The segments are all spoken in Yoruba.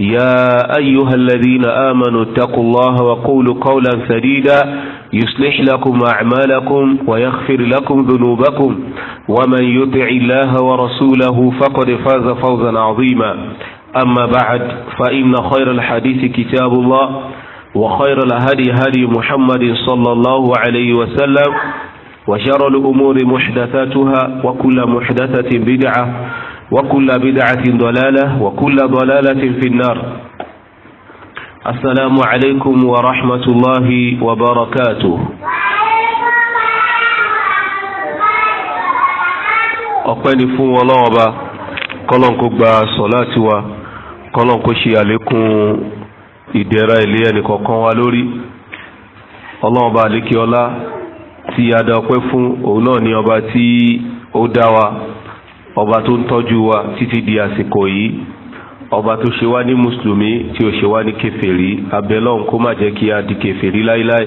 يا أيها الذين آمنوا اتقوا الله وقولوا قولا سديدا يصلح لكم أعمالكم ويغفر لكم ذنوبكم ومن يطع الله ورسوله فقد فاز فوزا عظيما أما بعد فإن خير الحديث كتاب الله وخير الهدي هدي محمد صلى الله عليه وسلم وشر الأمور محدثاتها وكل محدثة بدعة وكل بدعة ضلالة وكل ضلالة في النار السلام عليكم ورحمة الله وبركاته ọpẹ́ ni fún ọlọ́run ọba kọ́lọ́n kó gba sọ̀láàtì wa kọ́lọ́n kó ṣe àlékún ìdẹ̀ra ilé ẹnìkọ̀ọ̀kan wa lórí ọlọ́run ọba àlékè ọlá tí a ọpẹ́ fún òun náà ni ọba tí ó dá wa ọba tó ń tọ́jú wa títí di àsìkò yìí ọba tó ṣe wá ní mùsùlùmí tí ó ṣe wá ní kèfèrí abẹ́lọ́hùn kó má jẹ́ kí a di kèfèrí láíláí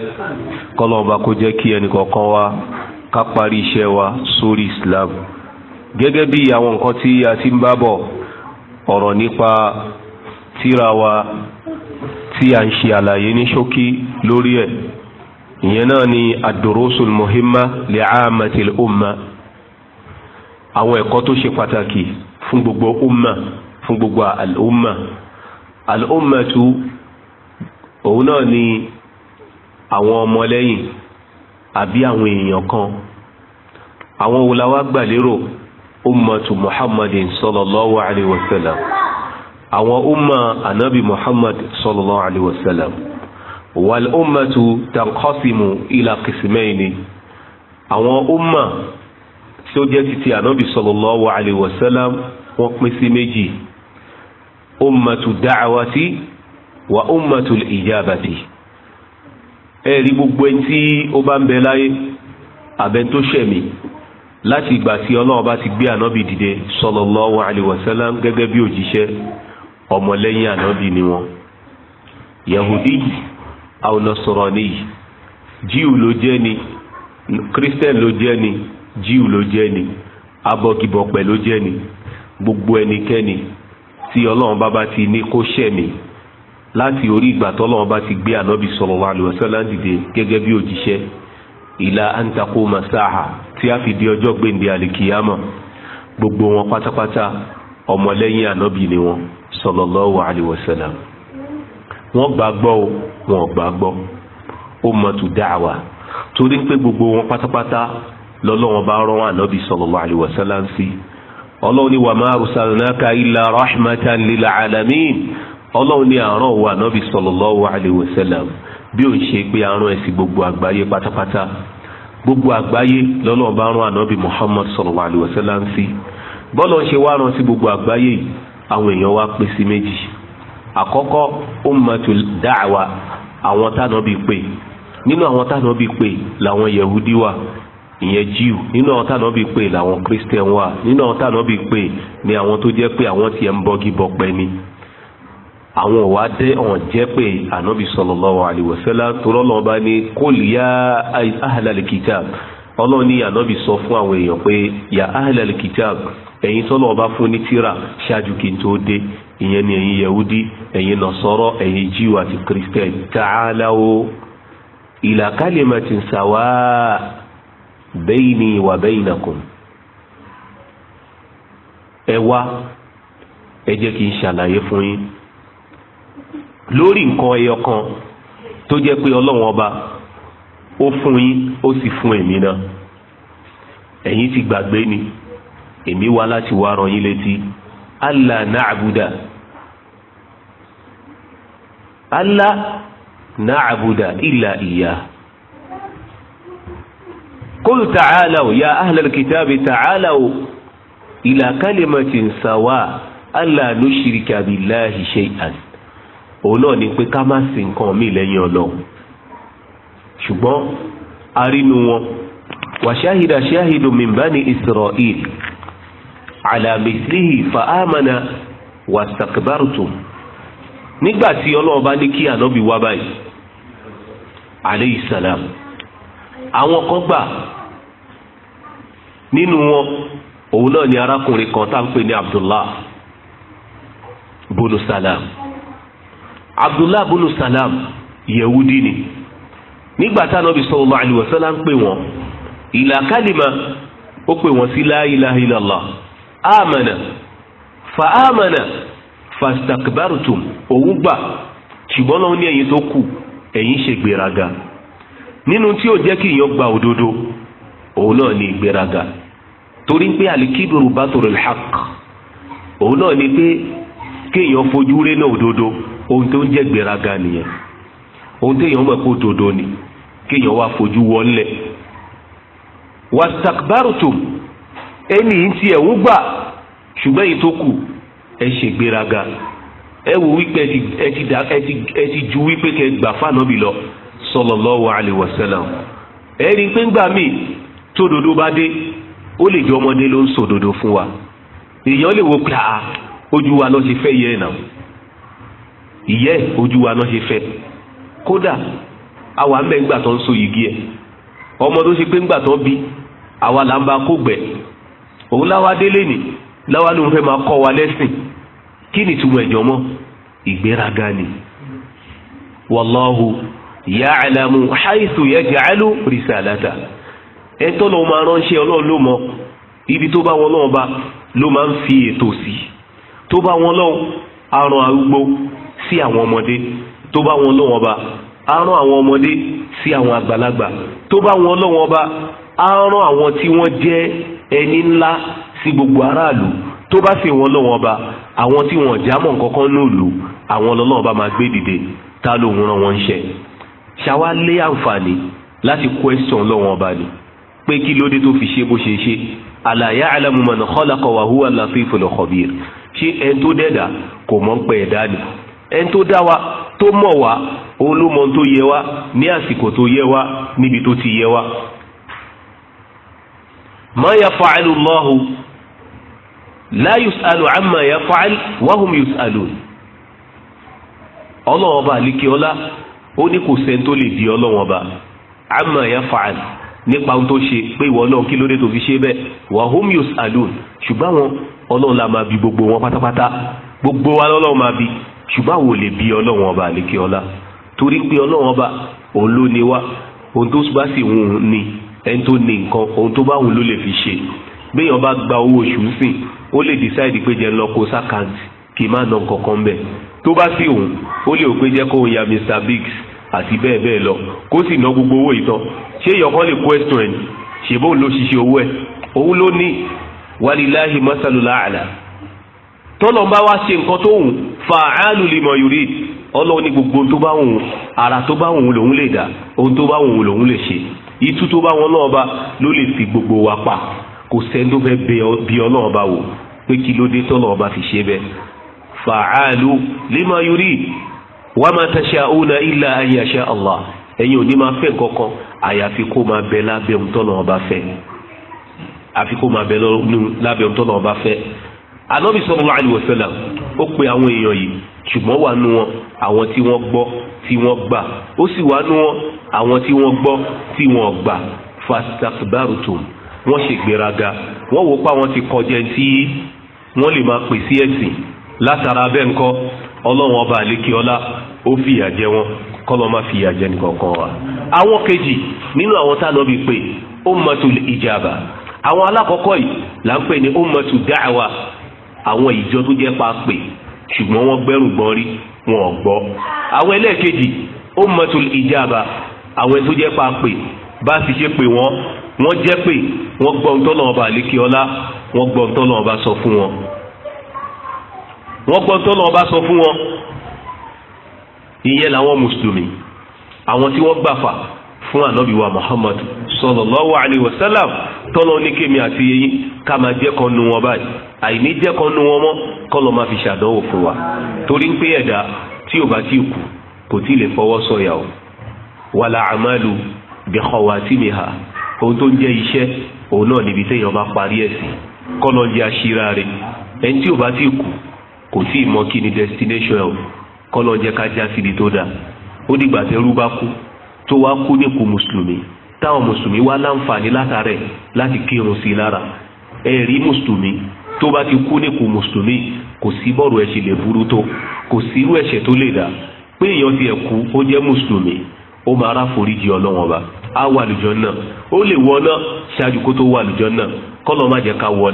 kọ́lọ́ ọba kó jẹ́ kí ẹnìkọ̀ọ̀kan wa ká wa sórí Islam gẹ́gẹ́ bí àwọn nǹkan tí a ti ń bá bọ̀ ọ̀rọ̀ nípa tíra wa tí a ń ṣe àlàyé àwọn ẹ̀kọ́ tó ṣe pàtàkì fún gbogbo umma fún gbogbo al-umma al-umma tu òun náà ni àwọn ọmọlẹ́yìn àbí àwọn èèyàn kan àwọn òlàwà gbàlérò ummatu muhammadin sallallahu alaihi wasallam, sallam àwọn umma anabi muhammad sallallahu alayhi wa sallam wal ummatu tanqasimu ila ni, àwọn umma tí ó jẹ́ títí ànábì sallallahu alayhi wa sallam wọ́n pín sí méjì ummatu da'awati wa ummatu ijabati ẹ̀rí gbogbo ẹni tí ó bá ń bẹ láyé abẹ́ni tó ṣẹ̀mí láti ìgbà tí ọlọ́run bá ti gbé ànábì dìde sallallahu alayhi gẹ́gẹ́ bí òjíṣẹ́ ọmọlẹ́yìn ànábì ni wọn yahudi aw nasrani jíù ló jẹ́ ni christian ló jẹ́ ni jíù ló jẹ́ ni abọ́gibọ̀pẹ̀ ló jẹ́ ni gbogbo ẹnikẹ́ni tí ọlọ́run bá bá ti ní kó ṣẹ̀mí láti orí ìgbà tọ́lọ́run bá ti gbé ànábì sallallahu alaihi wasallam dìde gẹ́gẹ́ bí òjíṣẹ́ ìlà àǹtakó masáhà tí a fi di ọjọ́ gbèǹde àlìkìyàmọ̀ gbogbo wọn pátápátá ọmọlẹ́yìn ànábì ni wọn sallallahu alaihi wasallam wọ́n gbàgbọ́ o wọn ò gbàgbọ́ ó mọ̀tò dáàwà torí pé gbogbo wọn pátápátá lọ́lọ́wọ́n bá rán ànábì sallallahu alaihi wasallam sí ọlọ́run ni wà má arsalnaka illa rahmatan lil alamin ọlọ́run ni àárọ̀ wà ànábì sallallahu alaihi wasallam bí ó ń ṣe pé àárọ̀ ẹ̀sìn gbogbo àgbáyé pátápátá gbogbo àgbáyé lọ́lọ́run bá rán ànábì Muhammad sallallahu alaihi wasallam sí bọ́lọ̀ ṣe wá rán sí gbogbo àgbáyé àwọn èèyàn wá pín sí méjì àkọ́kọ́ ummatul da'wa ìyẹn jíù nínú àwọn táwọn bí pé làwọn christian wà nínú àwọn táwọn bí pé ni àwọn tó jẹ́ pé àwọn tiẹ̀ ń bọ́gi bọ̀pẹ́ ni àwọn ò wá dé ọ̀n jẹ́ pé ànábì sallallahu alaihi wasallam torọ́ lọ́n bá ní qul ya ahlal kitab ọlọ́run ní ànábì sọ fún àwọn èèyàn pé ya ahlal kitab ẹ̀yin tọ́lọ̀ ọba fún ní tíra ṣáájú kí n tó dé ìyẹn ni ẹ̀yin yahudi ẹ̀yin nasọ́rọ́ ẹ̀yin jíù àti christian ta'alawo ila kalimatin sawa bẹ́ẹ̀ni ni bẹ́ẹ̀nàkùn ẹ wá ẹ jẹ́ kí n ṣàlàyé lórí nǹkan ẹyọ kan tó jẹ́ pé ọlọ́run ọba ó fún yín ó sì fún èmi náà ẹ̀yin ti gbàgbé ni èmi wá láti wá rán yín létí allah na'abuda allah na'abuda iya. قل تعالوا يا أهل الكتاب تعالوا إلى كلمة سواء ألا نشرك بالله شيئا òun náà ni pé ká má sin nǹkan míì lẹ́yìn ọlọ́run ṣùgbọ́n arínú wọn wàṣáhìdà ṣáhìdù mìmbani israel alamislihi fa'amana wasakbarutum nígbà tí ọlọ́run bá ní kí ànábì wá báyìí aleyhi salam àwọn kan gbà nínú wọn òun náà ni arákùnrin kan tá à ń pè ní abdullah bunu salam abdullah bunu salam yehudi ni nígbà tá ànábì sallallahu alaihi wasallam ń pè wọn ìlà kálímà ó pè sí la ilaha amana fa amana fastakbarutum òun gbà ṣùgbọ́n lọ́wọ́ ní ẹ̀yin tó kù ẹ̀yin ṣe gbéraga nínú tí gba òdodo òun náà ni torí pé alikibiru batul haq òun náà ni pé kéèyàn fojú rẹ náà òdodo ohun tó ń jẹ́ gbéraga nìyẹn ohun téèyàn mọ̀ pé òdodo ni kéèyàn wá fojú wọlé wastakbarutum ẹni yìí ti ẹ̀hún gbà ṣùgbọ́n èyí tó kù ẹ ṣe gbéraga ẹ wò wípé ẹ ti ju wípé kẹ gbà fànàbì lọ sallallahu alaihi wasallam ẹ rí i pé ń gbà mí tó dodo bá dé ó lè jọ ọmọdé ló ń sòdodo fún wa èèyàn lè wo pé àá ah, ojú wa ló ṣe fẹ́ yẹ ẹ̀ ìyẹ́ ojú wa ló ṣe fẹ́ kódà àwa ń bẹ̀ ńgbà tó ń so yìgì ẹ̀ ọmọ tó ṣe pé ńgbà tó bí àwa là ń bá kó gbẹ òun láwa délé ni láwa ló ń fẹ́ ni ìtumọ̀ ẹ̀jọ̀ mọ́ ìgbéraga ni risalata. ẹ tọ́lọ́ máa ránṣẹ́ ọlọ́run ló mọ ibi tó bá wọn lọ́wọ́ bá ló máa ń fi ètò sí tó bá wọn lọ́wọ́ aràn arúgbó sí àwọn ọmọdé tó bá wọn lọ́wọ́ bá aràn àwọn ọmọdé sí àwọn àgbàlagbà tó bá wọn lọ́wọ́ bá aràn àwọn tí wọ́n jẹ́ ẹni ńlá sí gbogbo aráàlú tó bá sì wọn lọ́wọ́ bá àwọn tí wọn jámọ́ nǹkankan lòlù àwọn lọ́lọ́wọ́ bá máa gbé dìde ta ló ń ran wọn ṣe ṣàwa lé àǹfààní láti kó ẹ̀sán lọ́wọ́ bá ni pé kí lóde tó fi ṣe bó ṣe ṣe ala ya'lamu man khalaqa wa huwa al-latiful khabir ṣé ẹni tó dẹ̀dà kò mọ̀ ń pẹ́ ẹ̀dá ni ẹni tó dá wa tó mọ̀ wá òun ló mọ tó yẹ wá ní àsìkò tó yẹ wá níbi tó ti yẹ wá. ma yaf'alu Allahu la yus'alu amma yaf'al wa hum yus'alun ọlọ́wọ́n ọba àlíkè ọlá ó ní kò sẹ́ni lè di ọlọ́wọ́n ọba amma yaf'al nípa ohun tó ṣe pé ìwọ ọlọ́run kí ló dé tó fi ṣe bẹ́ẹ̀ wahum yusalun ṣùgbọ́n àwọn ọlọ́run la máa bi gbogbo wọn pátápátá gbogbo wa lọ́lọ́run máa bi ṣùgbọ́n àwọn ò lè bi ọlọ́run ọba àlékè ọlá torí pé ọlọ́run ọba òun ló ní wa ohun tó bá sì wù ú ni ẹni tó ní nǹkan ohun tó bá wù ló lè fi ṣe béèyàn bá gba owó oṣù sìn ó lè decide pé jẹ́ lọ kó sákàǹtì kì í má nà nǹkan kan bẹ̀ tó bá sì wù ó lè ò pé jẹ́ kó Mr Biggs àti bẹ́ẹ̀ bẹ́ẹ̀ lọ kó sì ná gbogbo owó ìtàn ṣé ìyọkọ́ lè question ẹ̀ ṣe bóun ló ṣiṣẹ́ owó ẹ̀ òun ló ní wàlíláhi masalula àlà tọ́lọ̀ bá wá ṣe nǹkan tó hùn fa'alu lima yurid ọlọ́run ní gbogbo ohun tó bá hùn ara tó bá hùn lòun lè dá ohun tó bá hùn lòun lè ṣe itú tó bá wọn náà bá ló lè fi gbogbo wa pa kò sẹ́ni tó fẹ́ bí ọlọ́run bá wò pé kí ló dé tọ́lọ̀ bá fi ṣe bẹ́ẹ̀ fa'alu lima yurid wa ma tasha'una illa an yasha Allah ẹ̀yin ò ní máa fẹ́ nǹkan kan àyàfi kó máa bẹ lábẹ́ ohun tọ́nà ọba fẹ́ àfi kó máa bẹ lábẹ́ ohun tọ́nà ọba fẹ́ Ànábì sallallahu alaihi wasallam ó pe àwọn èèyàn yìí ṣùgbọ́n wà nù wọn àwọn tí wọ́n gbọ́ tí wọ́n gbà ó sì wà nù wọn àwọn tí wọ́n gbọ́ tí wọ́n gbà fastakbarutum wọ́n ṣègbéraga wọ́n wò pa wọ́n ti kọjá tí wọ́n lè máa pèsè ẹ̀sìn látara bẹ́ẹ̀ ọlọ́run ọba àlékè ọlá ó fìyà jẹ wọn kọ́lọ́ má fìyà jẹ nìkankan wa. àwọn kejì nínú àwọn tá a lọ bí pé ummatul ijaba àwọn alákọ̀ọ́kọ́ yìí là ń pè ní ummatud da'wa àwọn ìjọ tó jẹ́ pa pè ṣùgbọ́n wọ́n gbẹ́rù gbọ́n rí wọn ò gbọ́. àwọn ẹlẹ́ẹ̀kejì ummatul ijaba àwọn tó jẹ́ pa pè bá a sì ṣe pè wọ́n wọ́n jẹ́ pé wọ́n gbọ́ ohun tọ́lọ́ ọba àlékè ọlá wọ́n gbọ́ ohun tọ́lọ́ ọba sọ fún wọn. wọ́n gbọ́ ohun tọ́lọ́ ọba sọ fún wọn ìyẹn làwọn mùsùlùmí àwọn tí wọ́n gbàfà fún ànábì wa muhammad sallallahu alayhi wa sallam tọ́lọ́ ní kémi àti yẹyìn ká máa jẹ́ kan nu wọn báyìí àìní jẹ́ kan nu wọn mọ́ kọ́ lọ́ máa fi ṣàdánwò fún wa torí pé ẹ̀dá tí ò bá tí kú kò tí lè fọwọ́ sọ̀yà o wàlà àmàlù bi khawatimiha ohun tó ń jẹ́ iṣẹ́ òun náà níbi téèyàn bá parí ẹ̀ sí kọ́ lọ́ jẹ́ aṣíra rẹ̀ ẹni tí ò bá tí kú kò tí ì mọ kí ni destination ẹ̀ o kọ́lọ̀ jẹ́ ká já síbi tó dáa ó dìgbà tẹ́rú bá kú tó wá kú ní kú mùsùlùmí táwọn mùsùlùmí wá láǹfààní látàrẹ̀ láti kírun sí i lára ẹ̀rí mùsùlùmí tó bá ti kú ní kú mùsùlùmí kò sí bọ́ọ̀rù ẹ̀ṣẹ̀ lè burú tó kò sí irú ẹ̀ṣẹ̀ tó lè dá pé èèyàn ti ẹ̀kú ó jẹ́ mùsùlùmí ó máa rá foríjì ọlọ́wọ́n ba á wà lùjọ́ náà ó lè wọ ṣáájú kó tó wà lùjọ́ náà kọ́lọ́ má jẹ́ ká wọ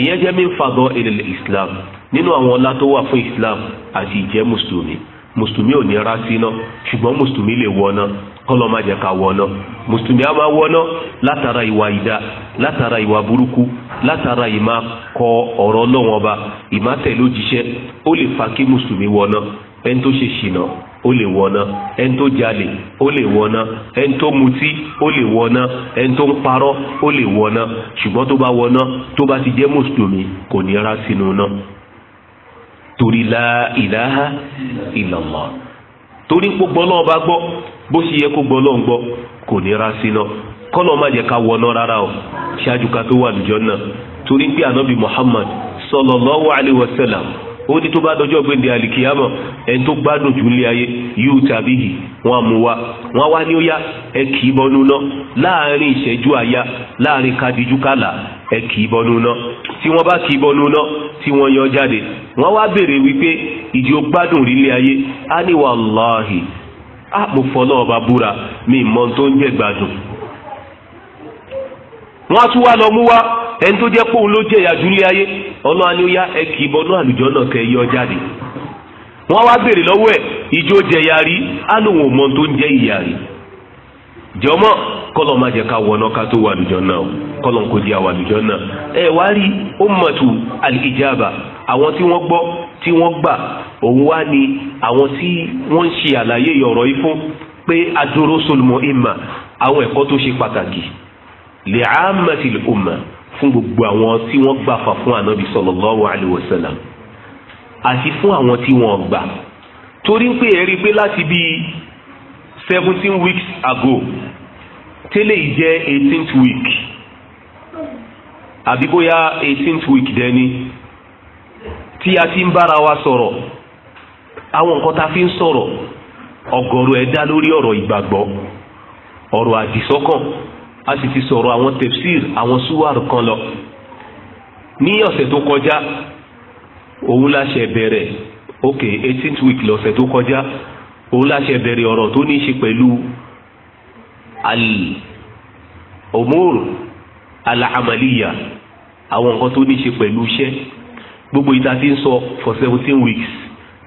ìyẹn jẹ́ min fadọ́ ilẹ̀ Islam nínú àwọn ọlá tó wà fún islam àti ìjẹ́ mùsùlùmí mùsùlùmí ò ní ra síná ṣùgbọ́n mùsùlùmí lè wọná kọ́lọ́ má jẹ́ ká wọná mùsùlùmí á máa wọná látara ìwà ìdá látara ìwà burúkú látara ìmá kọ ọ̀rọ̀ ọlọ́wọ́n ọba ìmá tẹ̀lé òjíṣẹ́ ó lè fa kí mùsùlùmí wọná ẹni tó ṣe ṣìnà ó lè wọná ẹni tó jalè ó lè wọná ẹni tó mutí ó lè wọná ẹni tó ń parọ́ ó lè wọná ṣùgbọ́n tó bá wọná tó bá ti jẹ́ mùsùlùmí kò ní ra sínú náà torí la ilaha illallah torí gbogbo náà bá gbọ́ bó ṣe yẹ kó gbọ́ náà gbọ́ kò ní ra sí náà kọ́nà má jẹ́ ká wọná rárá o ṣáájú ká tó wà lùjọ́ náà torí pé ànábì Muhammad sallallahu alaihi wasallam ó ní tó bá dọjọ́ gbèndé alikiyama ẹni tó gbádùn jù lé ayé yóò tàbí yìí wọn mú wa wọn wá ní ó yá ẹ kì í bọnú ná láàrin ìṣẹ́jú àyà láàrin kadiju kàlà ẹ kì í bọnú ná tí wọn bá kì í bọnú ná tí wọ́n yan jáde wọ́n wá béèrè wípé ìdí ó gbádùn rí lé ayé á ní wàláhì á mo fọ́ náà búra mi mọ́ tó ń jẹ́ gbádùn. wọ́n á tún wá lọ mú wá ẹni tó jẹ́ òun ló jẹ̀yà ní ayé ọlọ́run ni ó yá ẹ kì í bọnú àlùjọ náà yọ jáde wọ́n wá béèrè lọ́wọ́ ẹ̀ ìjó rí tó ń rí jọmọ kọlọ má ká wọnà ká tó wà lùjọ náà kọlọ kò di náà ẹ wá rí àwọn tí tí gbà òun wá ní àwọn tí ń ṣe àlàyé yìí fún pé ìmà àwọn tó ṣe lè àmàtì ọmọ fún gbogbo àwọn tí wọ́n gbà fà fún ànábì sallallahu alaihi wasallam àti fún àwọn tí wọ́n gbà torí pé ẹ rí i pé láti bíi seventeen weeks ago tẹ́lẹ̀ yìí jẹ́ eighteenth week àbí bóyá eighteenth week dẹ́ni tí a ti ń bára wa sọ̀rọ̀ àwọn nǹkan tá a fi ń sọ̀rọ̀ ọ̀gọ̀rọ̀ ẹ̀ dá lórí ọ̀rọ̀ ìgbàgbọ́ ọ̀rọ̀ àdìsọ́kàn a sì ti sọ̀rọ̀ àwọn tefsir àwọn suwar kan lọ ní ọ̀sẹ̀ tó kọjá òun la ṣe bẹ̀rẹ̀ ok eighteenth week lọ́sẹ̀ tó kọjá òun la ṣe bẹ̀rẹ̀ ọ̀rọ̀ tó ní í ṣe pẹ̀lú al omur alahamaliya àwọn nǹkan tó ní í ṣe pẹ̀lú iṣẹ́ gbogbo ìta ti ń sọ for seventeen weeks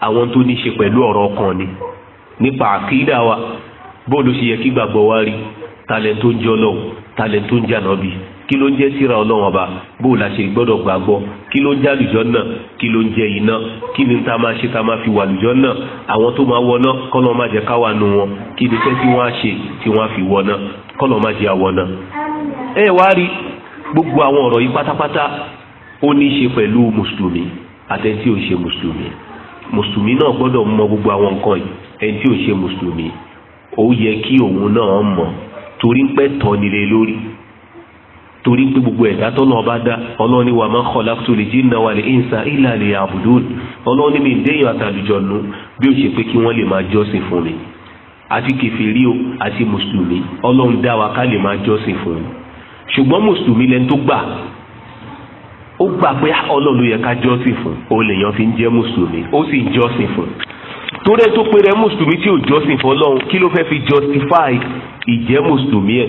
àwọn tó ní í ṣe pẹ̀lú ọ̀rọ̀ ọkàn ni nípa àkídà wa bóòlù ṣe yẹ kí gbàgbọ́ wa rí i talẹ̀ tó ń jẹ́ ọlọ́run talẹ̀ tó ń jẹ́ ànábì kí ló ń jẹ́ síra ọlọ́run ọba bó o la ṣe gbọ́dọ̀ gbàgbọ́ kí ló ń jẹ́ àlùjọ náà kí ló ń jẹ́ iná kí ni tá a máa ṣe tá a máa fi wà àlùjọ náà àwọn tó máa wọná kọ́nà má jẹ́ ká wà nù wọn kí ni fẹ́ tí wọ́n á ṣe tí wọ́n á fi wọná kọ́nà má jẹ́ àwọná. ẹ wá rí gbogbo àwọn ọ̀rọ̀ yìí pátápátá ó ní í ṣe pẹ̀lú mùsùlùmí àtẹ̀tí ò ṣe mùsùlùmí mùsùlùmí náà gbọ́dọ̀ mọ gbogbo àwọn nǹkan yìí ẹni tí ò ṣe mùsùlùmí ó yẹ kí òun náà mọ̀ torí pé tọ́nilé lórí torí pé gbogbo ẹ̀dá tọ́nà ọba dá ọlọ́run ni wà máa khalaqtu l-jinna wal-insa illa liya'budun ọlọ́run ni mi déyàn àtàlùjọ̀nù bí ó ṣe pé kí wọ́n lè máa jọ́sìn fún mi àti kẹfìrí o àti mùsùlùmí ọlọ́run dá wa ká lè máa jọ́sìn fún mi ṣùgbọ́n mùsùlùmí tó gbà torí ẹ tó pe rẹ mùsùlùmí tí ò jọ́sìn fọlọ́run kí ló fẹ́ fi justify ìjẹ́ mùsùlùmí ẹ̀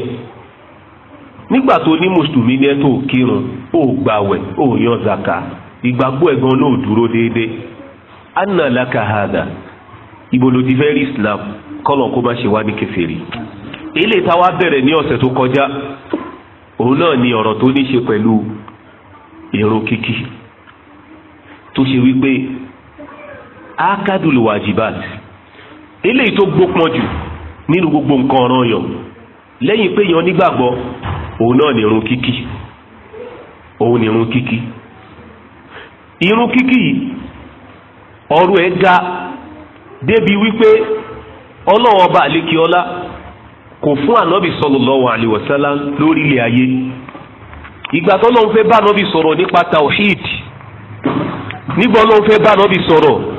nígbà tó ní mùsùlùmí ní ẹ tó kírun ó gbàwẹ̀ ó yan zaka ìgbàgbọ́ ẹ̀gbọ́n náà dúró déédéé anna laka hada ibo islam kọ́lọ̀ kó má ṣe wá ní kèfèrí ilé táwa bẹ̀rẹ̀ ní ọ̀sẹ̀ tó kọjá òun náà ni ọ̀rọ̀ tó ní ṣe pẹ̀lú irun kíkí tó ṣe wípé akadul wajibat eléyìí tó gbópọn ninu gbogbo nǹkan ọ̀ràn yàn lẹ́yìn pé yan nígbàgbọ́ òun náà ní irun kiki òun ní irun kiki irun kíkí ọ̀rọ̀ ẹ̀ ga débi wípé ọlọ́wọ́ ọba àlékiọlá kò fún ànábì sallallahu alaihi wasallam lórí ilẹ̀ ayé ìgbà tó lọ́n fẹ́ bá ànábì sọ̀rọ̀ nípa tawhid nígbà lọ́n fẹ́ bá ànábì sọ̀rọ̀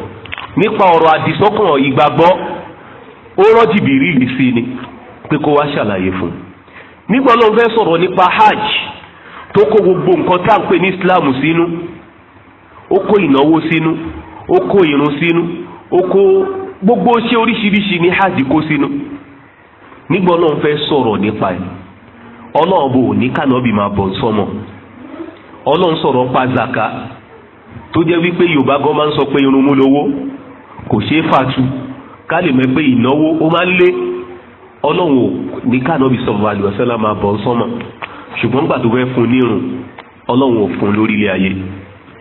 nípa ọ̀rọ̀ àdìsọ́kàn ìgbàgbọ́ ó rán sí ni pé kó wá ṣàlàyé fún un nígbà fẹ́ sọ̀rọ̀ nípa hajj tó kó gbogbo nǹkan tá à ń pè ní Islam sínú ó kó ìnáwó sínú ó kó irun sínú ó kó gbogbo ṣé oríṣiríṣi ní hajj kó sínú nígbà ló fẹ́ sọ̀rọ̀ nípa ẹ̀ ọlọ́run bò ní kànáàbì máa bọ̀ sọmọ ọlọ́run sọ̀rọ̀ pa zaka tó jẹ́ wípé Yorùbá gan máa kò se fàtú ká lè mọ̀ pé ìnáwó ó máa ń lé ọlọ́run ò ní kánábì sọ̀rọ̀ àlùwẹ̀sọ́lá máa bọ̀ sọ́mọ̀ ṣùgbọ́n gbà tó fẹ́ fún nírun ọlọ́run ò fún lórí ilé ayé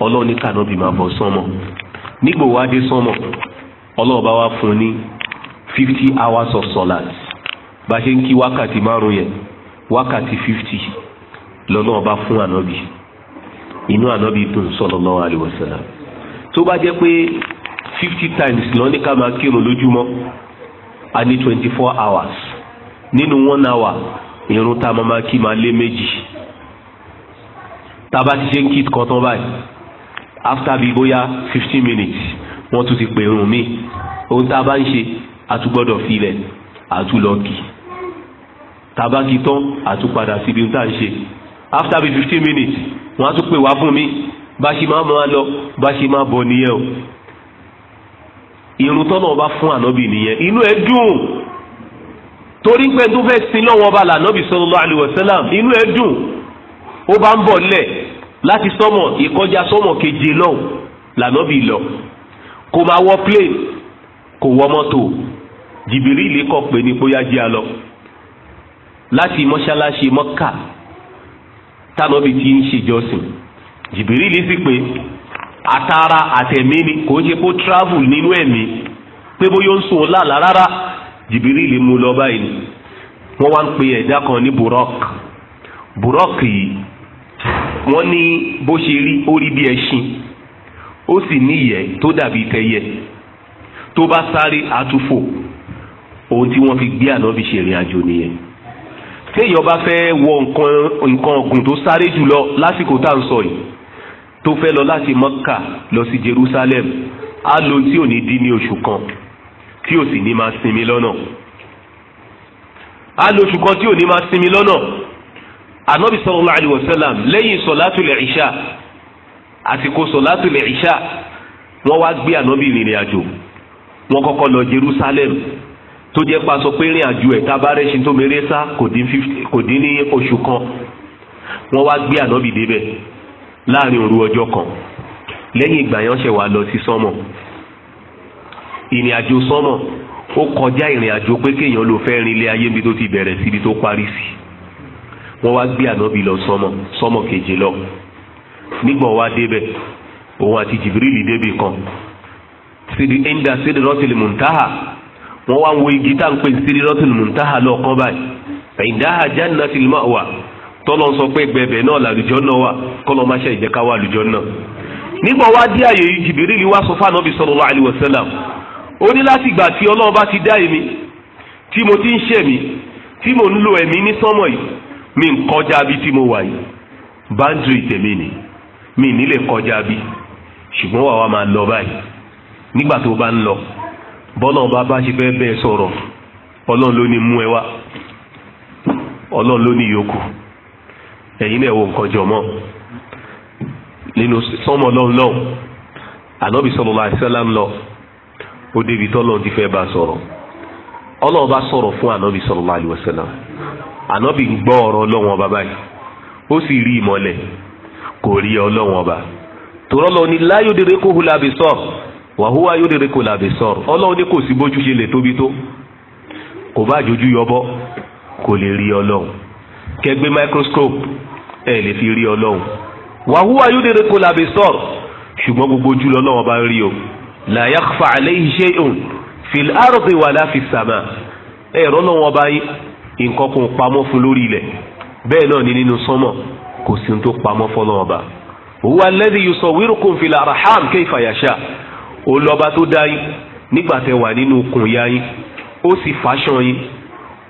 ọlọ́run ní kánábì máa bọ̀ sọ́mọ̀ nígbò wá dé sọ́mọ̀ ọlọ́run bá fún ní fifty hours of solace bá ṣe ń kí wákàtí márùn yẹn wákàtí fifty lọ́nà ọba fún ànábì inú ànábì dùn sallallahu alaihi tó bá jẹ́ pé fifty times lọ ní ká máa kírun lójúmọ́ a ní twenty four hours nínú one hour irun tá a máa máa kí máa lé méjì tá a bá ti ṣe ń kí kan tán báyìí after bíi bóyá fifteen minutes wọ́n tún ti pè irun míì ohun tá a bá ń ṣe àtúgbọ́dọ̀ filẹ̀ àtúlọ́kì tá a bá kí tán àtúpadà síbi ohun tá a ń ṣe after bíi fifteen minutes wọ́n á tún pè wá fún mi bá ṣe máa máa lọ bá ṣe máa bọ̀ nìyẹn o irun tọ́nà ọba fún ànábì nìyẹn inú ẹ dùn torí pé tó fẹ́ sin lọ́wọ́ ọba lànàbì sallallahu alaihi wasallam inú ẹ dùn ó bá ń bọ̀ lẹ̀ láti sọ́mọ̀ ìkọjá sọ́mọ̀ keje lọ́hùn lànàbì lọ kò máa wọ plane kò wọ mọ́tò jìbìrì ilé kọ̀ pé ní bóyá jí a lọ láti mọ́ṣáláṣí mọ́kà tánàbì ti ń ṣèjọsìn jìbìrì ilé sì pé. Atara àtẹ̀mí ni kò ń ṣe kó travel nínú ẹ̀mí pé bóyá ó ń sùn lálàá rárá jìbìrì lè mú lọ báyìí wọ́n wá ń pe ẹ̀dá kan ní burok burok yìí wọ́n ní bó ṣe rí ó rí bí ẹṣin ó sì ní ìyẹ́ tó dàbí tẹyẹ tó bá sáré àtúfò ohun tí wọ́n fi gbé ànábì ṣe ìrìn àjò nìyẹn téèyàn bá fẹ́ wọ nǹkan ọ̀gùn tó sáré jùlọ lásìkò tá à ń sọ yìí tó fẹ́ lọ láti mọ́kà lọ sí jerusalem á lo tí ò ní dín ní oṣù kan tí ò sì ní máa sinmi lọ́nà á lo oṣù kan tí ò ní máa sinmi lọ́nà anabi sallallahu alayhi wa sallam lẹ́yìn sọ̀látù lè ìṣá àsìkò sọ̀látù lè ìṣá wọ́n wá gbé anabi ìrìnrìn àjò wọ́n kọ́kọ́ lọ jerusalem tó jẹ́ pa sọ pé rìn àjò ẹ̀ tabarẹ́sìn tó mẹ́rẹ́sà kò dín ní oṣù kan wọ́n wá gbé anabi débẹ̀ láàrin òru ọjọ́ kan lẹ́yìn ìgbà yẹn ṣe wà lọ sí sánmọ̀ ìrìn àjò sánmọ̀ ó kọjá ìrìn àjò pé kéèyàn ló fẹ́ rin ilé ayé ibi tó ti bẹ̀rẹ̀ síbi tó parí sí wọ́n wá gbé ànábì lọ sánmọ̀ sánmọ̀ keje lọ nígbà wá débẹ̀ òun àti jìbìrìlì débì kan sídi ẹ́ńdà sídi rọ́tìlì mùntáhà wọ́n wá ń wo igi tá à ń pè sídi rọ́tìlì mùntáhà lọ́ọ̀kan báyìí ẹ̀ńdáhà jannatil ma'wa tọ́lọ́ sọ pé gbẹ̀bẹ̀ náà làlùjọ́ náà wà kọ́lọ́ máa ṣe ìjẹ́ká wà lùjọ́ náà. nígbà wá dí àyè yìí Jibril wá sọ fáànà bíi sallallahu alaihi wasallam ó ní láti gbà tí Ọlọ́run bá ti dá èmi tí mo ti ń ṣẹ̀ mí tí mo ń lo ẹ̀mí ní sánmọ̀ yìí mi ń kọjá bí tí mo wà yìí báńdìrì tèmi ni mi ní lè kọjá bí ṣùgbọ́n wàá máa lọ báyìí nígbà tó bá ń lọ bọ́lọ́run bá bá ṣe fẹ́ bẹ́ẹ̀ sọ̀rọ̀ Ọlọ́run ló ní mú ẹ wá Ọlọ́run ló ní yòókù ẹ̀yin náà wo nǹkan jọmọ́ nínú sọmọ lọ́hùn náà ànábì sallallahu alaihi wasallam lọ ó débi tọ́lọ́ ti fẹ́ bá sọ̀rọ̀ ọlọ́run bá sọ̀rọ̀ fún ànábì sallallahu alaihi wasallam ànábì ń gbọ́ ọ̀rọ̀ ọlọ́run ọba báyìí ó sì rí ìmọ̀lẹ̀ kò rí ọlọ́run ọba tòrọ́ lọ ni láyọ̀dẹ̀rẹ̀ kó hula bí sọ̀rọ̀ wàhúwá yọ̀dẹ̀rẹ̀ kó làbí sọ̀rọ̀ ọlọ́run ní kò sí bójú ṣe lè tóbi tó kò bá àjòjú yọbọ kò lè rí ọlọ́run kẹgbẹ́ microscope ẹ lè fi rí ọlọ́run wàhúwà yóò dèrè kó làbẹ sọ̀rọ̀ ṣùgbọ́n gbogbo ojú lọ́lọ́run bá ń rí o la yakhfa alayhi shay'un fil ardi wala fis sama ẹ̀rọ lọ́wọ́ bá yí nǹkan kò pamọ́ fún lórí ilẹ̀ bẹ́ẹ̀ náà ni nínú sánmọ̀ kò sí tó pamọ́ fọ́lọ́wọ́ bá huwa alladhi yusawwirukum fil arham kayfa yasha ó lọ́ba tó dá yín nígbà tẹ́ wà nínú okùn ya yín ó sì fàṣọ yín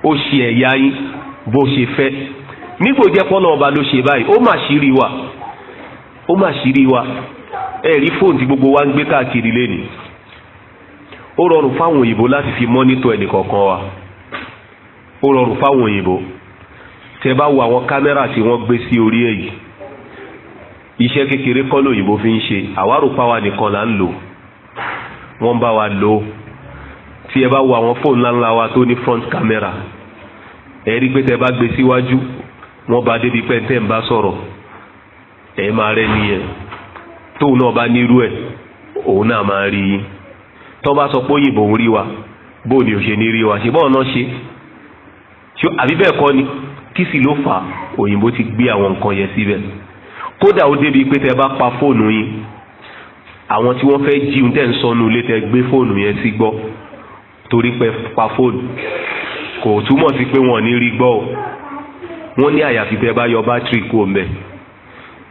ó ṣe ẹ̀yà yín bó ṣe fẹ́ nígbò jẹ́ pọ́nà ọba ló ṣe báyìí ó mà ṣírí wa ó mà ṣírí wa ẹ rí fóònù tí gbogbo wa ń gbé káàkiri lẹ́nu ó rọrùn fáwọn òyìnbó láti fi mọ́nítọ̀ ẹnìkọ̀ọ̀kan wa ó rọrùn fáwọn òyìnbó tẹ bá wo àwọn kámẹ́rà tí wọ́n gbé sí orí èyí iṣẹ́ kékeré kọ́ lóyìnbó fi ń ṣe àwárò nìkan là ń lò wọ́n bá wa lò tí ẹ bá wo àwọn fóònù ńláńlá wa tó ní front camera ẹ rí pé tẹ bá gbé síwájú wọ́n bá débi pé tẹ́ ń bá sọ̀rọ̀ ẹ máa rẹ́ nìyẹn tóun náà bá nírú ẹ̀ òun náà máa rí i tó bá sọ pé òyìnbó ń rí wa bó ni ò ṣe ní rí wa ṣe bọ́ọ̀ náà ṣe àbí bẹ́ẹ̀ kọ́ ni kí sì ló fà òyìnbó ti gbé àwọn nǹkan yẹn síbẹ̀ kódà ó débi pé tẹ́ bá pa fóònù yín àwọn tí wọ́n fẹ́ jíun tẹ́ ń sọnù ilé tẹ́ gbé fóònù yẹn sí gbọ́ torí pé pa fóònù kò túmọ̀ sí pé wọ́n ní rí gbọ́ o wọ́n ní àyàfi tẹ́ bá yọ bátìrì kú ọ̀mẹ́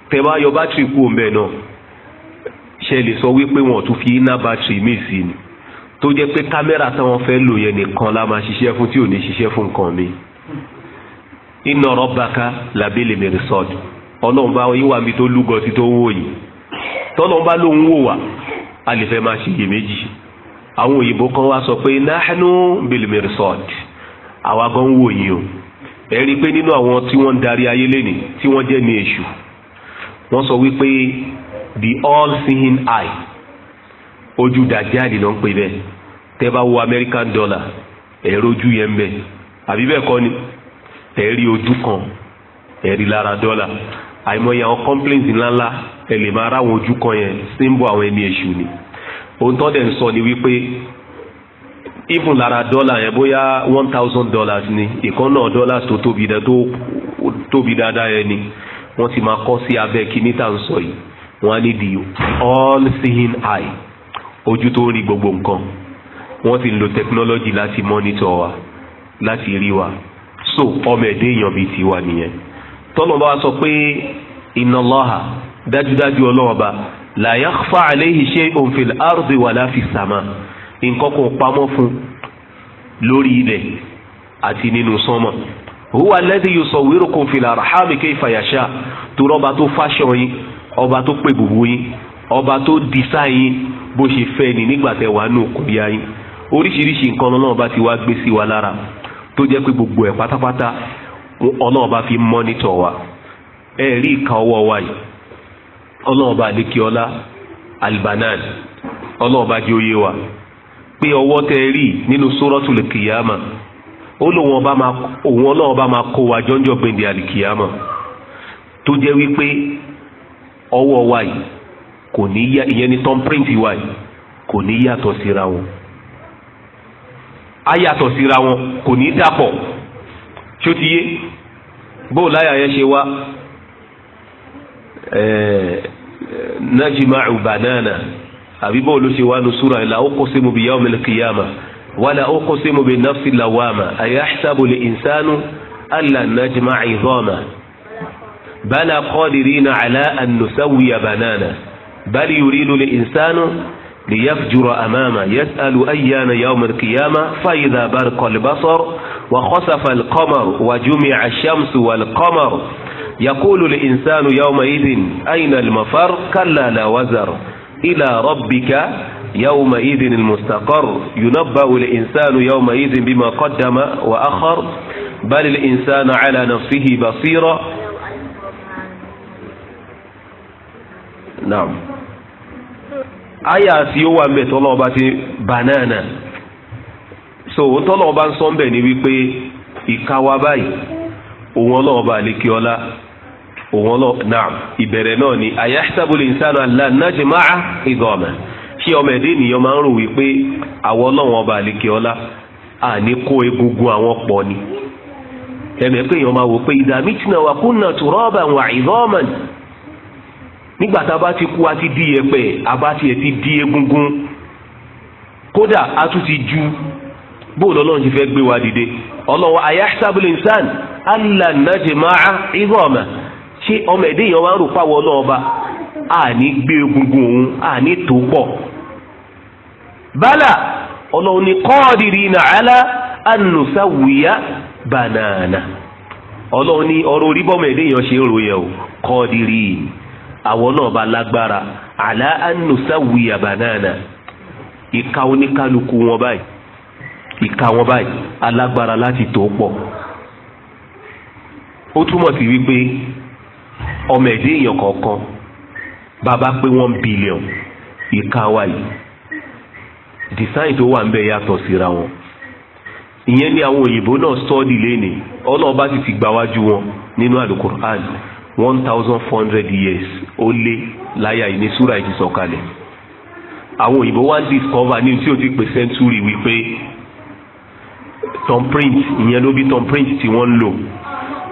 tẹ́ bá yọ bátìrì kú ọ̀mẹ́ náà ṣe lè sọ wípé wọ́n tún fi iná bátìrì míì sí ni tó jẹ́ pé kámẹ́rà táwọn fẹ́ lò yẹn nìkan la máa ṣiṣẹ́ fún tí ò ní ṣiṣẹ́ fún nǹkan mi iná rọ́bàkà làbí lè mèrè sọ́ọ̀dù ọlọ́run bá yíwà mi tó lúgọ sí tó ń wò yìí tọ́lọ́run bá lóun wò wá a lè fẹ́ máa ṣiyèméjì àwọn òyìnbó kan wá sọ pé náhánú bìlìmẹ̀rì sọ́ọ̀dù àwa gan wò yìí o ẹ rí i pé nínú àwọn tí wọ́n ń darí ayé lẹ́nìí tí wọ́n jẹ́ ní èṣù wọ́n sọ wípé the all seeing eye ojú dàjáàlì ni ń pè bẹ́ẹ̀ tẹ́ bá wo American dollar ẹ̀rọ ojú yẹn ń bẹ àbí bẹ́ẹ̀ kọ́ ni ẹ rí ojú kan ẹ lára dọ́là àìmọye àwọn complaints ńláńlá ẹ lè máa ráwọn ojú kan yẹn símbọ̀ àwọn ẹni èṣù ni ohun tó dẹ̀ ń sọ ni wípé even lára dọ́là yẹn bóyá one thousand dollars ni ìkan náà dollars tó tóbi dá tó tóbi dáadáa yẹn ni wọ́n ti máa kọ́ sí abẹ́ kíní tá à ń sọ yìí wọ́n á ní di all seeing eye ojú tó ń rí gbogbo nǹkan wọ́n ti lo technology láti monitor wa láti rí wa so ọmọ ẹ̀dẹ́ èèyàn bíi tiwa nìyẹn tọ́lọ́ bá wa sọ pé innallaha dájúdájú ọlọ́wọ́ bá la yakhfa alayhi shay'un fil ardi wala sama. nǹkan kan pamọ́ fún lórí ilẹ̀ àti nínú sánmọ̀ huwa alladhi yusawwirukum fil arhami kayfa ifayasa tó ọba tó fáṣọ yín ọba tó pè gbogbo yín ọba tó dísà yín bó ṣe fẹ́ ni nígbà tẹ́ wàá nù yín oríṣiríṣi ti wá gbé sí wa lára gbogbo ẹ̀ pátápátá fi mọ́nítọ̀ wa ẹ rí ìka wa yìí pé ọwọ́ tẹ rí nínú sórọ́tù lè kìyàmà ó lòun ọba máa òun ọlọ́run ọba máa kó wa jọ́njọ́ gbèndé àlìkìyàmà tó jẹ́ wípé ọwọ́ wa yìí kò ní yá ìyẹn ní tọ́ḿpìrìǹtì wa yìí kò ní banana. àbí bó ló ṣe wá nu súra la uqsimu bi yawmil qiyamah wala uqsimu bi nafsi lawama ayahsabu li insanu alla najma'a idhama bala qadirina ala an nusawwiya banana bal yuridu li insanu ليفجر أمامه يسأل أيان يوم القيامة فإذا برق البصر وخسف القمر وجمع الشمس والقمر يقول الإنسان يومئذ أين المفر كلا لا وزر ila rabbika yawma idin almustaqar yunabbahu al-insanu yawma idin bima qaddama wa akhar bal al-insanu ala nafsihi basira. naam aya tí ó wà mẹ́tọ́ lọ́wọ́ bá ti banana so tọ́lọ́wọ́ bá ń sọ ń ni wípé ìkáwá báyìí òun ọlọ́wọ́ bá ọlá òun lọ naam ìbẹ̀rẹ̀ náà ni ayahsabul insanu allan najma'a idama ọmọ ẹ̀dẹ́ ome máa ń rò wípé àwọn ọlọ́wọ́n ọba àlekè àní kó egungun àwọn pọ̀ ni ẹ̀mẹ̀ pé èèyàn máa wò pé wa kunna turaban wa idhaman nígbà tá a bá ti kú a ti di ẹ̀pẹ̀ a bá tiẹ̀ ti di egungun kódà a tún ti ju bóòlù ọlọ́run ti fẹ́ gbé wa dìde ọlọ́wọ́ se ọmọ ẹ̀dẹ́ èèyàn wá ń rò fáwọn a àní gbé egungun òun ní tó pọ̀ bala ọlọ́run ni kọ́ọ̀dìrì nàálà ànùsáwìyá banana ọlọ́run ni ọ̀rọ̀ orí bọ́mọ ẹ̀dẹ́ èèyàn ṣe rò yẹ o kọ́ọ̀dìrì àwọn lágbára àlá ìka oníkálukú wọn báyìí ìka wọn báyìí alágbára láti tó pọ̀ ó túmọ̀ sí wípé ọmọ ẹ̀dẹ́ èèyàn kọ̀ọ̀kan bàbá pé one billion ìka wa yìí design tó wà ń bẹ yàtọ̀ síra wọn ìyẹn ni àwọn òyìnbó náà sọ́ọ́dì lẹ́ni ọlọ́ọ̀bá sì ti gbáwájú wọn nínú alukur'an one thousand four hundred years ó lé láyà yìí ní súrà yìí ti sọ̀kalẹ̀ àwọn òyìnbó wá ń discover ní tí ó ti pè century wípé thumbprint ìyẹn ló bí thumbprint tí wọ́n ń lò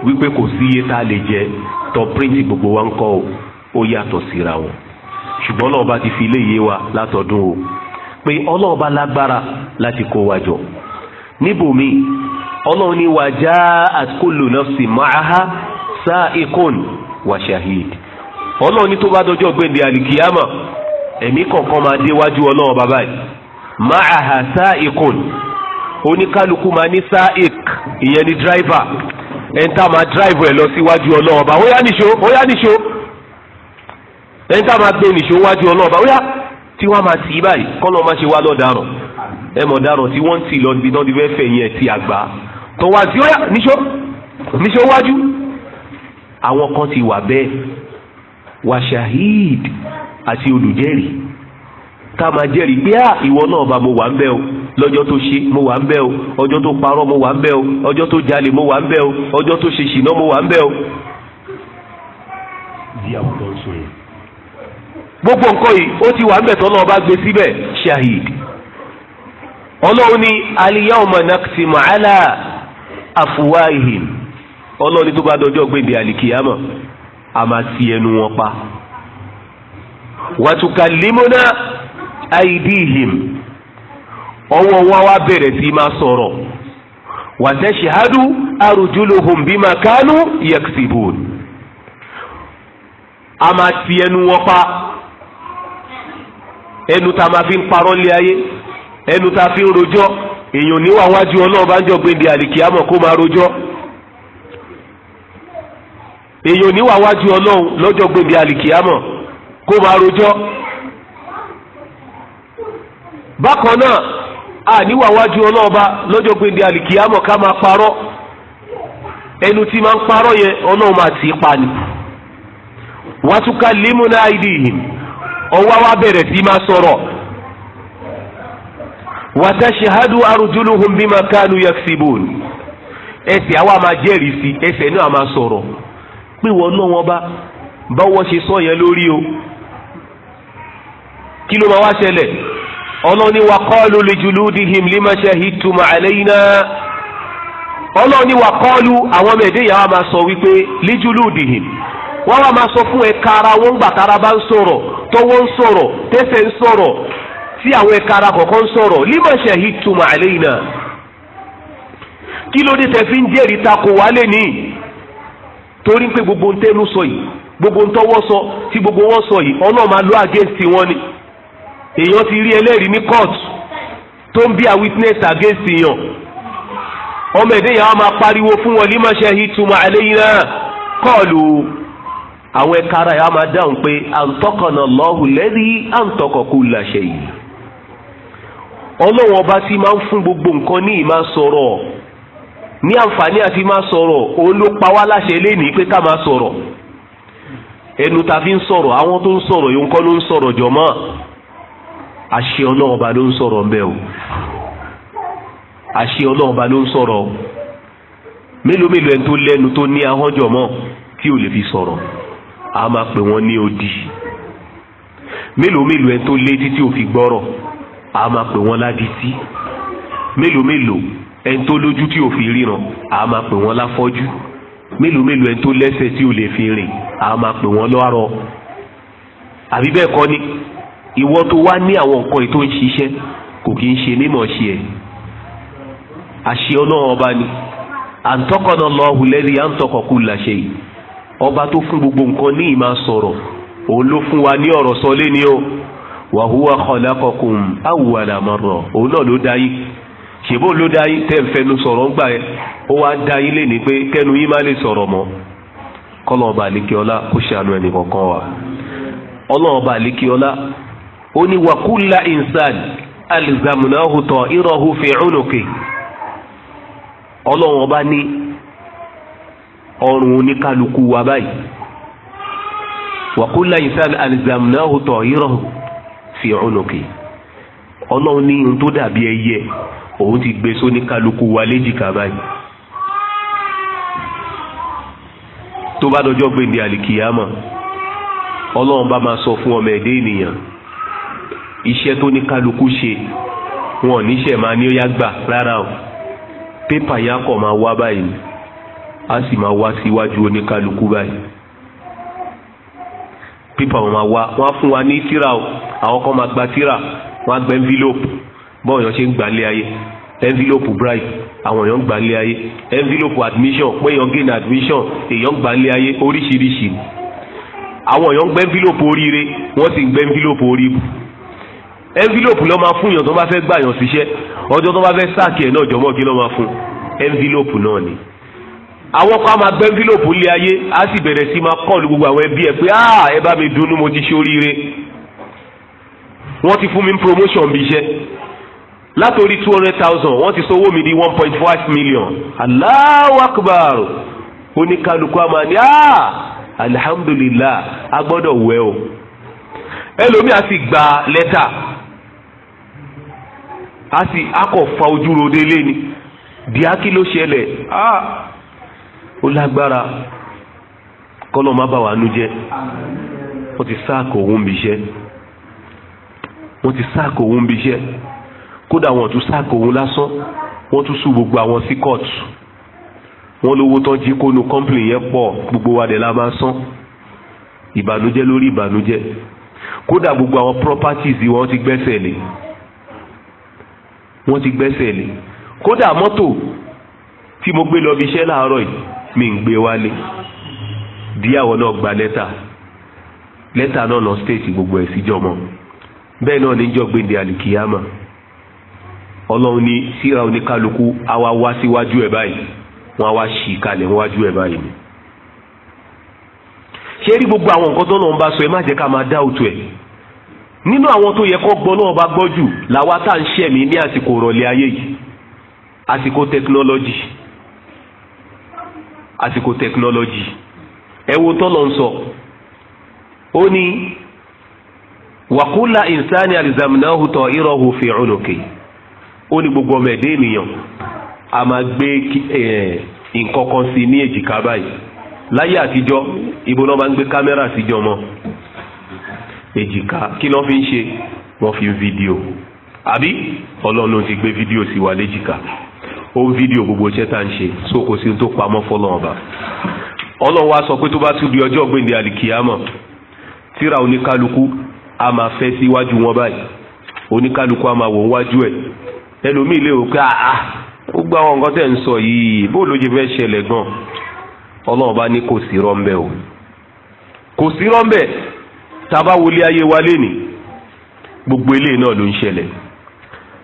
wípé kò sí iye tá a lè jẹ tọpírìtì gbogbo wa ń kọ́ o ó yàtọ̀ síra wọn ṣùgbọ́n ọlọ́ọ̀ba ti fi ilé yé wa látọdún o pé ọlọ́ọ̀ba lágbára láti kó wa jọ níbòmí ọlọ́run ní wa ja'at kullu nafsin ma'aha sa'iqun wa shahid ọlọ́run ní tó bá dọjọ́ gbẹ̀ndẹ̀ àlìkìyàmà ẹ̀mí kọ̀ọ̀kan máa déwájú ọlọ́run bàbá yìí ma'aha sa'iqun oníkálukú máa ní sa'iq ìyẹn ní dráìvà ẹni tá a máa dráìvù ẹ̀ lọ síwájú ọlọ́run ọba ó yá níṣó ó yá níṣó ẹni tá a máa gbé níṣó wájú ọlọ́run ọba ó yá tí wọ́n máa tì í báyìí kọ́ lọ́ọ́ máa ṣe wá lọ́daràn ẹ mọ̀ daràn tí wọ́n ń tì lọ ibi náà ti fẹ́ fẹ̀ yẹn ti àgbà tó wá sí ó yá níṣó níṣó wájú àwọn kan ti wà bẹ́ẹ̀ wà ṣahid àti olùjẹ́rìí tá a máa jẹ́rìí pé à ìwọ náà ọba mo wà ń bẹ́ o lọ́jọ́ tó ṣe mo wà ń o ọjọ́ tó parọ́ mo wà ń o ọjọ́ tó jalè mo wà ń o ọjọ́ tó ṣe ṣìnà mo wà ń bẹ̀ gbogbo nǹkan yìí ó ti wà ń bẹ̀ tọ́lọ́ ọba gbé síbẹ̀ ọlọ́run ọlọ́run tó bá dọjọ́ a máa ti ẹnu wọn pa. aidihim ọwọ́ wọn wá bẹ̀rẹ̀ sí máa sọ̀rọ̀ wàtẹ́síhádù arùjúlùhùn bímà kánú yẹksibùn a máa ti ẹnu wọn pa ẹnu tá a máa fi ń parọ́ lé ayé ẹnu tá a fi ń rojọ́ èèyàn níwà wájú ọlọ́ọ̀bá ń jọ gbèdé àlìkíyàmọ̀ kó máa rojọ́ èèyàn níwà wájú ọlọ́run lọ́jọ́ gbèdé àlìkíyàmọ̀ kó máa rojọ́ bákan náà. a ọlọ́ọ̀ba lọ́jọ́ gbèndé àlìkìyàmọ̀ ká máa parọ́ ẹnu tí máa ń parọ́ yẹn ọlọ́run máa tì wàtúkà límúnà àìdíhìn ọwọ́ wa bẹ̀rẹ̀ sí máa sọ̀rọ̀ wàtàṣehádù arùjúlùhùn bímà kánú yaksibun ẹsẹ̀ àwa máa jẹ́rìí sí ẹsẹ̀ náà máa sọ̀rọ̀ pé wọ́n náà wọ́n bá báwọ́ ṣe sọ yẹn lórí o kí ló máa wá ṣẹlẹ̀. ọlọ́ni wa kọ́ọ̀lù lè julúdihim lima shahidtum alayna ọlọ́ni wa kọ́ọ̀lù àwọn ọmọ ẹ̀dẹ́ yàrá máa sọ wípé lè wọ́n wá máa sọ fún ẹ̀ka ara wọn gbà tára bá ń sọ̀rọ̀ tọwọ́ ń sọ̀rọ̀ tẹ́sẹ̀ ń sọ̀rọ̀ tí àwọn ẹ̀ka ara kọ̀ọ̀kan ń sọ̀rọ̀ lima shahidtum alayna kí ló dé tẹ́ fi ń jẹ́rìí takò wálé ní torí pé gbogbo ń tẹnu sọ yìí gbogbo ń tọwọ́ sọ tí gbogbo wọn sọ yìí ọlọ́ọ̀ máa lọ àgẹ́sì wọn ni. èèyàn ti rí ẹlẹ́rìí ní court tó ń bí a witness against èèyàn ọmọ ẹ̀dẹ́ yẹn wọ́n máa pariwo fún wọn lima shahidtum alayna kọ́ọ̀lù àwọn ẹ̀ka ara yẹn wọ́n máa dáhùn pé antaqana Allahu alladhi antaqa kulla shay ọlọ́wọ́n ọba tí máa ń fún gbogbo nǹkan ní ìmá sọ̀rọ̀ ní àǹfààní àti máa sọ̀rọ̀ òun ló pa wá láṣẹ lénìí pé ká máa sọ̀rọ̀ ẹnu tàbí ń sọ̀rọ̀ àwọn tó ń sọ̀rọ̀ yòókọ́ ló ń sọ̀rọ̀ jọ̀mọ́ àṣẹ ọlọ́run ọba ló ń sọ̀rọ̀ mbẹ́ o àṣẹ ọlọ́run ọba ló ń sọ̀rọ̀ mélòó mélòó ẹni tó lẹ́nu tó ní ahọ́njọ̀ mọ́ tí ò lè fi sọ̀rọ̀ a máa pè wọ́n ní odi mélòó mélòó ẹni tó létí tí ò fi gbọ́rọ̀ a máa pè wọ́n ládití mélòó mélòó ẹni tó lójú tí ò ríran a máa pè wọ́n láfọ́jú mélòó mélòó ẹni tó lẹ́sẹ̀ tí ò lè fi rìn a máa pè wọ́n lọ́rọ̀ àbí bẹ́ẹ̀ kọ́ ni ìwọ tó wá ní àwọn nǹkan ètò ń ṣiṣẹ́ kò kí ń ṣe mímọ̀ ṣe ẹ̀ àṣẹ ọlọ́run ọba ni àǹtọ́kọ̀nà lọ́hùn lẹ́rìí àǹtọ́kọ̀kù làṣẹ yìí ọba tó fún gbogbo nǹkan ní ìmá sọ̀rọ̀ òun ló fún wa ní ọ̀rọ̀ sọ léni o wàhúwà khalaqakum awwala marra òun náà ló dá yín ṣèbó ló dá yín tẹ́ ń fẹnu sọ̀rọ̀ ń gbà yẹn ó wá dá yín lé ní pé kẹ́nu yín má lè sọ̀rọ̀ mọ́ kọ́lọ́ọ̀bà àlékiọlá kó ṣàánú ẹnì kọ̀ọ̀kan wa ọlọ́ọ̀bà àlékiọlá ó ní wàkúlà insan alzamnahu ta'irahu fi unuki ọlọ́run ọba ní ọrùn oníkálukú wa báyìí wàkúlà insan alzamnahu ta'irahu fi unuki ọlọ́run ní ohun tó dàbí ẹyẹ òun ti gbé sóníkálukú wa léjìká báyìí tó bá dọjọ́ gbèndé àlìkìyàmọ̀ ọlọ́run bá máa sọ fún ọmọ ẹ̀dẹ́ ènìyàn iṣẹ́ tó ní kálukú ṣe wọn ò níṣẹ́ máa ní ó yá gbà rárá o pépà yá kọ̀ máa wá báyìí a sì máa wá síwájú oníkálukú báyìí pépà wọn máa wá wọn á fún wa ní tíra o àwọn kan máa gba tíra wọn á gba envelope bọ́ọ̀ yẹn ṣe ń gbà lé ayé envelope bribe àwọn èèyàn gbà lé ayé envelope admission pé èèyàn gain admission èèyàn ń gbà lé ayé oríṣiríṣi àwọn èèyàn ń envelope oríire wọ́n sì ń gbẹ́ envelope oríbu envelope ló máa fún yàn tó bá fẹ́ gbà yàn síṣẹ́ ọjọ́ tó bá fẹ́ sáàkì ẹ̀ náà jọmọ́ kí ló máa fún envelope náà ni. àwọn kan máa gbé envelope lé ayé á sì bẹ̀rẹ̀ sí máa kọ́ọ̀lù gbogbo àwọn ẹbí ẹ̀ pé ah ẹ bá mi dunnú mo ti ṣe oríire wọ́n ti fún mi promotion bí iṣẹ́ látòrí two hundred thousand wọ́n ti sanwó mi di one point five million Allahu Akbar oníkálukú àmà ni ah alhamdulillah a gbọ́dọ̀ wẹ̀ o ẹlòmíà sì gba lẹ́tà a sì akọ̀ fa ojú rode lé ni diaki ló ṣẹlẹ̀ a ó lágbára kọ́lọ́ má bà wà nú jẹ́ wọ́n ti sáàkì òun bí iṣẹ́ wọ́n ti sáàkì òun bí iṣẹ́ kódà wọ́n tún sáàkì òun lásán wọ́n tún sùn gbogbo àwọn sí kóòtù wọ́n lówó tán jí kónú kọ́ńpìlì yẹn pọ̀ gbogbo wa dẹ̀ la máa san ìbànújẹ́ lórí ìbànújẹ́ kódà gbogbo àwọn properties wọn ti gbẹ́sẹ̀ lé wọ́n ti gbẹ́sẹ̀ lé kódà mọ́tò tí mo gbé lọ bí iṣẹ́ láàárọ̀ yìí mi ń gbé wálé díyàwó náà gba lẹ́tà lẹ́tà náà lọ stéètì gbogbo ẹ̀ síjọmọ́ bẹ́ẹ̀ náà níjọ́ gbéǹde àlùkìyàmà ọlọ́run ní síra oníkálukú àwa wá síwájú ẹ̀ báyìí wọ́n á wá ṣì kalẹ̀ wájú ẹ̀ báyìí ṣé rí gbogbo àwọn nǹkan tó náà ń bá sọ ẹ má jẹ́ ká máa dá òtù ẹ̀ nínú àwọn tó yẹ kó gbọ́ náà bá gbọ́ jù làwa tá à ń ṣẹ̀mí ní àsìkò ìrọ̀lẹ́ ayé yìí àsìkò tẹkinọ́lọ́jì àsìkò tẹkinọ́lọ́jì ẹ wo tọ́lọ̀ ń sọ ó ní wàkúlà ìsáni àlìzàmìnáhù tọ̀ ìrọ̀hù fi ònòkè ó ní gbogbo ọmọ ẹ̀dẹ́ ènìyàn a máa gbé nǹkan kan sí ní èjìká báyìí láyé àtijọ́ ibo máa ń gbé kámẹ́rà síjọ́ mọ́ èjìká kí ló fi ń ṣe wọ́n fi ń fídíò àbí ọlọ́run ti gbé fídíò sí wa léjìká ó ń fídíò gbogbo iṣẹ́ tá à ń ṣe so kò sí tó pamọ́ fọlọ́run ọba ọlọ́run wa sọ pé tó bá tún di ọjọ́ gbèǹde àlìkìyàmọ̀ tíra oníkálukú a máa fẹ́ síwájú wọn báyìí oníkálukú a máa wò wájú ẹ̀ ẹlòmíì lè rò pé àá ó gbá àwọn nǹkan tẹ̀ ń sọ yìí bó ló ṣe fẹ́ ṣẹlẹ̀ gan ọlọ́run bá ní kò sí rọ́ńbẹ́ o kò sí rọ́ńbẹ́ tàbá wọlé ayé wa lé ní gbogbo eléyìí náà ló ń ṣẹlẹ̀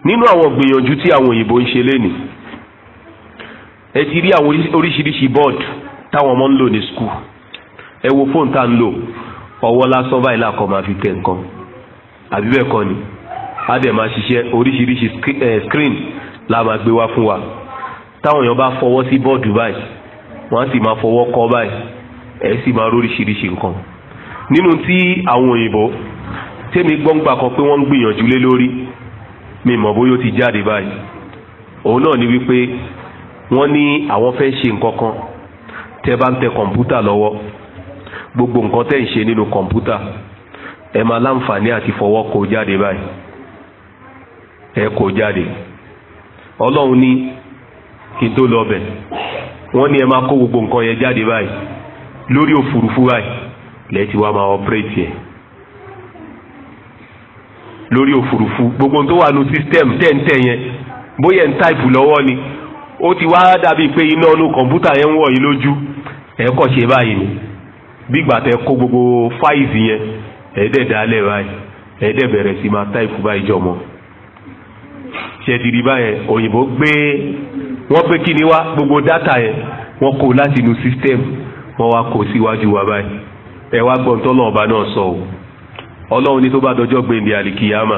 nínú àwọn gbìyànjú tí àwọn òyìnbó ń ṣe lé ní ẹ ti rí àwọn oríṣiríṣi bọ́ọ̀d táwọn ọmọ ń lò ní skul ẹ wo fóònù tá ń lò ọwọ́ lásán báyìí làkọ́ máa fi tẹ̀ nǹkan àbí bẹ́ẹ̀ kọ́ ni á dẹ̀ máa ṣiṣẹ́ oríṣiríṣi screen la máa gbé wá fún wa táwọn èèyàn bá fọwọ́ sí bọ́ọ̀dù báyìí wọ́n á sì máa fọwọ́ kọ́ báyìí ẹ̀ sì máa róríṣiríṣi nǹkan nínú tí àwọn òyìnbó tèmi gbọ́ngbà kan pé wọ́n ń gbìyànjú lé lórí mi mọ̀ bóyá ó ti jáde báyìí òun náà ni wípé wọ́n ní àwọn fẹ́ ṣe nǹkan kan tẹ́ bá ń tẹ kọ̀ǹpútà lọ́wọ́ gbogbo nǹkan tẹ́ ń ṣe nínú kọ̀ǹpútà ẹ máa láǹfààní àti fọwọ́ kó jáde báyìí ẹ kó jáde ọlọ́run ní kí n tó lọ bẹ̀ wọ́n ní ẹ máa kó gbogbo nǹkan yẹn jáde báyìí lórí òfurufú báyìí lẹ́ẹ̀tì wá máa ọ̀pẹ́rẹ́tì ẹ̀ lórí òfurufú gbogbo tó wà ní sísítẹ́ẹ̀mù tẹ́ǹtẹ́ yẹn bóyá ń táìpù lọ́wọ́ ni ó ti wá dàbí pé iná inú kọ̀ǹpútà yẹn ń wọ̀ yín lójú ẹ̀ kọ̀ ṣe báyìí ni bí ìgbà tẹ kó gbogbo fáìsì yẹn ẹ̀ dẹ̀ dálẹ̀ báyìí ẹ̀ dẹ̀ bẹ̀rẹ̀ sí máa táìpù báyìí jọmọ ṣẹdiri báyẹn òyìnbó gbé wọ́n pé kí ni wá gbogbo dátà yẹn wọ́n kó láti inú sísítẹ́ẹ̀mù wọ́n wá kó síwájú wa báyìí Ewa wá gbọ́n ọba náà sọ o ọlọ́run ní tó bá dọjọ́ gbèǹde àlìkìyàmà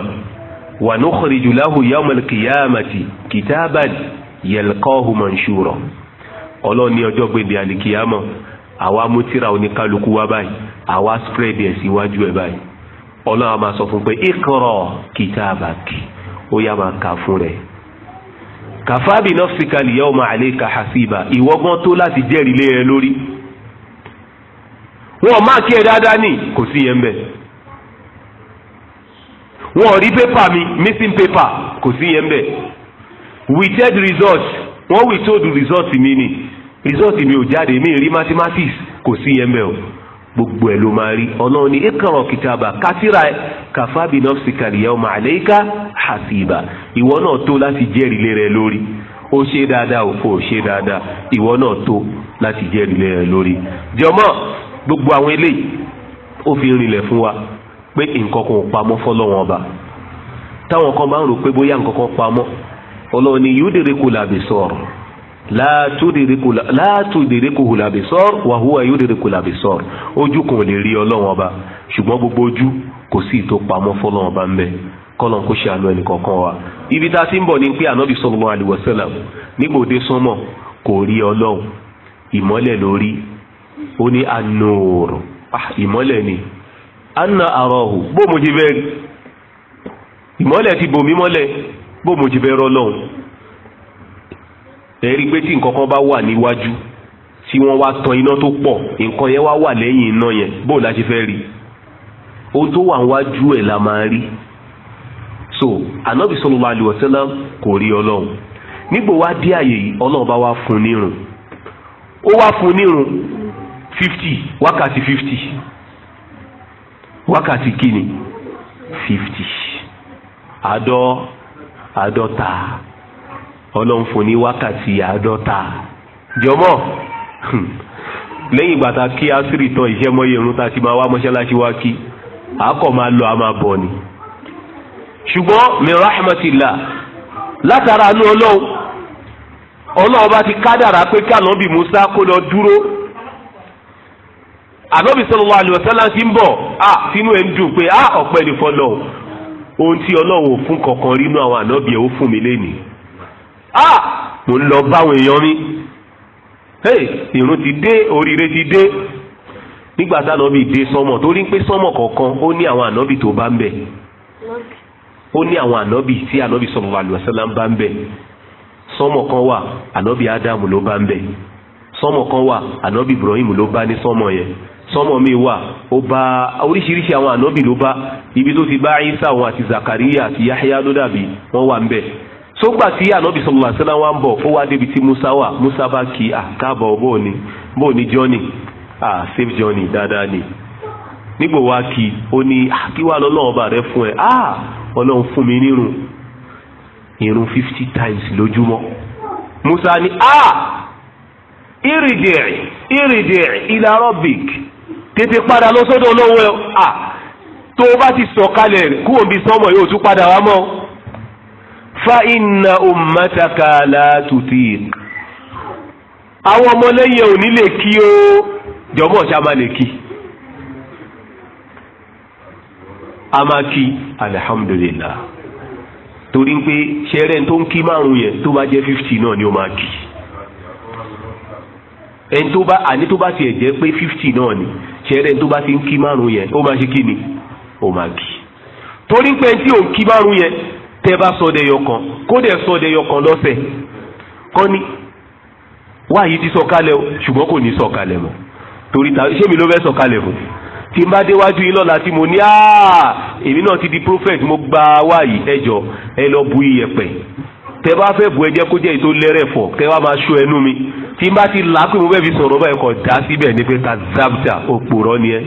wa nukhriju lahu yawma al-qiyamati kitaban yalqahu manshura ọlọ́run ní ọjọ́ gbèǹde àlìkìyàmà àwa mú oníkálukú wá báyìí àwa spread ẹ̀ síwájú ẹ̀ báyìí ọlọ́run sọ fún pé ó yá máa kà fún rẹ̀ ìwọ́gbọ́n tó láti jẹ́rìí lé wọn máa kí ẹ dáadáa ní kò sí yẹn bẹ́ẹ̀ wọn rí pépà mi missing paper kò sí yẹn bẹ́ẹ̀ withheld result wọn withhold result mi ni result mi ò jáde mi rí mathematics kò sí yẹn bẹ́ẹ̀ o gbogbo ẹ ló máa rí ọlọ́run ní ikọ̀rọ̀ kìtàbà kásìrà kàfábì nọ́fṣìkàlì yẹ́wò màálẹ́ká hasiba ìwọ náà tó láti jẹ́rìí rẹ lórí ó ṣe dáadáa òfò ṣe dáadáa ìwọ náà tó láti jẹ́rìí rẹ lórí. jọmọ gbogbo àwọn eléyìí ó fi rinlẹ̀ fún wa pé nǹkan kan ò pamọ́ fọlọ́wọ́n ọba táwọn kan bá ń rò pé bóyá nǹkan kan pamọ́ ọlọ́run ni yóò dèrè kò làbè sọ̀rọ̀ láàtò dèrè kò làbè sọ̀rọ̀ wàhúwà yóò dèrè kò làbè sọ̀rọ̀ ojú kan ò lè rí ọlọ́wọ́n ọba ṣùgbọ́n gbogbo ojú kò sí ìtò pamọ́ fọlọ́wọ́n ọba ń bẹ kọ́lọ̀ kó ṣe àánú ẹnì kọ̀ọ̀kan wa ibi tá a ti ń bọ̀ ni pé ànábì sallallahu alaihi wasallam nígbòde sánmọ̀ kò rí ọlọ́run ìmọ́lẹ̀ lórí ó ní anúrù ah, ìmọ́lẹ̀ ni anna arahu bó mo ti fẹ́ ìmọ́lẹ̀ ti bò mí bó mo ti fẹ́ rọ́ ẹ̀rí pé tí nǹkan kan bá wà níwájú tí wọ́n wá tan iná tó pọ̀ nǹkan yẹn wá wà lẹ́yìn iná yẹn bó la ṣe fẹ́ rí tó wà níwájú ẹ̀ la máa rí so anabi sallallahu alaihi wasallam kò rí ọlọ́run nígbò wá dé àyè yìí ọlọ́run bá wá fún nírun ó wá fifty wákàtí fifty wákàtí kíni fifty àádọ́ àádọ́ta ọlọ́nfún ní wákàtí àádọ́ta jọmọ́ hmm, lẹ́yìn ìgbà tá a kí asiri tán iṣẹ́ mọ́ irun tá a ti máa wá mọ́ṣáláṣí wá kí àákọ̀ máa lọ a máa bọ̀ ni ṣùgbọ́n mi rahmatillah látara àánú ọlọ́run ọlọ́run bá ti kádàrá pé kí ànábì Musa kó lọ dúró ànábì sallallahu alaihi wasallam ti ń bọ̀ a ah, sínú ẹ̀ ń dùn pé à ah, ọ̀pẹ ní fọlọ́ ohun tí ọlọ́run ò fún kankan rí inú àwọn ànábì ẹ̀ ó fún mi lẹ́nìí à ah, mò ń lọ báwọn èèyàn mi ìrun ti dé oríire ti dé nígbà tá ànábì dé sọmọ torí pé sọmọ kọ̀ọ̀kan ó ní àwọn ànábì tó bá ń bẹ̀ ó ní àwọn ànábì tí ànábì sallallahu alaihi wasallam bá ń bẹ̀ sọmọ kan wà ànábì ádámù ló bá ń bẹ̀ sọmọ kan wà ànábì ibrahim ló bá ní sọmọ yẹn sọmọ mi wa, ó bá oríṣiríṣi àwọn ànábì ló bá ibi tó ti bá isa wọn àti zakariya àti yahya ló dàbí wọn wà ń bẹ sógbà tí ànábì sallallahu alaihi wasallam wa ń bọ̀ ó wá débi tí musa wà musa bá kí àkáàbọ̀ bó ni bó ni johnny ah safe journey dáadáa ni nígbò wá kí ó ní kí wàá lọ lọ́wọ́ ọba rẹ fún ẹ ah ọlọ́run fún mi nírun irun fifty times lójúmọ́ musa ní ah iridi iridi ila rabbik tètè padà lọ sọ́dọ̀ olówó à tó o bá ti sọ̀kalẹ̀ kúrò bí sọ́mọ̀ yóò tún padà wá mọ́ fa inna ummataka la tutiq àwọn ọmọlẹ́yìn ò ní lè kí o jọ̀mọ́ ṣá máa lè kí a máa kí alihamudulilah torí pé ṣẹ́rẹ́ tó ń kí márùn-ún yẹn tó bá jẹ́ fifty náà ni ó máa kí ẹni tó bá àní tó bá tiẹ̀ jẹ́ pé fifty náà ni ṣẹ́rẹ́ tó bá ti ń kí márùn yẹn ó máa ṣe kí ni ó máa kí torí pé tí ò ń kí márùn yẹn tẹ́ bá sọ ọdẹ yọkan kó dẹ̀ sọ ọdẹ yọkan lọ́sẹ̀ kọ́ ni wáyé ti sọ kalẹ̀ o ṣùgbọ́n kò ní sọ kalẹ̀ torí ta ṣé mi ló fẹ́ sọ fún tí n bá déwájú yín lọ́la tí mo ní àà èmi náà ti di prophet mo gba wáyé ẹjọ́ ẹ lọ bu iyẹ̀pẹ̀ tẹ bá fẹ́ bu ẹjẹ́ kó jẹ́ èyí tó lẹ́rẹ̀ fọ̀ kẹ wá máa ṣó ẹnu mi tí n bá ti là pé mo fẹ́ fi sọ̀rọ̀ báyìí kọ̀ dá síbẹ̀ ní pé kazabta òpòrọ́ ni ẹ.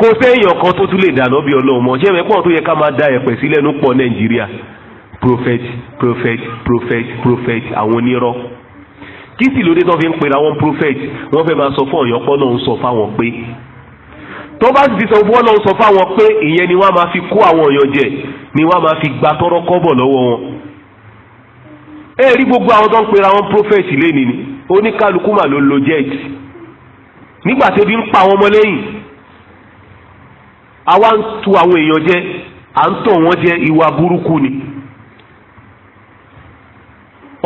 kò séèyàn kan tó tún lè dànù bí ọlọ́run mọ̀ ṣé mẹ́pọ̀ tó yẹ ká máa da ẹ̀pẹ̀ sílẹ̀ ní pọ̀ nàìjíríà prophet prophet prophet prophet àwọn onírọ́ kí sì lóde tó fi ń pera wọn prophet wọ́n fẹ́ máa sọ fún ọ̀yọ́pọ̀ náà ń sọ fáwọn pé tó bá sì ti sọ fún ọlọ́run sọ fáwọn pé ìyẹn ni wọ́n máa fi kó àwọn èèyàn jẹ ni wọ́n máa fi gba tọ́rọ́ kọ́bọ̀ lọ́wọ́ wọn. ẹ rí gbogbo àwọn tó ń pera wọn prophet lẹ́ni ni oníkálukú mà ló lo jet nígbà tí ebi ń pa àwọn ọmọ lẹ́yìn àwa ń tu àwọn èèyàn jẹ à ń tọ̀ wọ́n jẹ ìwà burúkú ni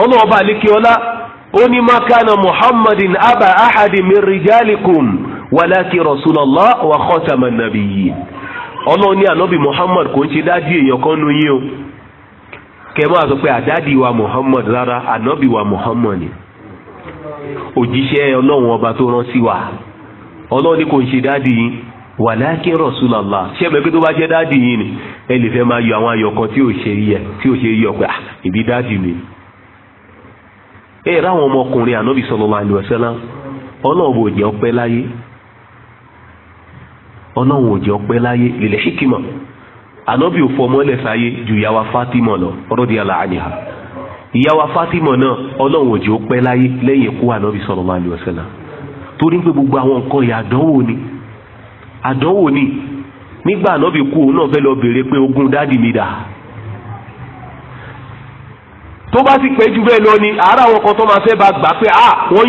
ọlọ́ọ̀ba àlékè ọlá ó ní mákànnà muhammadin abba ahadi min rijalikum. walakin rasulallah wa khatama nabiyyin ọlọ́run ní ànábì muhammad kò ń ṣe dádì èèyàn kan nu yín o kẹ máa sọ pé àdádì wa muhammad rárá ànábì wa muhammad òjíṣẹ́ ọlọ́run ọba tó rán sí wa ọlọ́run ní kò ń ṣe dádì yín ṣé tó bá jẹ́ dádì yín ni ẹ lè fẹ́ máa yọ àwọn ayọ̀ kan tí ò ṣe yọ pé ah, mi ráwọn ọmọkùnrin ànábì ọlọ́run ọlọ́run ò ọpẹ́ láyé lílẹ̀ hikima ànábì ò fọmọ ju ìyá wa Fatima lọ rọ́dí àlà àníhà ìyá wa Fatima náà ọlọ́run ò ọpẹ́ láyé lẹ́yìn ikú ànábì torí pé gbogbo àwọn nǹkan yìí àdánwò ni àdánwò ni nígbà ànábì kú òun náà fẹ́ lọ pé mi dà tó bá sì pẹ́ lọ ni àárá àwọn kan tó máa fẹ́ bá gbà pé à ah, wọ́n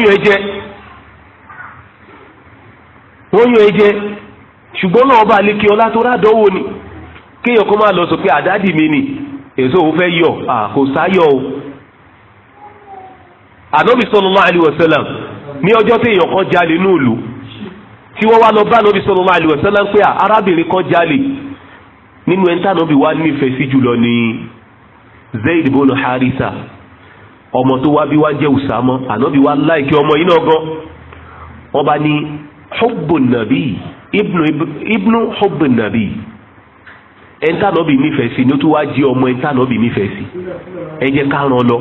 yàn ṣùgbọ́n náà ọba àlekè ọlá tó rádọ́wò ni kéèyàn kó máa lọ sọ pé àdádì mi ni èso òun fẹ́ yọ kò sáyọ o. ànábì sallallahu alaihi wasallam ní ọjọ́ tí èèyàn kan jalè ní ìlú tí wọ́n wá lọ bá ànábì sallallahu alaihi wasallam pé arábìnrin kan jalè nínú ẹ̀ńtà ànábì wa nífẹ̀ẹ́ sí jùlọ ní Zaid bono Harisa ọmọ tó wá bí wá jẹ́ Usama ànábì wa láìkí ọmọ yìí náà gan wọ́n bá ní hubbun nabi ibnu ibnu hubbi nabi ẹ̀ńtànọ́bì nífẹ̀ẹ́ sí ni ó tún wá jẹ́ ọmọ ẹ̀ńtànọ́bì nífẹ̀ẹ́ sí ẹ jẹ́ ká ràn lọ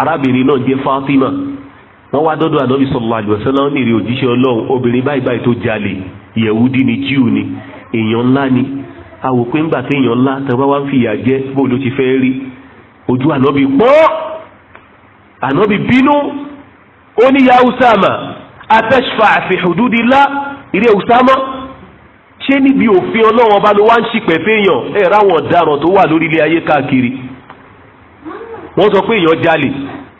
arábìnrin náà jẹ́ Fatima wọ́n wá dọ́dọ̀ ànábì sallallahu alaihi wasallam nírè òjíṣẹ́ ọlọ́run obìnrin báyìí báyìí tó jalè yẹ̀wúdí ni jíù ni èèyàn ńlá ni àwò pé ńgbà tí èèyàn ńlá tẹ́wọ́ wá ń fìyà jẹ bó ló ti fẹ́ rí ojú ànábì pọ́ ànábì bínú ó ní ya Usama atashfa fi hududillah ìrẹ́ Usama ṣé níbi òfin ọlọ́wọ́n bá ló wá ń ṣìpẹ́ fẹ́yàn ẹ̀ ráwọn ọ̀daràn tó wà lórí ilé ayé káàkiri wọ́n sọ pé èèyàn jalè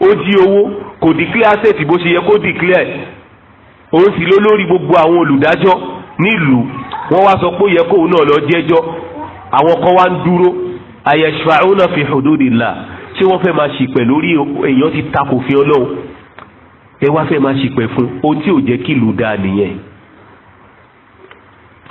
ó jí owó kò dìklẹ́ asẹ́ẹ̀tì bó ṣe yẹ kó dìklẹ́ òun sì ló lórí gbogbo àwọn olùdájọ́ nílùú wọ́n wá sọ pé ó yẹ kóun náà lọ jẹ́jọ́ àwọn kan wá ń dúró ayashfa'una fi hududillah ṣé wọ́n fẹ́ máa ṣìpẹ̀ lórí èèyàn ti takò fi ọlọ́run ẹ wá fẹ́ máa ṣìpẹ̀ fún ohun tí ò jẹ́ kí ìlú dáa nìyẹn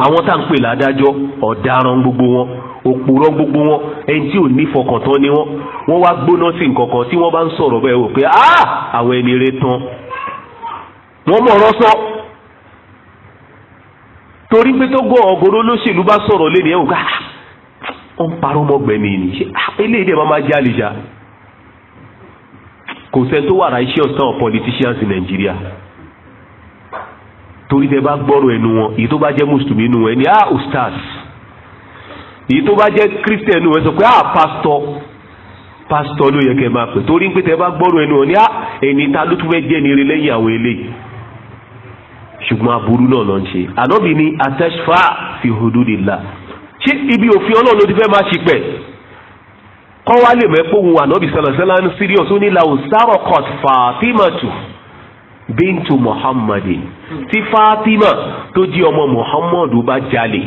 àwọn tá à ń pè ládájọ́ ọ̀daràn gbogbo wọn òpùrọ́ gbogbo wọn ẹni tí ò ní fọkàntán ni wọn wọn wá gbóná sí nǹkan kan tí wọ́n bá ń sọ̀rọ̀ bẹ́ẹ̀ wò pé ah àwọn ẹni rẹ tán wọ́n mọ̀ ọ̀rọ̀ sọ torí pé tó gbọ́ ọ̀gọ́rọ́ olóṣèlú bá sọ̀rọ̀ lẹ́nu ẹ̀ wò ká ó ń parọ́ mọ́gbẹ̀mí ni eléyìí dẹ̀ máa jẹ́ àlìjà kò sẹ́ni tó wà ráìṣẹ́ ọ̀sán politicians in Nigeria torí tẹ bá gbọ́rọ̀ ẹnu wọn èyí tó bá jẹ́ mùsùlùmí nu ẹni ah ustaz èyí tó bá jẹ́ christian nu wọn sọ pé ah pastor pastor ló yẹ kẹ́ máa pè torí pé tẹ bá gbọ́rọ̀ ẹnu wọn ni ah ẹni ta ló tún fẹ́ jẹ́ ní lẹ́yìn àwọn eléyìí ṣùgbọ́n aburú náà ló ṣe ànábì ni atashfa fi hududillah ṣé ibi òfin ọlọ́run ló ti fẹ́ máa ṣìpẹ̀ kọ́ wá lè mẹ́pọ̀ òun ànábì sallallahu alaihi wasallam serious ó ní la ò sárọ̀ kọ́t fàtímàtù Bintu muhammadin tí fatima tó jí ọmọ muhammadu bá jalè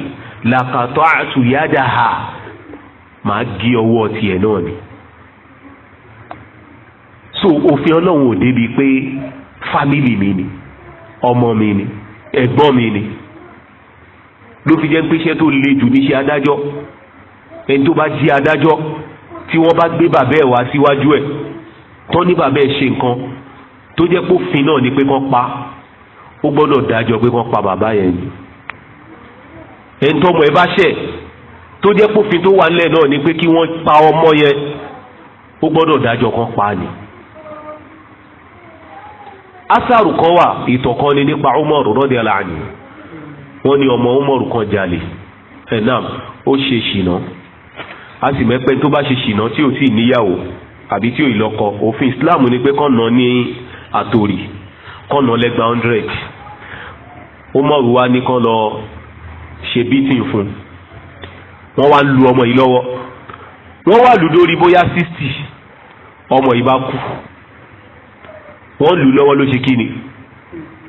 làkàtọ́ àtúnyádáha máa gé ọwọ́ tiẹ̀ náà ni. so òfin ọlọ́run ò débi pé fámìlì mi ni ọmọ mi ni ẹ̀gbọ́n mi ni ló fi jẹ́ pé iṣẹ́ tó le jù níṣẹ́ adájọ́ ẹni tó bá jí adájọ́ tí wọ́n bá gbé bàbá ẹ̀ wá síwájú ẹ̀ tọ́ ní bàbá ẹ̀ ṣe nǹkan tó jẹ́ pófin náà ni pé kán pa ó gbọ́dọ̀ dájọ́ pé kán pa bàbá yẹn ni ẹni tọ́mọ ẹ bá ṣẹ̀ tó jẹ́ pófin tó wà nílẹ̀ náà ni pé kí wọ́n pa ọmọ yẹn ó gbọ́dọ̀ dájọ́ kán pa ni. asaru kan wà ìtàn kan ni nípa Umar radiyallahu anhu wọ́n ní ọmọ Umar kan jalè ẹ̀ náà ó ṣe ṣìnà a sì mẹ́pẹ́ tó bá ṣe ṣìnà tí ò tí níyàwó àbí tí ò ì lọ́kọ òfin Islam ni pé kán nà ní àtòrí kọ́ lọ lẹ́gbàá hundred ó mọ̀rù wá ní kọ́ lọ ṣe bítìn fún wọ́n wá lu ọmọ yìí lọ́wọ́ wọ́n wá lù dórí bóyá sixty ọmọ yìí bá kú wọ́n lù lọ́wọ́ ló ṣe kí ni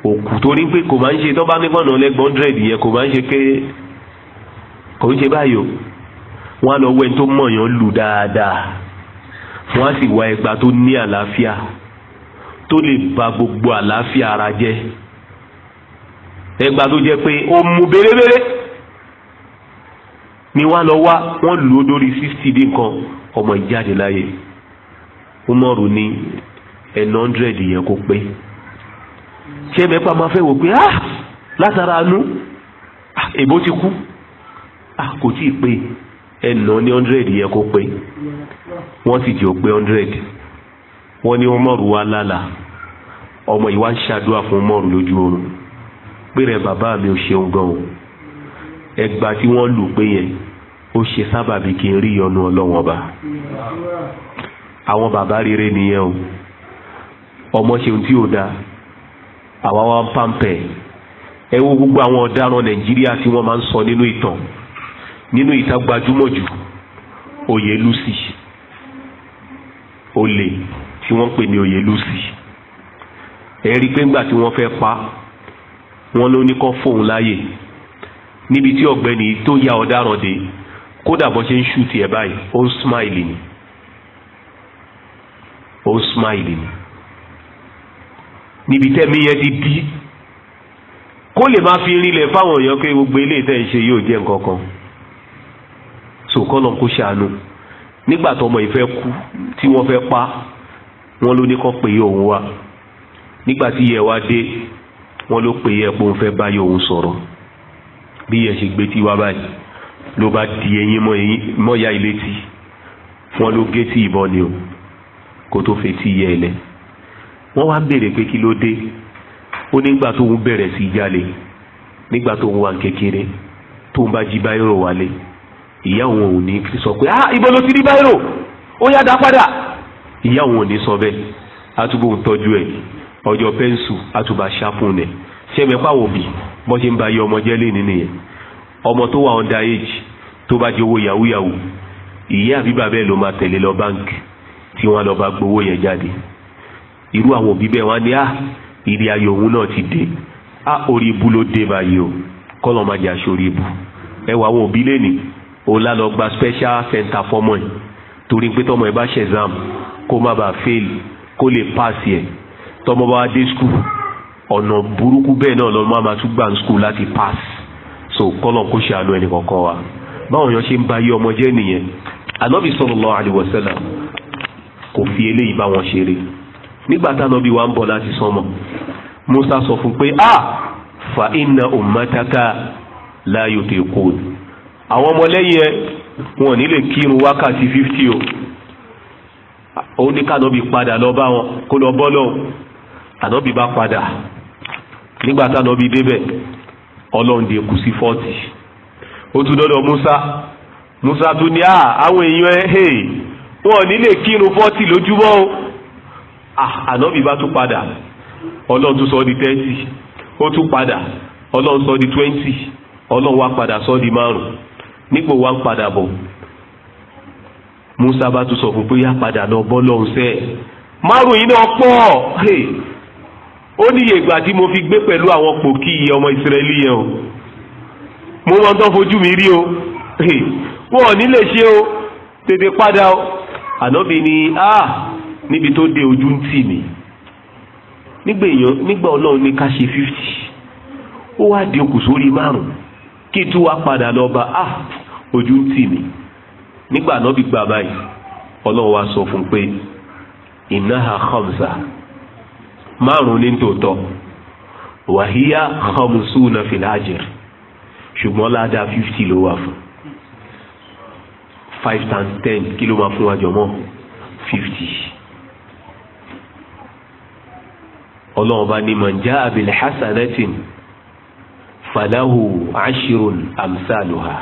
òkú torí pé kò máa ń ṣe tó bá ní gbọ́nà lẹ́gbọ́n hundred yẹn kò máa ń ṣe pé kò ń ṣe báyò wọ́n á lọ wẹ́n tó mọ̀yàn lù dáadáa wọ́n á sì wá ẹgbàá tó ní àlàáfíà tó lè ba gbogbo àlàáfíà ara jẹ́ ẹgbàá tó jẹ́ pé ó mu bérebére ni wá lọ wá wọ́n lù ú lórí sixty dín kan ọmọ ìjáde láyé umaru ní ẹnu hundred yẹn kó pé ṣé mẹ́fà máa fẹ́ wò pé ah látara anú ah, èbó ti kú ah kò tí ì pé ẹnu ní hundred yẹn kó pé wọ́n sì jẹ́ ó pé hundred wọ́n ní umaru wá lálàá ọmọ yìí wá ń ṣàdúrà fún mọ́ọ̀rù lójú oorun pé rẹ bàbá mi ò ṣeun gan o ẹgbà tí wọ́n lù pé yẹn ó ṣe sábàbí kí n rí ìyọnu ọlọ́wọ́n ọba àwọn bàbá rere nìyẹn o ọmọ ṣeun tí ò dáa àwa wá ń pàǹpẹ̀ ẹ wo gbogbo àwọn ọ̀daràn nàìjíríà tí wọ́n máa ń sọ nínú ìtàn nínú ìta gbajúmọ̀ jù oyè lucy olè tí wọ́n ń pè ní oyè lucy ẹ̀rí pé ńgbà tí wọ́n fẹ́ pa wọ́n ló ní kọ́ fóun láàyè níbi tí ọ̀gbẹ́ni tó ya ọ̀daràn dé kódà bó ṣe ń ṣù tiẹ̀ báyìí ó ń smile ni ó ń smile ni níbi tẹ́mi yẹn ti bí kó lè máa fi rinlẹ̀ fáwọn èèyàn pé gbogbo ilé ìtẹ́ ìṣe yóò jẹ́ nǹkan kan sòkòlò kó ṣàánú nígbà tọmọ ìfẹ́ kú tí wọ́n fẹ́ pa wọ́n ló ní kọ́ pé òun wá nígbà tí yẹ wá dé wọn ló pè yẹ pé òun fẹ́ báyọ̀ òun sọ̀rọ̀ bí yẹ ṣe gbé tí wá báyìí ló bá di eyín mọ́yá ilé tí wọn ló gé tí ìbọn ni o kó tó fẹ́ tí yẹ ilẹ̀ wọ́n wá ń pé kí ló dé ó nígbà tó ń bẹ̀rẹ̀ sí jalè nígbà tó ń wà kékeré tó ń bá jí báyọ̀ wálé ìyá òun ò ní sọ pé ah ibo ló ti rí báyọ̀ ó yá dá padà ìyá òun ò ní sọ bẹ́ẹ̀ á túbọ̀ ń tọ́jú ẹ̀ ọjọ́ pẹ́ńsù àtúbà ṣàfún nẹ̀ ṣẹ́mi pàwọ̀ bì bọ́ ṣe ń ba yí ọmọ jẹ́ lé nínú yẹn ọmọ tó wà under age tó bá jẹ́ owó yahoo yahoo ìyá àbí bàbá ẹ̀ ló máa tẹ̀lé lọ báńkì tí wọ́n lọ bá gbowó yẹn jáde irú àwọn òbí bẹ́ẹ̀ wọ́n ní à ah, ìdí ayé òun náà ti dé à ah, orí ibu ló dé báyìí o kọ́lọ̀ máa jẹ́ àṣorí ibu ẹ wà àwọn òbí lẹ́nì o lá gba special center fọmọ ẹ torí pé tọmọ ẹ bá ṣẹ̀zám kó má bàa fail kó lè pass yẹn tọmọ bá dé skul ọ̀nà burúkú bẹ́ẹ̀ náà lọ́mọ máa tún gbà skul láti pass so kọ́lọ̀ kó ṣe àánú ẹnì kọ̀ọ̀kan wa báwọn yàn ṣe ń ba yí ọmọ jẹ́ nìyẹn Ànábì sallallahu alaihi wasallam kò fi eléyìí bá wọn ṣeré nígbà tánàbí wa ń bọ̀ láti sọmọ Musa sọ fún pé a ah, fa inna ummataka la yutiqun àwọn ọmọlẹ́yìn ẹ wọn ò ní lè kírun wákàtí fifty o ó ní kánàbí padà lọ bá wọn kó lọ bọ́ lọ́wọ́ ànábì bá padà nígbà tá ànábì débẹ̀ ọlọ́run dé kù sí fọ́ọ̀tì ó tún dọ́dọ̀ Musa Musa tún ní à ah, àwọn èèyàn ẹ̀ eh, wọn ò ní lè kírun fọ́ọ̀tì lójúmọ́ o ah, ànábì bá tún padà ọlọ́run tún sọ di thirty ó tún padà ọlọ́run sọ di twenty ọlọ́run wá padà sọ di márùn-ún nípò wá ń padà bọ̀ Musa bá tún sọ fún pé yá padà lọ bọ́ lọ́hùn sẹ́ẹ̀ márùn-ún yìí náà pọ̀ ó ní iye ìgbà tí mo fi gbé pẹ̀lú àwọn pòkì ọmọ ìsírẹ́lì yẹn o mo mọ tán fojú mi rí o wọn ò ní lè ṣe o tètè padà o ànábì ni a ah, níbi tó dé ojú ń tì mí nígbà èèyàn nígbà ọlọ́run ní ká ṣe fifty ó wá di okùn sórí márùn kí n wá padà lọ bá a ah, ojú ń tì mí nígbà ànábì gbà báyìí ọlọ́run wá sọ fún un pé ìnáhà khamsa márùn ní tòótọ́ wàhíyá khamsuna fil ajr ṣùgbọ́n ládàá fifty ló wà fún five times ten kí ló máa fún wa jọmọ́ fifty. ọlọ́run bá ní man jaa bil hasanatin falahu ashirun amsaluha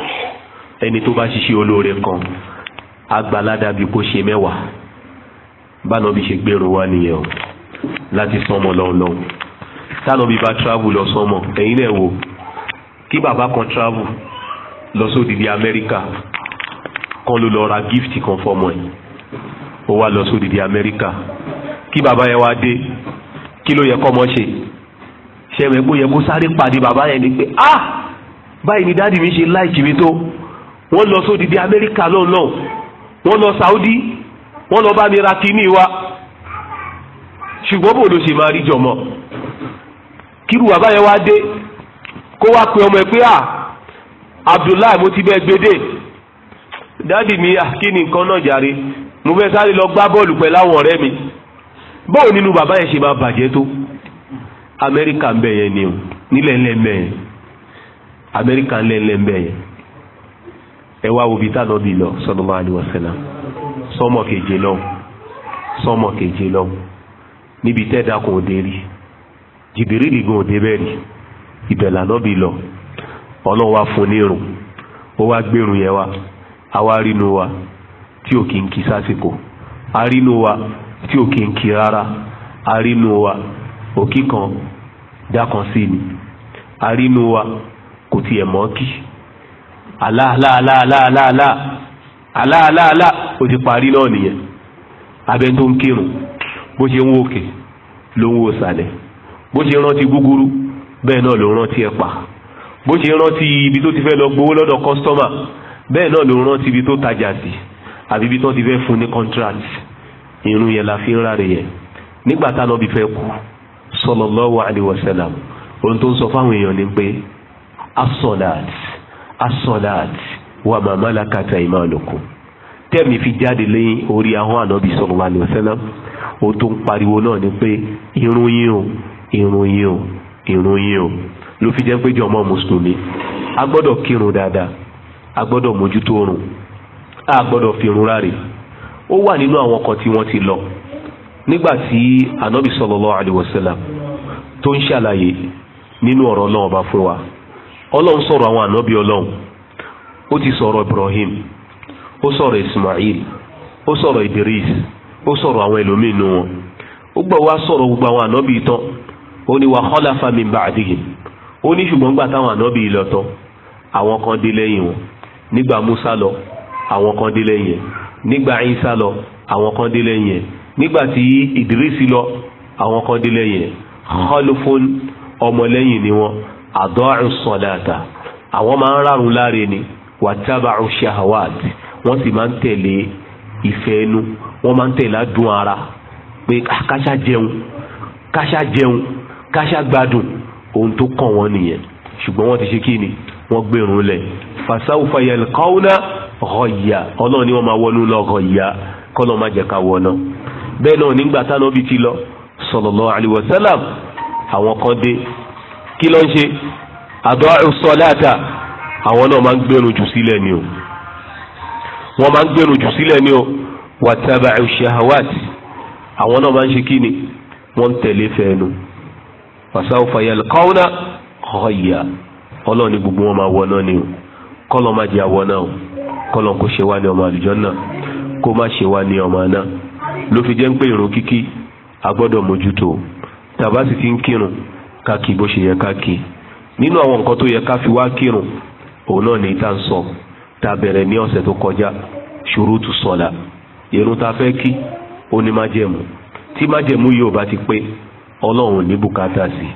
ẹni tó bá ṣiṣẹ́ olóore kan agbalada bí kò ṣe mẹ́wàá bá lọ bí ṣe gbèrò wá nìyẹn o láti sánmọ̀ lọ́nlọ́n tánàbí bá travel lọ sánmọ̀ ẹ̀yin náà wò kí bàbá kan travel lọ sódìdí amẹ́ríkà kan ló lọ ra gift kan fọmọ ẹ̀ ó wá lọ sódìdí amẹ́ríkà kí bàbá yẹn wá dé kí ló yẹ kọ́mọ ṣe ṣẹ̀mẹ̀ kó yẹ kó sáré pàdé bàbá yẹn ni pé ah báyìí ni dáàdì mi ṣe láìkì mi tó wọ́n lọ sódìdí amẹ́ríkà lọ́nlọ́n wọ́n lọ saudi wọ́n lọ bá mi ra kíní wa ṣùgbọ́n bò ló ṣe máa rí jọmọ kírú bàbá yẹn wá dé kó wá pe ọmọ ẹ pé à ah, Abdullahi mo ti bẹ́ẹ̀ gbédè dáàdì mi ah, kí ni nǹkan náà jàre mo fẹ́ sáré lọ gbá bọ́ọ̀lù pẹ̀lú àwọn ọ̀rẹ́ mi báwo nínú bàbá yẹn ṣe máa bàjẹ́ tó Amẹ́ríkà ń bẹ̀ yẹn ni o nílẹ̀ ńlẹ̀ ń yẹn Amẹ́ríkà ńlẹ̀ ńlẹ̀ ń yẹn ẹ wá wo bí tá lọ bí lọ sallallahu alaihi wasallam sọmọ keje lọ sọmọ keje lọ níbi tẹ́ẹ̀dá kan òde rí jìbìrìlì gan òde bẹ́ẹ̀ rí ibẹ̀ lànà bí lọ ọlọ́run fún nírun ó wá gbérun yẹn wá rínú wa tí ò kí ń kí sásìkò arínú wa tí ò kí ń kí rárá arínú wa òkí kan dákan sí ni arínú wa kò tiẹ̀ mọ́ kí aláàláàláàláàláà aláàláàláà ó ti parí náà nìyẹn abẹ́ tó ń kírun bó ṣe ń wo òkè ló ń wo ìsàlẹ̀ bó ṣe rántí gúgúrú bẹ́ẹ̀ náà ló rántí ẹ̀pà bó ṣe rántí ibi tó ti fẹ́ lọ gbowó lọ́dọ̀ kọ́sítọ́mà bẹ́ẹ̀ náà ló rántí ibi tó tajà sí àbí ibi tó ti fẹ́ fún ní contract irun yẹn la fi ń ráre yẹn nígbà tá lọ́ọ́ bí fẹ́ kú sallallahu alaihi wasallam ohun tó ń sọ fáwọn èèyàn ni pé asọ̀làt asọ̀làt wà ma malakat aymanukum tẹ́ẹ̀mì fi jáde lẹ́yìn orí ahọ́n ànábì sallallahu alaihi wasallam ohun tó ń pariwo náà ni pé irun yín o irun yín o irun yín o ló fi jẹ́ pé jọmọ́ mùsùlùmí a gbọ́dọ̀ kírun dáadáa a gbọ́dọ̀ mójútó oorun a gbọ́dọ̀ fi irun ó wà nínú àwọn kan tí wọ́n ti lọ nígbà tí anabi sallallahu alaihi wasallam tó ń ṣàlàyé nínú ọ̀rọ̀ náà ọba fún wa ọlọ́run sọ̀rọ̀ àwọn Anabi ọlọ́run ó ti sọ̀rọ̀ Ibrahim ó sọ̀rọ̀ Ismail ó sọ̀rọ̀ Idris ó sọ̀rọ̀ àwọn ẹlòmíín nu wọn ó gbà wá sọ̀rọ̀ gbogbo àwọn ànábì tán ó ní wa khalafa min ba'dihim ó ní ṣùgbọ́n gbà táwọn ànábì lọ tán àwọn kan dé lẹ́yìn wọn nígbà Musa lọ àwọn kan dé lẹ́yìn ẹ̀ nígbà Isa lọ àwọn kan dé lẹ́yìn ẹ̀ nígbà tí Ìdírísì lọ àwọn kan dé lẹ́yìn ẹ̀ khalfun ọmọlẹ́yìn ni wọn àdọ́rù sọ̀dáàtà àwọn máa ń rárun láre ni wàtábàrù shahawat wọ́n sì máa ń tẹ̀lé ìfẹ́ inú wọ́n máa ń tẹ̀ ládùn ara pé káṣá jẹun káṣá jẹun káṣá gbádùn ohun tó kàn wọ́n nìyẹn ṣùgbọ́n wọ́n ti ṣe kí ni wọ́n gbèrún lẹ̀ fasawfa yalqawna ghayya ọlọ́run ni wọ́n máa wọnú lọ ghayya kọ́lọ́ máa jẹ́ ká wọ náà bẹ́ẹ̀ náà nígbà táná bíi ti lọ sallallahu alaihi wasallam àwọn kan dé kí ló ń ṣe àdọ́rù sọ́láàtà àwọn náà máa ń gbẹ̀rùn jù sílẹ̀ ni o wọ́n máa ń gbẹ̀rùn jù sílẹ̀ ni o wàtàbàcù shahawat àwọn náà máa ń ṣe kí ni wọ́n ń tẹ̀lé fẹ́ẹ́nu fasawfa yalqawna ghayya ọlọ́ọ̀ni gbogbo wọn máa wọ náà ni o kọ́lọ́ máa jẹ́ àwọ̀ náà o kọ́lọ́ kó ṣe wá ní ọmọ àlùjànnà kó má ṣe wá ní ọmọ àná ló fi jẹ́ ń pé ìrun kíkí a gbọ́dọ̀ mójútó tàbá sì ti ń kírun káàkiri bó ṣe yẹ káàkiri nínú àwọn nǹkan tó yẹ ká fi wá kírun òun náà ní ìta ń sọ tá ní ọ̀sẹ̀ tó kọjá ṣurutu sọ̀la irun ta fẹ́ kí ó ní májẹ̀mú tí májẹ̀mú yìí ò bá ti pé ọlọ́run ní bùkátà sí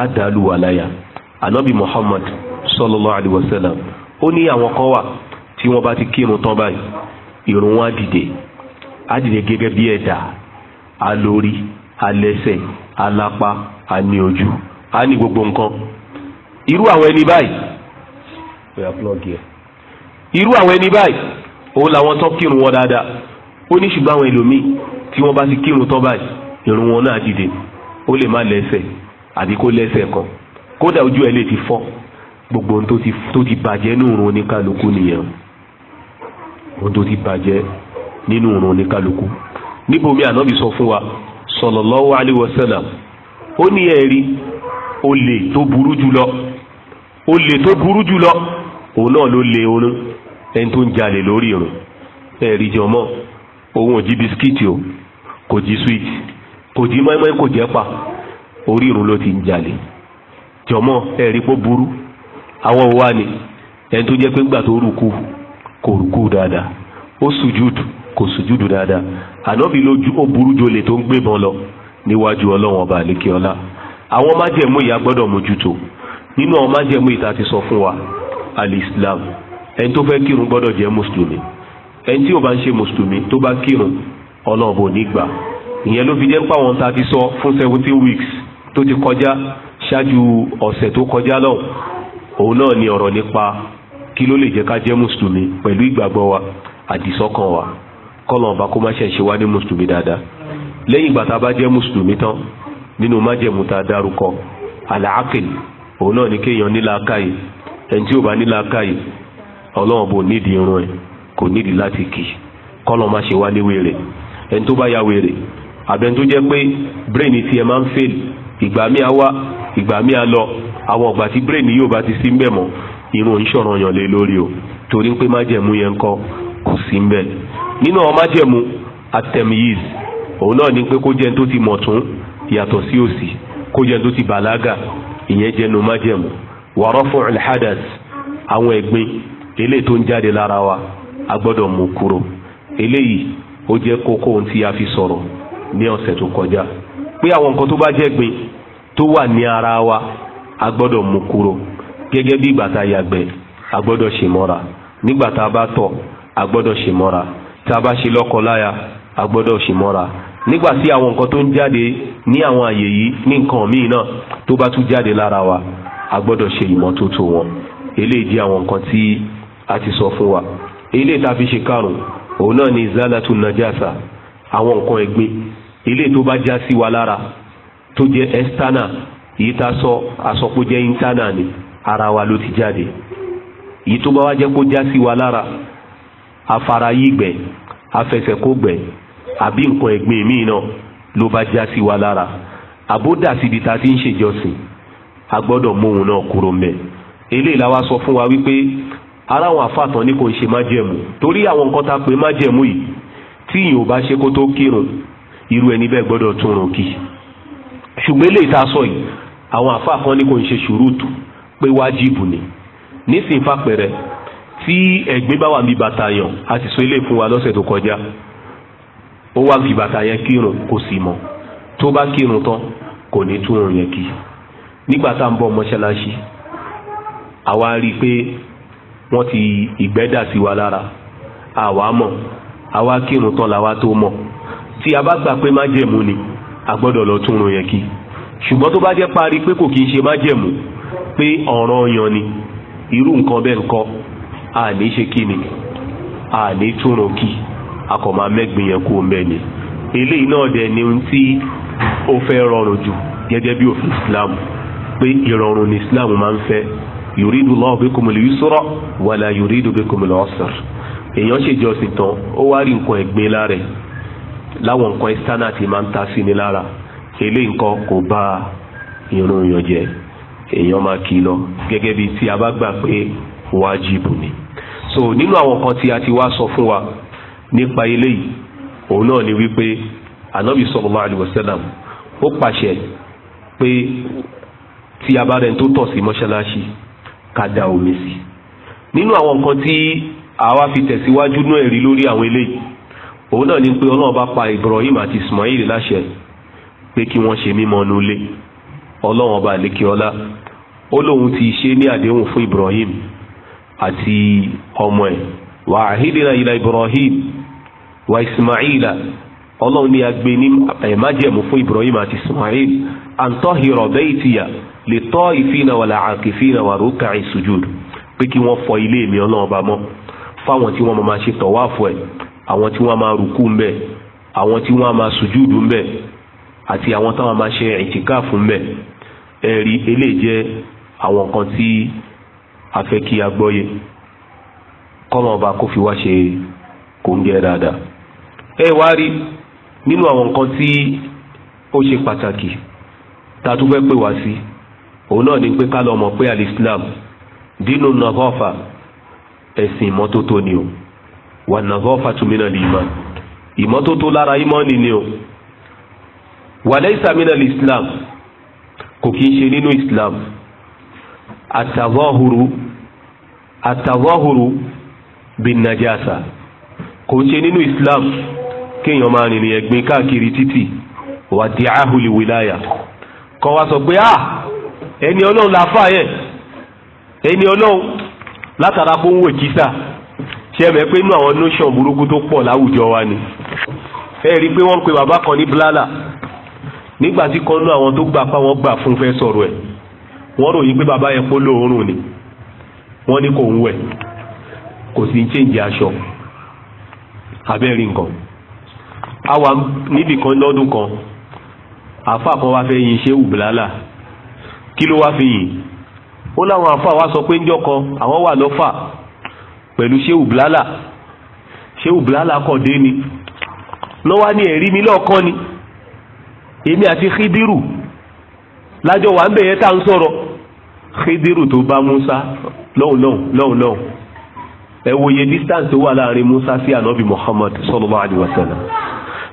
á dàálù wà láyà anabi muhammad sallallahu alayhi wa sallam ó ní àwọn kan wà tí wọ́n bá ti kírun tán báyìí irun wọn á dìde á dìde gẹ́gẹ́ bí ẹ̀dá á lórí á lẹ́sẹ̀ á lápá á ní ojú á ní gbogbo nǹkan irú àwọn ẹni báyìí irú àwọn ẹni báyìí òun làwọn tó kírun wọn dáadáa ó ní ṣùgbọ́n àwọn ẹlòmíì tí wọ́n bá ti kírun tán báyìí irun wọn náà dìde ó lè má lẹ́sẹ̀ àbí kó lẹ́sẹ̀ kan kódà ojú ẹ̀ lè ti fọ́ gbogbo ohun tó ti bàjẹ́ nínú òun oníkálukú nìyẹn ohun tó ti bàjẹ́ nínú òun oníkálukú níbo mi ànábì sọ fún wa sallallahu alaihi wasallam ó ní ẹ̀rí olè tó burú jùlọ olè tó burú jùlọ òun náà ló lè orun ẹni tó ń jalè lórí irun ẹ̀rí jọmọ́ òun ò jí bisikíìtì o kò jí swiiti kò jí mọ́ẹ́mọ́ẹ́ kò jẹ́ pa orí irun ló ti ń jalè jọmọ ẹ̀rí pọ̀ burú àwọn òwa ni ẹni tó jẹ́ pé ńgbà tó rúkú kò rúkú dáadáa ó sùjúdù kò sùjúdù dáadáa ànábì lójú ó burú jolè tó ń gbébọn lọ níwájú ọlọ́wọ́n ọba àlékè ọlá àwọn májẹ̀mú ìyá gbọ́dọ̀ mójútó nínú àwọn májẹ̀mú ìta ti sọ fún wa alislam ẹni tó fẹ́ kírun gbọ́dọ̀ jẹ́ mùsùlùmí ẹni tí ò bá ń ṣe mùsùlùmí tó bá kírun ọlọ́ọ̀bù ò ní gbà ìyẹn ló fi jẹ́ pàwọn ta ti sọ fún seventeen weeks tó ti kọjá ṣáájú ọ̀sẹ̀ tó kọjá náà òun náà ni ọ̀rọ̀ nípa kí ló lè jẹ́ ká jẹ́ mùsùlùmí pẹ̀lú ìgbàgbọ́ wa àdìsọ́kàn wa kọ́lọ̀ ọba kó má ṣe ṣe wá ní mùsùlùmí dáadáa lẹ́yìn ìgbà tá a bá jẹ́ mùsùlùmí tán nínú májẹ̀mú tá dárúkọ àlàákìlì òun náà ni kéèyàn nílàákàyè ẹni tí ò bá nílàákàyè ọlọ́run bò nídìí irun ẹ̀ kò nídìí láti kì í kọ́lọ̀ má ṣe wá ní wèrè ẹni tó bá ya wèrè àbẹ̀ tó jẹ́ pé brain tiẹ̀ máa ń fail ìgbà mi á wá ìgbà mi á lọ àwọn ọ̀gbà tí brain yóò bá ti sí ń bẹ̀ mọ́ irun ìṣọ̀rọ̀ yàn lé lórí o torí pé májẹ̀mú yẹn ń kọ́ kò sí ń bẹ̀ nínú àwọn májẹ̀mú atemiyiz òun náà ni pé kó jẹ́ tó ti mọ̀ yàtọ̀ sí òsì kó jẹ́ tó ti bàlágà ìyẹn jẹnu májẹ̀mú wàrọ́fọ̀ alhadas àwọn ẹ̀gbin eléyìí tó ń jáde lára wa a gbọ́dọ̀ mú kúrò eléyìí ó jẹ́ kókó ohun tí a fi sọ̀rọ̀ ní ọ̀sẹ̀ tó kọjá pé àwọn nǹkan tó bá jẹ́ gbin tó wà ní ara wa a gbọ́dọ̀ mú kúrò gẹ́gẹ́ bí ìgbà tá a yàgbẹ́ a gbọ́dọ̀ ṣe mọ́ra nígbà tá a bá tọ̀ a gbọ́dọ̀ ṣe mọ́ra tá a bá ṣe lọ́kọ láya ṣe mọ́ra nígbà tí àwọn nǹkan tó ń jáde ní àwọn àyè yìí ní nǹkan míì náà tó bá tún jáde lára wa a ṣe ìmọ́tótó wọn eléyìí jẹ́ àwọn nǹkan tí a ti sọ fún wa ilé ìta fi ṣe karùn òun náà ni izalatu najasa àwọn nǹkan ẹ̀gbin ilé tó bá já sí wa lára tó jẹ́ estana èyí tá sọ àsọpọ̀ jẹ́ ni ara wa ló ti jáde èyí tó bá wá jẹ́ kó já sí wa lára afara yí gbẹ afẹsẹ̀ kó gbẹ àbí nǹkan ẹ̀gbin míì náà ló bá já sí wa lára àbódà síbi tá ti ń ṣèjọsìn a gbọ́dọ̀ òun náà kúrò mbẹ̀ eléyìí la wá sọ fún wa wípé ara àwọn àfàtàn ní kò ń ṣe májẹ̀mú torí àwọn nǹkan tá a pè májẹ̀mú yìí tí ìyìn ò bá ṣe kó tó kírun irú ẹni bẹ́ẹ̀ gbọ́dọ̀ tún rùn kí ṣùgbọ́n eléyìí tá a sọ yìí àwọn àfàkàn ní kò ń ṣe ṣùrùtù pé wájìbù ni nísìnyí fàpẹ̀rẹ̀ tí ẹ̀gbin bá wà ní bàtà yàn a sì sọ ilé fún wa lọ́sẹ̀ tó kọjá ó wá fi bàtà yẹn kírun kò sì mọ̀ tó bá kírun tán kò ní tún rùn yẹn kí nígbà tá à ń bọ̀ mọ́ṣáláṣí àwa rí i pé wọ́n ti ìgbẹ́dà sí wa lára àwa mọ̀ àwa kírun tán làwa tó mọ̀ tí a bá gbà pé májẹ̀mú ni a gbọ́dọ̀ lọ túnrun yẹn kí ṣùgbọ́n tó bá jẹ́ parí pé kò kí ń ṣe májẹ̀mú pé ọ̀ranyàn ni irú nǹkan bẹ́ẹ̀ ńkọ́ àní ṣe kí ni àní túnrun kí akọ̀mọ amẹ́gbìyàn kú mẹ́ni eléyìí náà dẹ̀ ni ohun tí ó fẹ́ rọrùn jù gẹ́gẹ́ bí òfin Islam pé ìrọ̀rùn ni Islam máa ń fẹ́ yuridu Allahu bikumul yusra wala yuridu bikumul usra èèyàn ṣèjọsìn tán ó wá rí nǹkan ẹ̀gbin lára ẹ̀ láwọn nǹkan external ti máa ń ta sí ni lára eléyìí nǹkan kò bá irun yàn jẹ èèyàn máa kì í lọ gẹ́gẹ́ bíi tí a bá gbà pé wájibù ni so nínú àwọn kan tí a ti wá sọ fún wa nípa eléyìí òun náà ni wípé ànábì sallallahu alaihi wasallam ó pàṣẹ pé tí a bá rẹ̀ tó tọ̀ sí mọ́ṣáláṣí ká da omi sí nínú àwọn nǹkan tí àwa fi tẹ̀síwájú náà ẹ̀rí lórí àwọn eléyìí òun náà ni pé ọlọ́run bá pa Ibrahim àti Ismail láṣẹ pé kí wọ́n ṣe mímọ́ inú ilé ọlọ́run ọba àlékè ọlá ó lóun ti ṣe ní àdéhùn fún Ibrahim àti ọmọ ẹ̀ wà áhídìrà ìlà Ibrahim wa Ismaila ọlọ́run ni a gbé ní ẹ̀májẹ̀mú fún Ibrahim àti Ismail àǹtọ́hìrọ̀ bẹ́ẹ̀ tìyà lè tọ́ ìfínà wàlà àkìfínà wà rókà ìsùjúd pé kí wọ́n fọ ilé mi ọlọ́run bá mọ́ fáwọn tí wọ́n máa ṣe tọ̀wáàfù ẹ̀ àwọn tí wọ́n máa rùkú ń bẹ̀ àwọn tí wọ́n máa sùjúdù ń bẹ̀ àti àwọn táwọn máa ṣe ìtìkáàfù ń bẹ̀ ẹ̀rí eléyìí jẹ́ àwọn nǹkan tí a fẹ́ kí a gbọ́yé kọ́mọ ọba kó fi wá ṣe kòńgẹ́ dáadáa ẹ wá rí nínú àwọn nǹkan tí ó ṣe pàtàkì tá a tún fẹ́ pè wá sí. Si òun náà ni pé ká lọ mọ̀ pé alislam dínú nàgọ́fà ẹ̀sìn ìmọ́tótó ni o wà nàgọ́fà túnmínà lè má ìmọ́tótó lára ìmánì ni o wà lẹ́sàmínà lè islam kò kí ń ṣe nínú islam àtàwọ́hùrù àtàwọ́hùrù bin najasa kò ń ṣe nínú islam kéèyàn máa rìnrìn ẹ̀gbin káàkiri títì wà díẹ̀ ahùlì wìláyà kọ́ wa sọ pé ah ẹni ọlọ́run làáfà yẹn ẹni ọlọ́run látara kó ń wò kísà ṣe é mẹ́ pé inú àwọn notion burúkú tó pọ̀ láwùjọ wa ni ẹ rí i pé wọ́n ń pe bàbá kan ní blala nígbà tí kan nú àwọn tó gbà pa wọ́n gbà fún fẹ́ sọ̀rọ̀ ẹ̀ wọ́n ròyìn pé bàbá yẹn pọ́ lóòórùn ni wọ́n ní kò ń wẹ̀ kò sí ń chéǹjì aṣọ abẹ́rìn nǹkan a wà níbì kan lọ́dún kan àáfàá kan wá fẹ́ yin ṣé wù blala kí ló wá fi yìn ó láwọn àfa wa sọ pé ńjọ́ kan àwọn wà lọ́fà pẹ̀lú ṣéwù blálà ṣéwù blálà kọ̀ dé ni lọ́wọ́ ní ẹ̀rí mi lọ́ọ̀kan ni èmi àti khidiru lájọ wà ń bẹ̀yẹ tá ń sọ̀rọ̀ khidiru tó bá musa lọ́hùn lọ́hùn lọ́hùn lọ́hùn ẹ wo iye distance tó wà láàrin musa sí anabi muhammad sallallahu alaihi wasallam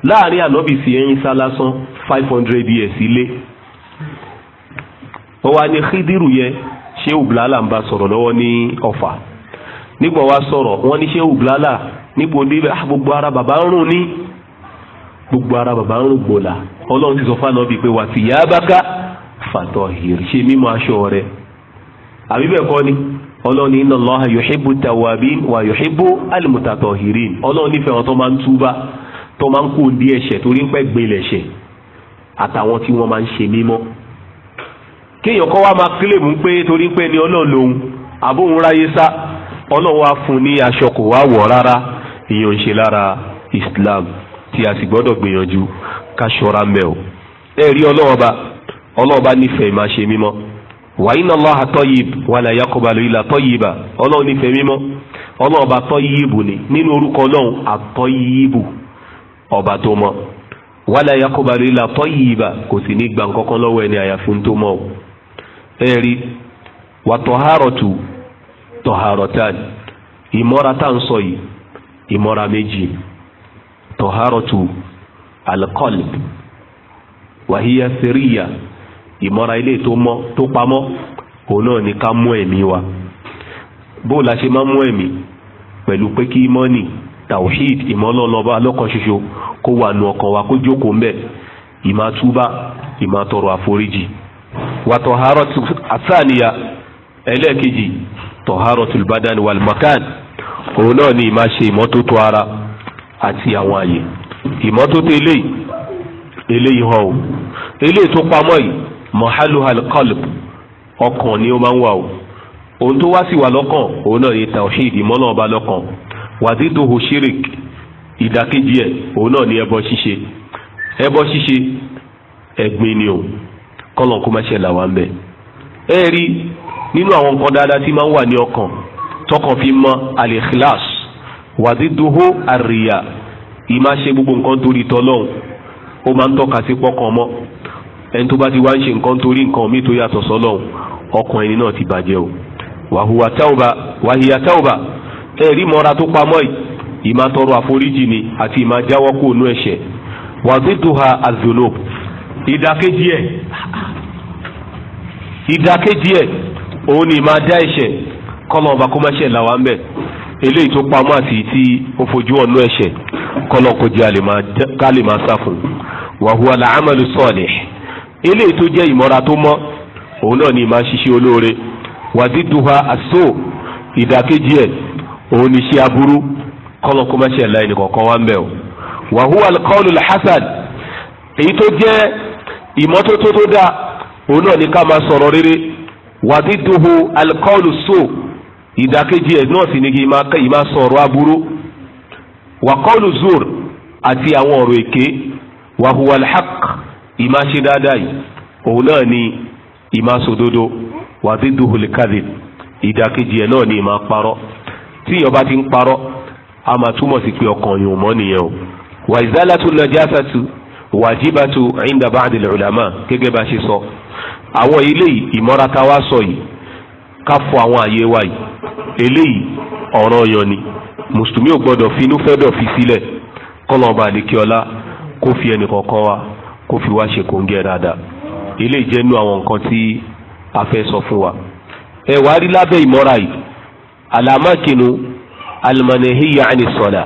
láàrin anabi sí ẹyin sá lásán five hundred years ilé ó wá ní Khidiru yẹn Shehu Blala ń bá sọ̀rọ̀ lọ́wọ́ ní Ọ̀fà nígbà wá sọ̀rọ̀ wọ́n ní Shehu Blala nígbà ó débẹ̀ ah, gbogbo ara bàbá ń rùn ní gbogbo ara bàbá ń rùn gbòòlà ọlọ́run ti sọ fún ànábì pé wà tìyá báká fàtọ̀ hìrì ṣe mímọ aṣọ rẹ̀ àbí bẹ́ẹ̀ kọ́ ni ọlọ́run inna Allaha yuhibbu tawabin wa yuhibbu al-mutatahirin ọlọ́run nífẹ̀ẹ́ wọn tó máa ń túbà tó máa ń kó di ẹ̀ṣẹ̀ torí ń pẹ́ gbin àtàwọn tí wọ́n máa ń ṣe mímọ́ kéèyàn kọ́ wá máa kílèmù pé torí pé ni ọlọ́run lòun àbóhun ráyé sá ọlọ́run fún ní aṣọ kò wá rárá ìyẹn lára Islam tí a sì gbọ́dọ̀ gbìyànjú ká ṣọ́ra mẹ́ ẹ rí nífẹ̀ẹ́ máa ṣe mímọ́ la nífẹ̀ẹ́ mímọ́ ni nínú orúkọ ọba tó la kò sì ní lọ́wọ́ ẹni àyàfi ń tó mọ́ ẹ̀rí wà tọ̀hárọ̀tù tọ̀hárọ̀tàn ìmọ́ra tá ń sọ yìí ìmọ́ra méjì tọ̀hárọ̀tù alqalb wàhíyá sẹ́ríyà ìmọ́ra ilé tó mọ́ tó òun náà ni ká mú ẹ̀mí wa bó la ṣe máa mú ẹ̀mí pẹ̀lú pé kí ìmọ́ni tawhid ìmọ́lọ́lọ́ba lọ́kàn ṣoṣo kó wà nù ọkàn wa kó jókòó mbẹ́ ìmá túbá ìmá àforíjì wàtọ̀hárọ̀tù àsáàníyà ẹlẹ́ẹ̀kejì tọ̀hárọ̀tù ìbádàn wàlmọ́kàn òun náà ni ìmáa ṣe ìmọ́tótó ara àti àwọn àyè ìmọ́tótó eléyìí eléyìí hàn o eléyìí tó pamọ́ yìí mọ̀hálùhàl kọ́lb ọkàn ni ó máa ń wà o ohun tó wá sí wa lọ́kàn òun náà ni tawhid ìmọ́nà lọ́kàn wàdídòhò shirik ìdàkejì ẹ̀ òun náà ni ẹbọ ṣíṣe ẹbọ ṣíṣe ẹ̀gbin ni o kọ́lọ̀ kó má ṣe là wá ń bẹ̀. ẹ rí nínú àwọn nǹkan dáadáa tí máa ń wà ní ọkàn tọkàn fi mọ al-ikhlas wàdídúhó àríyá ìmá ṣe gbogbo nǹkan torí tọlọ́hún ó máa ń tọ́ka sí pọ́kàn mọ́ ẹni tó bá ti wá ń ṣe nǹkan torí nǹkan mi tó yàtọ̀ sọlọ́hún ọkàn ẹni náà ti bàjẹ́ o wàhùwà táwùbà wàhìyà táwùbà ẹ̀rí mọ́ra tó pamọ́ yìí ìmá tọrọ àforíjì ni àti ìmá jáwọ́ kó nú ẹ̀ṣẹ̀ wàdídúhá àzùnúbù ìdàkejì ẹ̀ ìdàkejì ẹ̀ òun ni máa dá ẹ̀ṣẹ̀ kọ́lọ̀ ọba kó má ṣe làwọn bẹ̀ eléyìí tó pamọ́ àti tí ó fojú ọ̀nà ẹ̀ṣẹ̀ kọ́lọ̀ kó jẹ́ ká lè máa sá fún un wàhùwà làámàlú sọ̀lẹ̀ eléyìí tó jẹ́ ìmọ̀ra tó mọ́ òun náà ni máa ṣiṣẹ́ olóore wàdídùhà àṣọ ìdàkejì ẹ̀ òun ni ṣe aburú kọ́lọ̀ kó má làwọn ẹnì wàhùwà kọ́ọ̀lù làhásàd èyí tó jẹ́ ìmọ́tótó tó dáa òun náà ní ká máa sọ̀rọ̀ rere wàdídùhù alikọ́ọ̀lù so ìdákejì ẹ̀ náà sì ní kí ìmá sọ̀rọ̀ aburú wàkọ́ọ̀lù zur àti àwọn ọ̀rọ̀ èké wàhùwà alhaq ìmá ṣe dáadáa yìí òun náà ní ìmá sòdodo wàdídùhù likadib ìdákejì ẹ̀ náà ní ìmá parọ́ tí ìyọba ti ń parọ́ a máa túmọ̀ sí pé ọkàn yòó nìyẹn o wàìzálàtú najásàtú wàjibatu inda ba'di ulama gẹ́gẹ́ bá ṣe sọ àwọn eléyìí ìmọ́ra tá a wá sọ yìí ká fọ àwọn àyè wa yìí eléyìí ọ̀ràn ọ̀yàn ni mùsùlùmí ò gbọ́dọ̀ fi inú fẹ́ dọ̀ fi sílẹ̀ kọ́lọ̀ ọba àdékíọ́lá kó fi ẹnì kọ̀ọ̀kan wa kó fi wá ṣe kòńgẹ́ dáadáa eléyìí jẹ́ nú àwọn nǹkan tí a fẹ́ sọ fún wa ẹ wàá rí lábẹ́ ìmọ́ra yìí àlàmákinu almanehiya anisọ̀la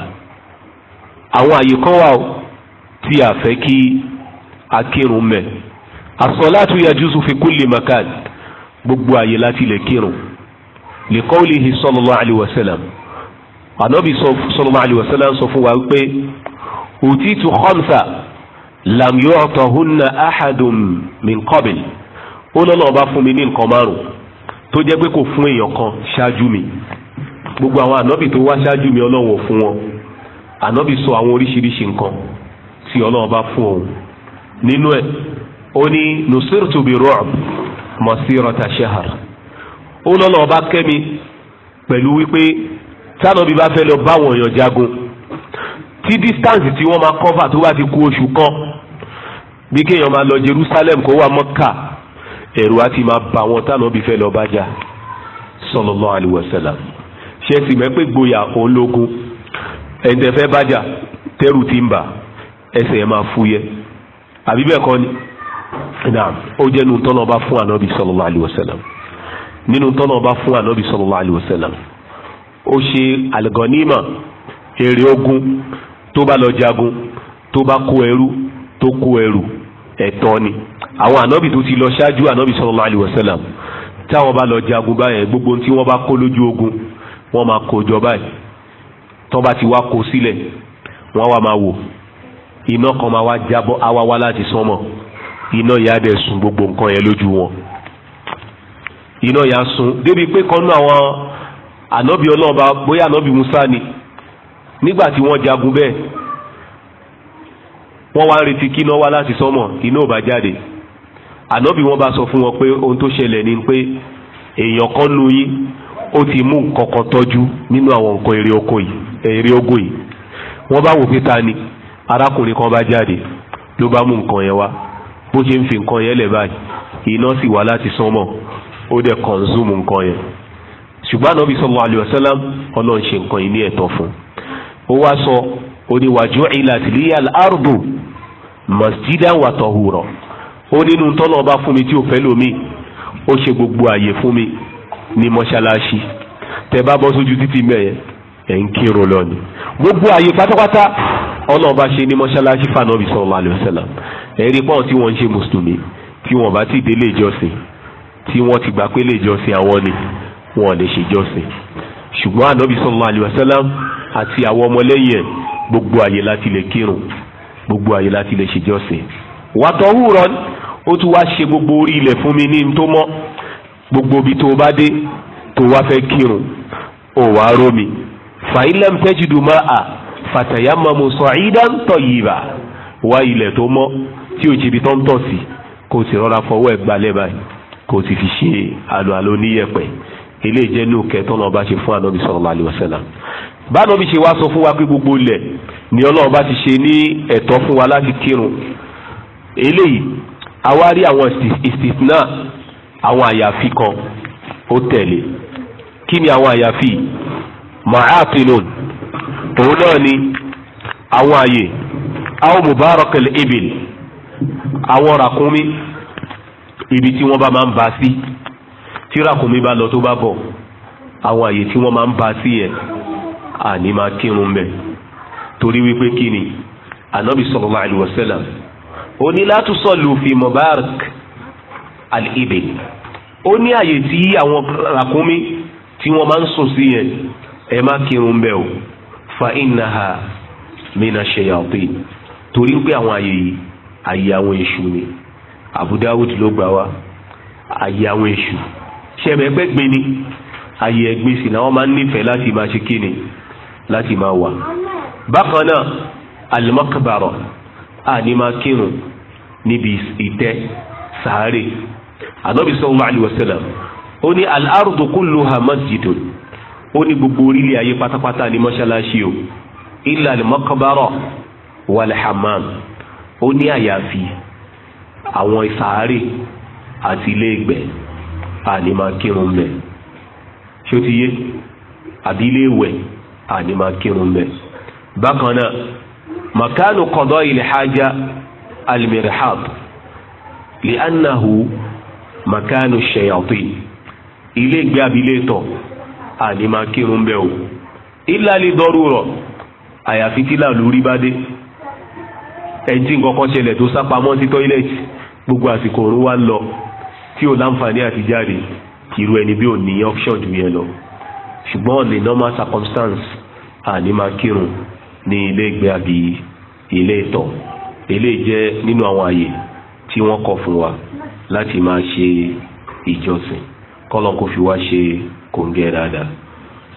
àwọn àyè kan wà o tí a fẹ́ kí a kírun mẹ́ asọ́látù yajuzu fi kulli makan gbogbo àyè láti lè kírun li qawlihi sallallahu alayhi wa sallam anabi sallallahu alayhi wa sallam sọ fún wa pé utitu khamsa lam yu'tahunna ahadun min qabl ó lọ́nà ọba fún mi ní nǹkan márùn-ún tó jẹ́ pé kò fún èèyàn kan ṣáájú mi gbogbo àwọn anabi tó wá ṣáájú mi ọlọ́wọ̀ fún wọn anabi sọ àwọn oríṣiríṣi nǹkan tí ọlọ́run bá fún òun nínú ẹ̀ ó ní nusirtu bi ru'b masirata shahar ó lọ́nà ọba kẹ́mi pẹ̀lú wípé tánàbí bá fẹ́ lọ báwọn èèyàn jagun tí distance tí wọ́n máa cover tó bá ti kù oṣù kan bí kéèyàn máa lọ Jerusalem kó wà Mọ́kà ẹ̀rù á ti máa bà wọ́n tánàbí fẹ́ lọ bájà sallallahu alaihi wasallam ṣe sì mẹ́pẹ́ gboyà òun lógún ẹ̀ǹtẹ̀fẹ́ bájà tẹ́rù ti ń bà á ẹsẹ̀ yẹn máa fúyẹ́ àbí bẹ́ẹ̀ kọ́ ni naam ó jẹ́ nu tọ́nà ọba fún anabi sallallahu alayhi wa sallam nínú tọ́nà ọba fún anabi sallallahu alayhi wa sallam ó ṣe àlùgọ́nímà èrè ogun tó bá lọ jagun tó bá kó ẹrú tó kó ẹrú ẹ̀tọ́ ni àwọn anabi tó ti lọ ṣáájú anabi sallallahu alayhi wa sallam táwọn bá lọ jagun báyẹn gbogbo tí wọ́n bá kó lójú ogun wọ́n máa kó jọ báyìí tọ́ ti wá kó sílẹ̀ wọ́n wá máa wò iná kan máa wá jábọ́ àwa wá láti sánmọ̀ iná yà á dẹ̀ sun gbogbo nǹkan yẹn lójú wọn iná yà á sun débi pé kọ́nú àwọn ànábì ọlọ́ọ̀ba bóyá ànábì Musa ni nígbà tí wọ́n jagun bẹ́ẹ̀ wọ́n wá ń retí kí iná wá láti sánmọ̀ iná ò bá jáde ànábì wọn bá sọ fún wọn pé ohun tó ṣẹlẹ̀ ni pé èèyàn kan nu yín ó ti mú nǹkan kan tọ́jú nínú àwọn nǹkan èrè oko yìí èrè ogo yìí wọ́n bá wò pé ta ni arákùnrin kan bá jáde ló bá mú nǹkan yẹn wá bó ṣe ń fi nǹkan yẹn lẹ̀ báyìí iná sì wá láti sánmọ̀ ó dẹ̀ kọ̀ǹzúmù nǹkan yẹn ṣùgbọ́n ànábì sallallahu alaihi wasallam ọlọ́run ṣe nǹkan yìí ní ẹ̀tọ́ fún ó wá sọ ó ní wàjú ìlàtìlíyàl ardu masjidan wa tahura ó nínú tọ́nà ọba fún mi tí ò fẹ́ lómi ó ṣe gbogbo àyè fún mi ní mọ́ṣáláṣí tẹ bá bọ́ sójú títì mẹ́yẹn ẹ̀ ń kírun lọ ni gbogbo àyè pátápátá ọlọ́ọ̀bá ṣe ní mọ́ṣáláṣí fànàbí sallallahu alaihi wasallam ẹ̀rí pọ́n tí wọ́n ń ṣe mùsùlùmí tí wọ́n bá ti délé ìjọsìn tí wọ́n ti gbà pé lè jọsìn àwọn ni wọ́n lè ṣe jọsìn ṣùgbọ́n ànábì sallallahu alaihi wasallam àti àwọn ọmọlẹ́yìn ẹ̀ gbogbo àyè láti lè kírun gbogbo àyè láti lè ṣe jọsìn wàtọ̀wúrọ̀ ó tún wá ṣe gbogbo orí ilẹ̀ fún mi ní tó mọ́ gbogbo ibi tó bá dé tó wá fẹ́ kírun ó wá rómi fàílẹ̀m tẹ́jìdù máa à fàtàyàmọ̀mù sa'idan tayyiba wá ilẹ̀ tó mọ́ tí ò jìbi tó ń tọ̀ sí kò sì rọra fọwọ́ ẹ̀ gbalẹ̀ báyìí kò sì fi ṣe àlùalò níyẹ̀pẹ̀ ilé ìjẹ́nu kẹtọ́nà ọba ṣe fún ànábi sallallahu alaihi wasallam bánábi ṣe wá sọ fún wa pé gbogbo ilẹ̀ ni ọlọ́run bá ti ṣe ní ẹ̀tọ́ fún wa láti kírun eléyìí àwa rí àwọn ìsìtìsínà àwọn àyàfi kan ó tẹ̀lé kí ni àwọn àyàfi ma'atilun òun náà ni àwọn àyè àwọn mubarakal ibil àwọn ràkúnmí ibi tí wọ́n bá máa ń ba sí tí ràkúnmí bá lọ tó bá bọ̀ àwọn àyè tí wọ́n máa ń ba sí yẹn àní máa kírun bẹ̀ torí wípé kí ni anabi sallallahu alaihi wasallam ó ní la tusallu fi mubarak ibil ó ní àyè tí àwọn ràkúnmí tí wọ́n máa ń sùn sí yẹn ẹ má kírun bẹ́ẹ̀ o fa innaha mina shayatin torí pé àwọn àyè yìí àyè àwọn èṣù ni Abu Dawud ló gbà wá àyè àwọn èṣù ṣẹ̀bẹ̀ pẹ́ gbin ni àyè ẹ̀gbin sì náà wọ́n máa ń nífẹ̀ẹ́ láti máa ṣe kíni láti máa wà. bákan náà alimakabaro àní máa kírun níbi ìtẹ́ sàárè ànábì sallallahu alaihi ó ní al-ardu kulluha ó ní gbogbo orílẹ̀ ayé pátápátá ní mọ́ṣáláṣí o ilà mọ́kànbárọ̀ wàlẹ̀hàmán ó ní àyàfi àwọn ìsàárè àti ilé ìgbẹ́ àní máa kírun bẹ̀ ṣé ó ti yé àbí ilé ìwẹ̀ àní máa kírun bẹ̀ bákan náà makanu kọ̀dọ̀ ilẹ̀ hajjá almirhab li'annahu makanu shayatin ilé ìgbẹ́ àbí ilé àní máa kírun bẹ́ẹ̀ o ilà lè dọ́rù rọ̀ àyàfi tílà lórí bá dé ẹ̀jí nǹkan kan ṣẹlẹ̀ tó sápamọ́ sí tọ́ílẹ̀tì gbogbo àsìkò òun wá ń lọ tí ò láǹfààní àti jáde irú ẹni bí ò ní option ju yẹn lọ ṣùgbọ́n on the normal circumstance àní máa kírun ní ilé ìgbé àbí ilé ìtọ̀ ilé jẹ́ nínú àwọn àyè tí wọ́n kọ̀ fún wa láti máa ṣe ìjọsìn kọ́lọ́n kò fi wá ṣe kò ń gẹ dáadáa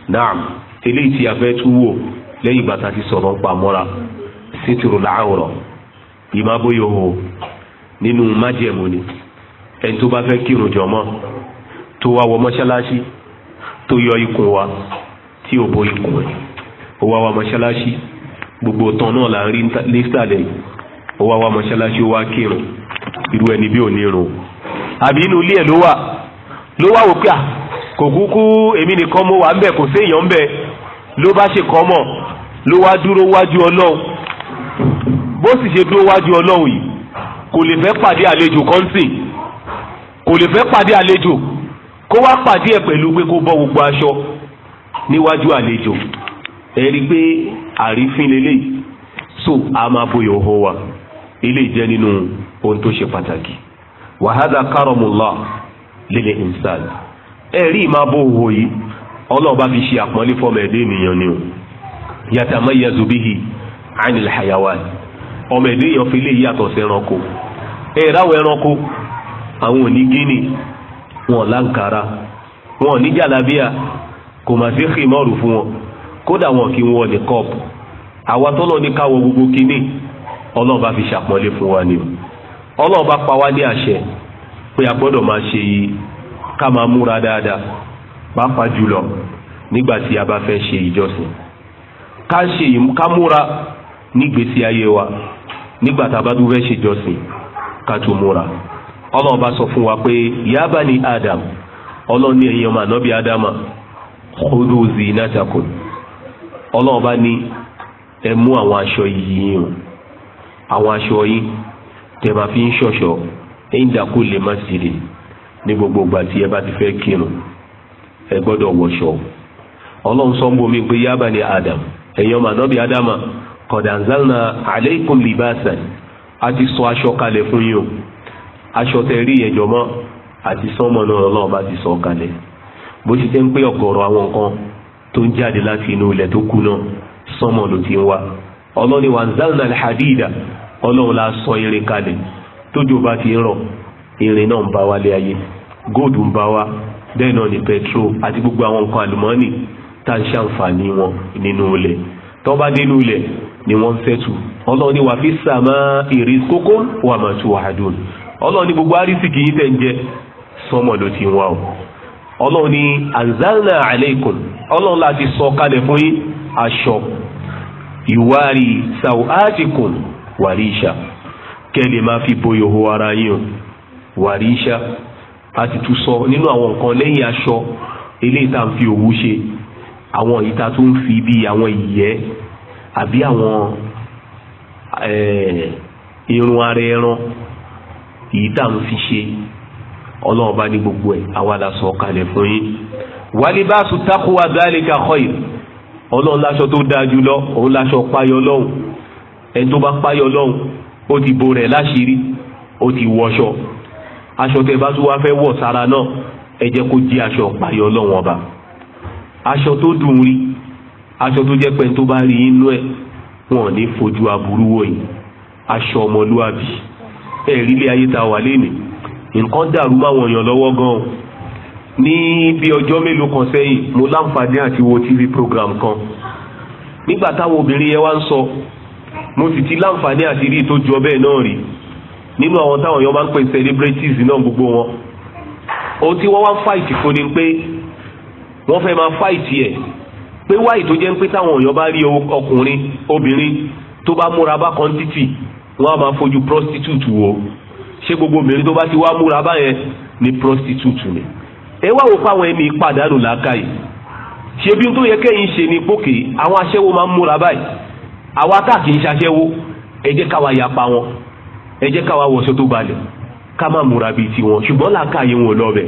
naam eléyìí tí a fẹ́ tún wò lẹ́yìn bàtà ti sọ̀rọ̀ pamọ́ra sítìrù làárọ̀ ìmábóyò o nínú májẹ̀mú ni ẹni tó bá fẹ́ kírun jọ̀mọ́ tó wá wọ mọ́ṣáláṣí tó yọ ikùn wa tí ò bo ikùn ẹ̀ ó wá wá mọ́ṣáláṣí gbogbo tán náà là ń rí nísàlẹ̀ ó wá wá mọ́ṣáláṣí ó wá kírun irú ẹni bí ò ní irun àbí inú ilé ẹ̀ ló wà ló wà wò pé à ah, kò kúkú èmi nìkan mo wà ń bẹ̀ kò séèyàn ń bẹ̀ ló bá ṣe kọ́ mọ̀ ló wá dúró wájú ọlọ́run bó sì ṣe dúró wájú ọlọ́run yìí kò lè fẹ́ pàdé àlejò kọ́ńtì kò lè fẹ́ pàdé àlejò kó wá pàdé ẹ̀ pẹ̀lú pé kó bọ́ gbogbo aṣọ níwájú àlejò ẹ rí i pé àrífín lélẹ́yìí so a máa bóyá ọ̀họ́ wa ilé ìjẹ́ nínú ohun tó ṣe pàtàkì wàhálà kárọ̀mùlá lílẹ̀ ìnsàn ẹ̀rí ìmábò òwò yìí ọlọ́run bá fi ṣe àpọ́nlé fọ́mọ ẹ̀dẹ́ ènìyàn ni o yatamayyazu bihi anil hayawan ọmọ ẹ̀dẹ́ èèyàn fi lè yàtọ̀ sí ẹranko ẹ̀ráwọ̀ ẹranko àwọn òní gíní wọn láǹkàrà wọn ní jàlábíà kò mà sí xìmọ́ọ̀rù fún wọn kódà wọn kì í wọ ní kọ́ọ̀pù àwa tọ́lọ́ ní káwọ gbogbo kínní ọlọ́run bá fi ṣàpọ́nlé fún wa ni o ọlọ́run bá pa wá ní àṣẹ pé a máa ṣe yìí ká máa múra dáadáa pàápàá jùlọ nígbà tí a bá fẹ́ ṣe ìjọsìn ká ṣe ká múra wa nígbà tá a bá tún fẹ́ ṣe ìjọsìn ká tún sọ fún wa pé ya ni adam adama bá ní ẹ mú àwọn aṣọ yìí o àwọn aṣọ yìí ní gbogbo ìgbà tí ẹ bá ti fẹ́ kírun ẹ gbọ́dọ̀ wọṣọ ọlọ́run sọ ń bomi pé yaba ni adam ẹ̀yin ọmọ adama aleikum a ti sọ aṣọ kalẹ̀ fún yín o aṣọ tẹ rí yẹn àti ti sọ kalẹ̀ bó ti jẹ́ ń pé ọ̀gọ̀rọ̀ àwọn nǹkan tó ń jáde láti inú ilẹ̀ tó kú náà ló ti ń wá ọlọ́run ni alhadida irin náà ń bá wa lé ayé gold ń bá wa bẹ́ẹ̀ náà ni petrol àti gbogbo àwọn nǹkan àlùmọ́ọ́nì tá ń ṣàǹfààní wọn nínú ilẹ̀ tó bá dé nínú ilẹ̀ ni wọ́n ń sẹ́tù ọlọ́run ní wà fi sàmà rizqukum wà máa tu wàhádùn ọlọ́run ní gbogbo àrísìkì yìí tẹ̀ ń jẹ sọmọ ló ti wá o ọlọ́run ní anzalna aleikum ọlọ́run láti sọ kalẹ̀ fún yín aṣọ ìwárí sawatikum wàríṣà kẹ́ máa fi bo yòhó ara yín o wàríṣà a sì tún sọ nínú àwọn nǹkan lẹ́yìn aṣọ eléyìí tá à ń fi òwú ṣe àwọn èyí tá a tún ń fi bí àwọn ìyẹ́ àbí àwọn eh, irun ara ẹran èyí tá à ń fi ṣe ọlọ́run bá ní gbogbo ẹ̀ àwa la sọ kalẹ̀ fún yín wàlíbáṣu tákùwà dálíkà khair ọlọ́run láṣọ tó dáa jùlọ òun láṣọ páyọ lọ́hùn ẹni tó bá páyọ lọ́hùn ó ti bo rẹ̀ láṣìírí ó ti wọṣọ aṣọ tẹ bá tún wá fẹ́ wọ̀ sára náà ẹ jẹ́ kó jí aṣọ payọ ọlọ́wọ́n ọba aṣọ tó dùn rí aṣọ tó jẹ́ pé tó bá rí inú ẹ̀ wọn ní fojú aburú wò aṣọ ọmọlúwàbí ẹ rí ilé ayé ta wà lénìí nǹkan dàrú máwọn èèyàn lọ́wọ́ gan-an ní bí ọjọ́ mélòó kan sẹ́yìn mo láǹfààní àti wo tv program kan nígbà táwọn obìnrin yẹn wá ń sọ mo sì ti láǹfààní àti rí tó jọ náà rí nínú àwọn táwọn èèyàn máa ń pè celebrities náà gbogbo wọn ohun tí wọ́n wá fight fún ni pé wọ́n fẹ́ máa fight yẹ pé wáyé tó jẹ́ pé táwọn èèyàn bá rí ọkùnrin obìnrin tó bá múra bákan títì wọ́n á máa fojú prostitute wo ṣé gbogbo obìnrin tó bá ti wá múra báyẹn ni prostitute ni ẹ wá wò fáwọn ẹni pàdánù làákàyè ṣebí tó yẹ kẹ́yìn ṣe ni pókè àwọn aṣẹ́wó máa ń múra báyìí àwa tá kì í ṣaṣẹ́wó ẹ jẹ́ káwa yapa wọn ẹ jẹ́ káwa wọṣọ tó balẹ̀ ká má múra bíi tiwọn ṣùgbọ́n làákàyè wọn lọ́bẹ̀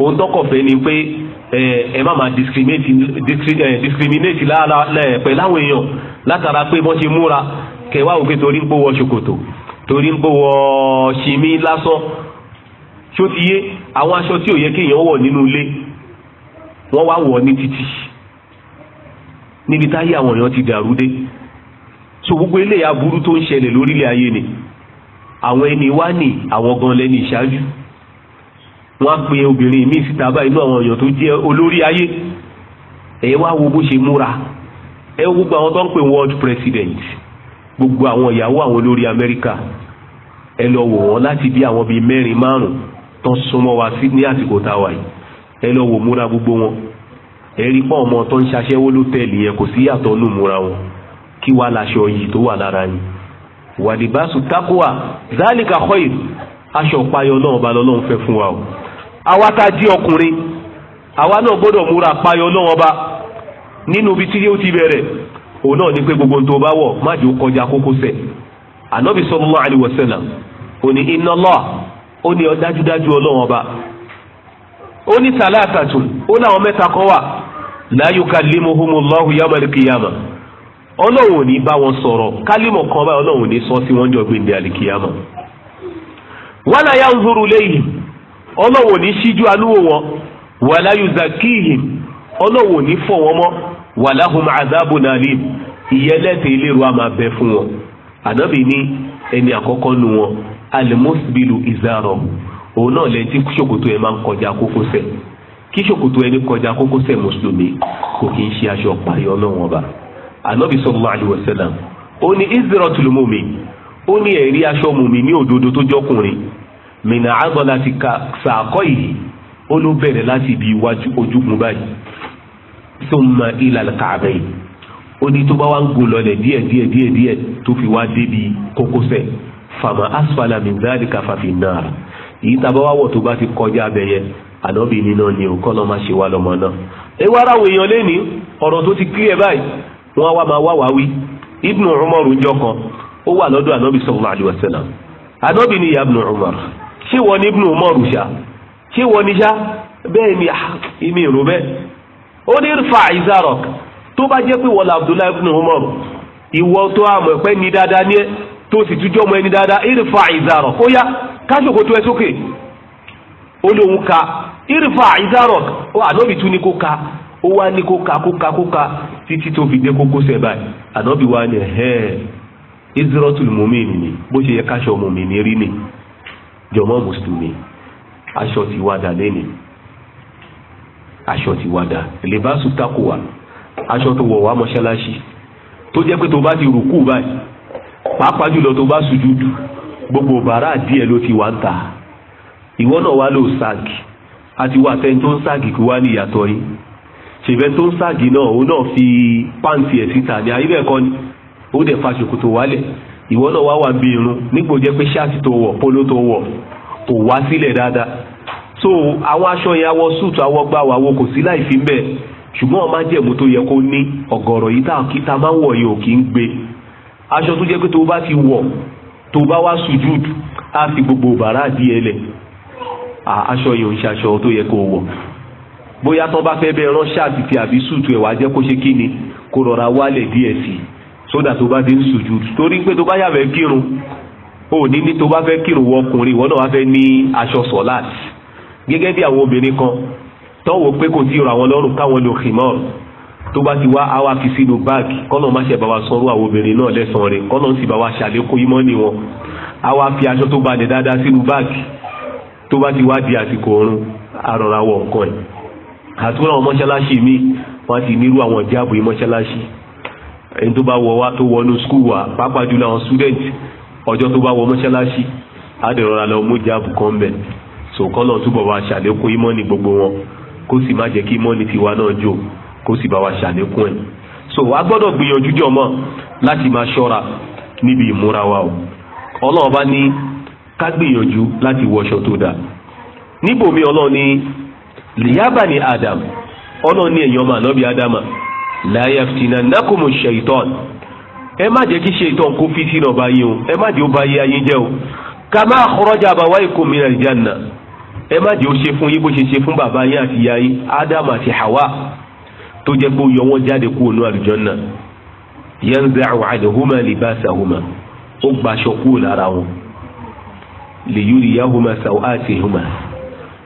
ohun tọkọ̀fẹ́ ni pé ẹ má máa discriminate pẹ̀lú àwọn èèyàn látara pé wọ́n ṣe múra kẹwàá òkè torí ń pòwọ́ ṣòkòtò torí ń pòwọ́ ṣìmí lásán ṣó ti yé àwọn aṣọ tí ò yẹ kéèyàn wọ̀ nínú ilé wọ́n wá wọ̀ ní títì níbi táyé àwọn èèyàn ti dàrú dé so gbogbo eléyà burú tó ń ṣẹlẹ̀ lórílẹ̀ ayé ni àwọn ẹni wá nì àwọn gan lẹ́ni ìṣáájú wọ́n á pe obìnrin míì síta báyìí inú àwọn èèyàn tó jẹ́ olórí ayé ẹ wá wo bó ṣe múra ẹ wo gbogbo àwọn tó ń pè world president gbogbo àwọn ìyàwó àwọn olórí Amẹ́ríkà ẹ lọ wò wọ́n láti bí àwọn bíi mẹ́rin márùn-ún tó ń súnmọ́ wa sí ní àsìkò tá a wà yìí ẹ lọ wò múra gbogbo wọn ẹ rí pọ́n ọmọ tó ń ṣaṣẹ́wó lótẹ́ẹ̀lì yẹn kò sí yàtọ̀ nù múra wọn kí wàá laṣọ yìí tó wà lára yìí wàlíbáṣu takuwa zálìkà khair aṣọ payọ náà ọba lọ́lọ́run fẹ́ fún wa o awa tá a di ọkùnrin awa náà gbọ́dọ̀ múra payọ náà ọba nínú ibi tí yóò ti bẹ̀rẹ̀ òun náà ni pé gbogbo tó bá wọ̀ má jò kọjá dájúdájú ọlọ́run ọba ó ní tàlátàtù ó mẹ́ta wà ọlọ́run ò ní bá wọn sọ̀rọ̀ kálímọ̀ kan báyìí ọlọ́run ò ní sọ sí wọn jọ gbé ní alikiyama wala yanzuru lẹ́yìn ọlọ́run ò ní ṣíjú alúwo wọn wala yuzakihim ọlọ́run ò ní fọ̀ wọn mọ́ walahum azabun alim ìyẹlẹ́tẹ̀ ìlérò a máa bẹ fún wọn ànábì ní ẹni àkọ́kọ́ nu wọn alimusbilu izaro òun náà lẹ́yìn tí ṣòkòtò ẹ̀ máa ń kọjá kókósẹ̀ kí ṣòkòtò ẹni kọjá kókósẹ̀ mùsùlùmí kò kí ń ṣe aṣọ pààyàn náà wọn bá anabi sallallahu alayhi wa sallam ó ní izratul mu'min ó ní ẹ̀rí aṣọ mu'min ní òdodo tó jọkùnrin mina azọ láti ka sàkọ́ yìí ó ló bẹ̀rẹ̀ láti ibi iwájú ojúgun báyìí thumma ilal ka'bayn ó ní tó bá wá ń gùn lọlẹ̀ díẹ̀ díẹ̀ díẹ̀ díẹ̀ tó fi wá débi kókósẹ̀ fama asfala min dhalika fàfin náà èyí tá a bá wá wọ̀ tó bá ti kọjá abẹ yẹn ànábì nínú ni ò kọ́ lọ́ ṣe wá lọ́mọ náà. ẹ wá ara àwọn èèyàn lẹ́ni ọ̀rọ̀ tó ti kílẹ̀ báyìí wọ́n wá máa wá wáwí ibnu umar njọ kan ó wà lọ́dọ̀ anabi sallallahu alayhi wa sallam anabi ni ya ibnu umar ṣé wọ́n ní ibnu umar ṣá ṣé wọ́n ní ṣá bẹ́ẹ̀ ni ah, èmi ìrò bẹ́ẹ̀ ó ní irfa izarok tó bá jẹ́ pé wọ́n la abdullahi ibnu umar ìwọ tó àmọ̀ pẹ́ ní dáadáa ní ẹ tó sì tún jọ́mọ ẹni dáadáa irfa izarok ó yá káṣòkò tó ẹ sókè ó lóun ka irfa izarok ó anabi tún ní kó ka ó wá ní kó ka kó ka kó ka títí tó fi dé kókósẹ̀ báyìí ànábì wa ni ẹ̀hẹ́n isratul mumini ni bó ṣe yẹ káṣọ mumini rí ni jọmọ mùsùlùmí aṣọ ti wá dà lẹ́ni aṣọ ti wá dà libasu takuwa aṣọ tó wọ̀ wá mọ́ṣáláṣí tó jẹ́ pé tó bá ti rùkú báyìí pàápàá jùlọ tó bá sùjúdù gbogbo bàárà díẹ̀ ló ti wá ń ta ìwọ náà wá lò ságì àti wà tẹ́ni tó ń ságì kí wá ní ìyàtọ̀ yìí ṣèbẹ́ tó ń ságì náà òun náà fi pàǹtì ẹ̀ síta ní ayé bẹ́ẹ̀ ni ó dẹ̀ fa tó wálẹ̀ ìwọ náà wá wà bí irun nígbò jẹ́ pé ṣáàtì tó wọ̀ polo tó wọ̀ kò sílẹ̀ dáadáa so àwọn aṣọ yẹn awọ súùtù awọ kò sí láì fi ṣùgbọ́n ọmọ ajẹ́mu tó yẹ kó ní ọ̀gọ̀rọ̀ yìí tá máa ń wọ̀ yìí ò gbé bóyá tó bá fẹ́ bẹ́ẹ̀ ránṣẹ́ àtìtì àbí sùtù ẹ̀ wá jẹ́ kó ṣe kíni kó rọra wálẹ̀ díẹ̀ sí sódà tó bá ti ń sùjú torí pé tó bá yàfẹ́ kírun ò ní ní tó bá fẹ́ kírun wọ ọkùnrin ìwọ náà wá fẹ́ ní aṣọ sọ̀láàtì gẹ́gẹ́ bí àwọn obìnrin kan tó wò pé kò tí ì rọ lọ́rùn káwọn lo khimar tó bá ti wá awa fi sínú báàgì kọ́nà má ṣe bá wa sọ́rọ́ àwọn obìnrin náà lẹ́sàn-án rẹ̀ kọ́nà sì bá wa ṣàlékún ìmánì wọn awa fi aṣọ tó bá ní dáadáa sínú báàgì tó bá ti wá di àsìkò oorun àrọ̀ra wọ̀ nǹkan ẹ̀ àtúrà àwọn mọ́ṣáláṣí mi wọ́n ti nírú àwọn ìjáàbò yìí mọ́ṣáláṣí ẹni tó bá wọ wá tó wọnú skul wa pàápàá jùlọ àwọn student ọjọ́ tó bá wọ mọ́ṣáláṣí àdèrọ̀ra lọ mú ìjáàbò kan bẹ̀ so kọ́lọ̀ túbọ̀ wá ṣàlékún ìmọ̀ni gbogbo wọn kó sì má jẹ́ kí ìmọ̀ni tiwa náà jò kó sì bá wa ṣàlékún ẹ̀ so wàá gbọ́dọ̀ gbìyànjú jọ mọ́ láti máa ṣọ́ra níbi ìmúra wa o ọlọ́run bá ní ká gbìyànjú láti wọṣọ tó dáa níbòmí ọlọ́run ní lìyábà ni adam ọlọ́run ní èèyàn mà lọ́bi adama láyà fìtínà nákòmò ṣèyítọ́n ẹ má jẹ́ kí ṣèyítọ́n kó fìtínà bá yín o ẹ má jẹ́ ó bá yé ayé jẹ́ o ká má àkọ́rọ́jà àbáwá ikú mi rẹ̀ jàǹnà ẹ má jẹ́ ó ṣe fún yín bó ṣe ṣe fún bàbá yín àti ìyá yín adam àti hawa tó jẹ́ pé ó yọ wọ́n jáde kúrò ní àlùjànnà yanza'u anhuma libasahuma ó gbaṣọ kúrò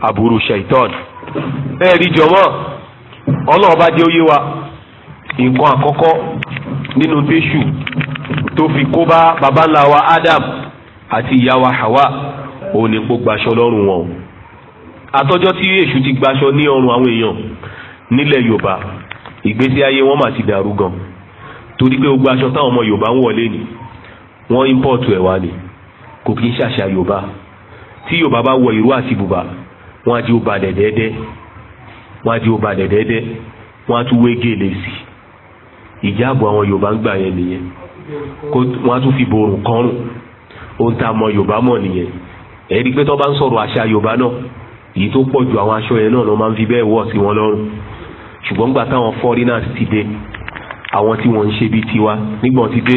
aburú shaitan ẹ rí jọmọ ọlọ́ọ̀bá jẹ́ òye wa nǹkan àkọ́kọ́ nínú tẹ́sù tó fi kó bá baba ńlá wa Adam àti ìyá wa Hawa òun ni kó gbaṣọ lọ́rùn wọn àtọ́jọ́ tí èṣù ti gbaṣọ ní ọrùn àwọn èèyàn nílẹ̀ Yorùbá ìgbésí ayé wọn mà ti dàrú gan torí pé gbogbo aṣọ táwọn ọmọ Yorùbá ń wọlé ni wọ́n ímpọ̀tù ẹ̀ wá ni kò kí ń ṣàṣà Yorùbá tí Yorùbá bá wọ ìró àti bùbá wọ́n á jí ó balẹ̀ dẹ́dẹ́ wọ́n á jí ó balẹ̀ dẹ́dẹ́ wọ́n á tún wé gèlè sí ìjáàbò àwọn yorùbá ń gbà yẹn nìyẹn wọ́n á tún fi borùn kọ́rùn ohun tá a mọ yorùbá mọ̀ nìyẹn ẹ̀rí pé tó bá ń sọ̀rọ̀ àṣà yorùbá náà èyí tó pọ̀ ju àwọn aṣọ yẹn náà ló máa ń fi bẹ́ẹ̀ wọ̀ sí wọn lọ́rùn ṣùgbọ́n gbà táwọn foreigners ti dé àwọn tí wọ́n ń ṣe bíi tiwa nígbà tí dé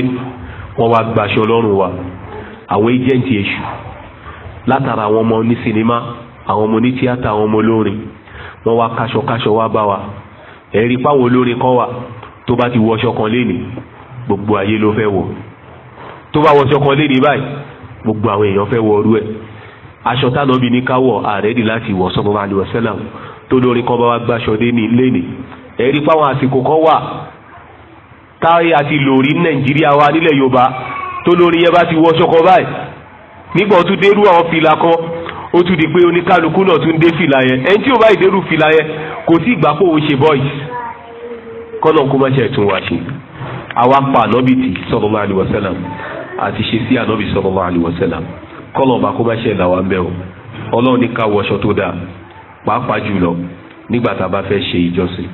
wọ́n wá gbaṣọ lọ́rùn wa àwọn agent èṣù látara àwọn ọmọ ní sinimá àwọn ọmọ onítíátà àwọn ọmọ olórin wọ́n wá káṣọkáṣọ wá bá wa ẹ̀rí páwọn olórin kan wà tó bá ti wọṣọ kan léni gbogbo ayé ló fẹ́ wọ̀ tó bá wọṣọ kan léni báyìí gbogbo àwọn èèyàn fẹ́ wọ ọrú ẹ̀ aṣọ tánàbí ní káwọ̀ ààrẹ dì láti wọ̀ sọ́mọ́ máa lè wọ̀ sẹ́là tó lórin kan bá wá gbàṣọ léni léni ẹ̀rí páwọn àsìkò kan wà táyé àti lórí nàìjíríà wa nílẹ̀ yorùbá tó lórin yẹn bá ti wọṣọ kan báyìí nígbà tó dérú àwọn fìlà kan ó tún di pé oníkálukú náà tún dé fìlà yẹn ẹni tí ó bá ìdérù fìlà yẹn kò sí ìgbà kó o ṣe voice kọ́nà kó má ṣe tún wá ṣe àwa pa ànábì tì sallallahu alaihi wasallam àti ṣe sí ànábì sallallahu alaihi wasallam kọ́nà ọba kó má ṣe là wá ń bẹ̀ o ọlọ́run ní ká wọṣọ tó dáa pàápàá jùlọ nígbà tá a bá fẹ́ ṣe ìjọsìn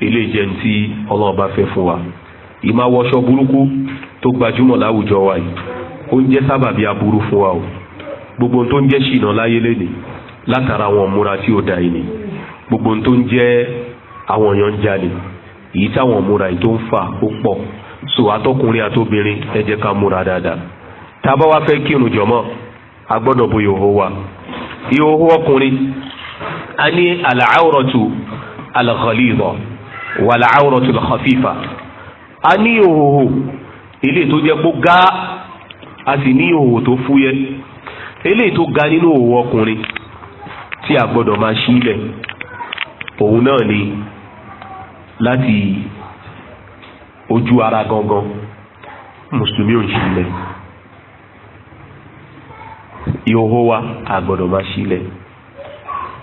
ilé jẹ́ ní tí ọlọ́run bá fẹ́ fún wa ìmáwọṣọ gbogbo tó ń jẹ́ ṣìnà láyé lẹ́ni látara àwọn múra tí ó da ẹni gbogbo tó ń jẹ́ àwọn èèyàn ń jalè èyí táwọn múra yìí tó ń fà ó pọ̀ so atọ́kùnrin àtobìnrin ẹ ká múra dáadáa tá wá fẹ́ kírun jọ̀mọ́ a gbọ́dọ̀ bo ìhòhò wa ìhòhò ọkùnrin a ní àlàáwòrọ̀tù àlàkọ̀lìbọ̀ wà àlàáwòrọ̀tù lọ́kọ̀fífà a ní ìhòhò ilé tó jẹ́ kó gá a sì ní ìhòhò tó fúyẹ́ eléyìí tó ga nínú òwò ọkùnrin tí a gbọ́dọ̀ máa ṣí ilẹ̀ òun náà ni láti ojú ara gangan mùsùlùmí ò ń ṣí ilẹ̀ ìhòhò wa a gbọ́dọ̀ máa ṣí ilẹ̀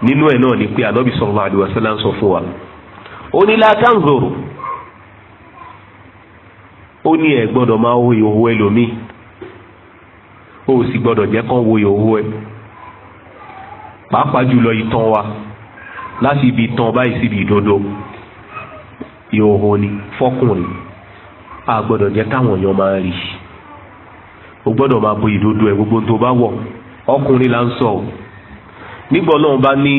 nínú ẹ̀ náà ni pé ànábì sallallahu alaihi wasallam sọ fún wa ó ní la tanzuru ó ní ẹ̀ gbọ́dọ̀ máa wo ìhòhò ẹlòmíì o sì gbọ́dọ̀ jẹ́ kán wo ìhòòhò ẹ pàápàá jùlọ ìtàn wa láti ibi ìtàn báyìí síbi ìdodo ìhòòhò ni fọkùnrin a gbọ́dọ̀ jẹ́ káwọn èèyàn máa rí o gbọ́dọ̀ máa bo ìdodo ẹ gbogbo tó bá wọ̀ ọkùnrin là ń sọ o nígbà náà bá ní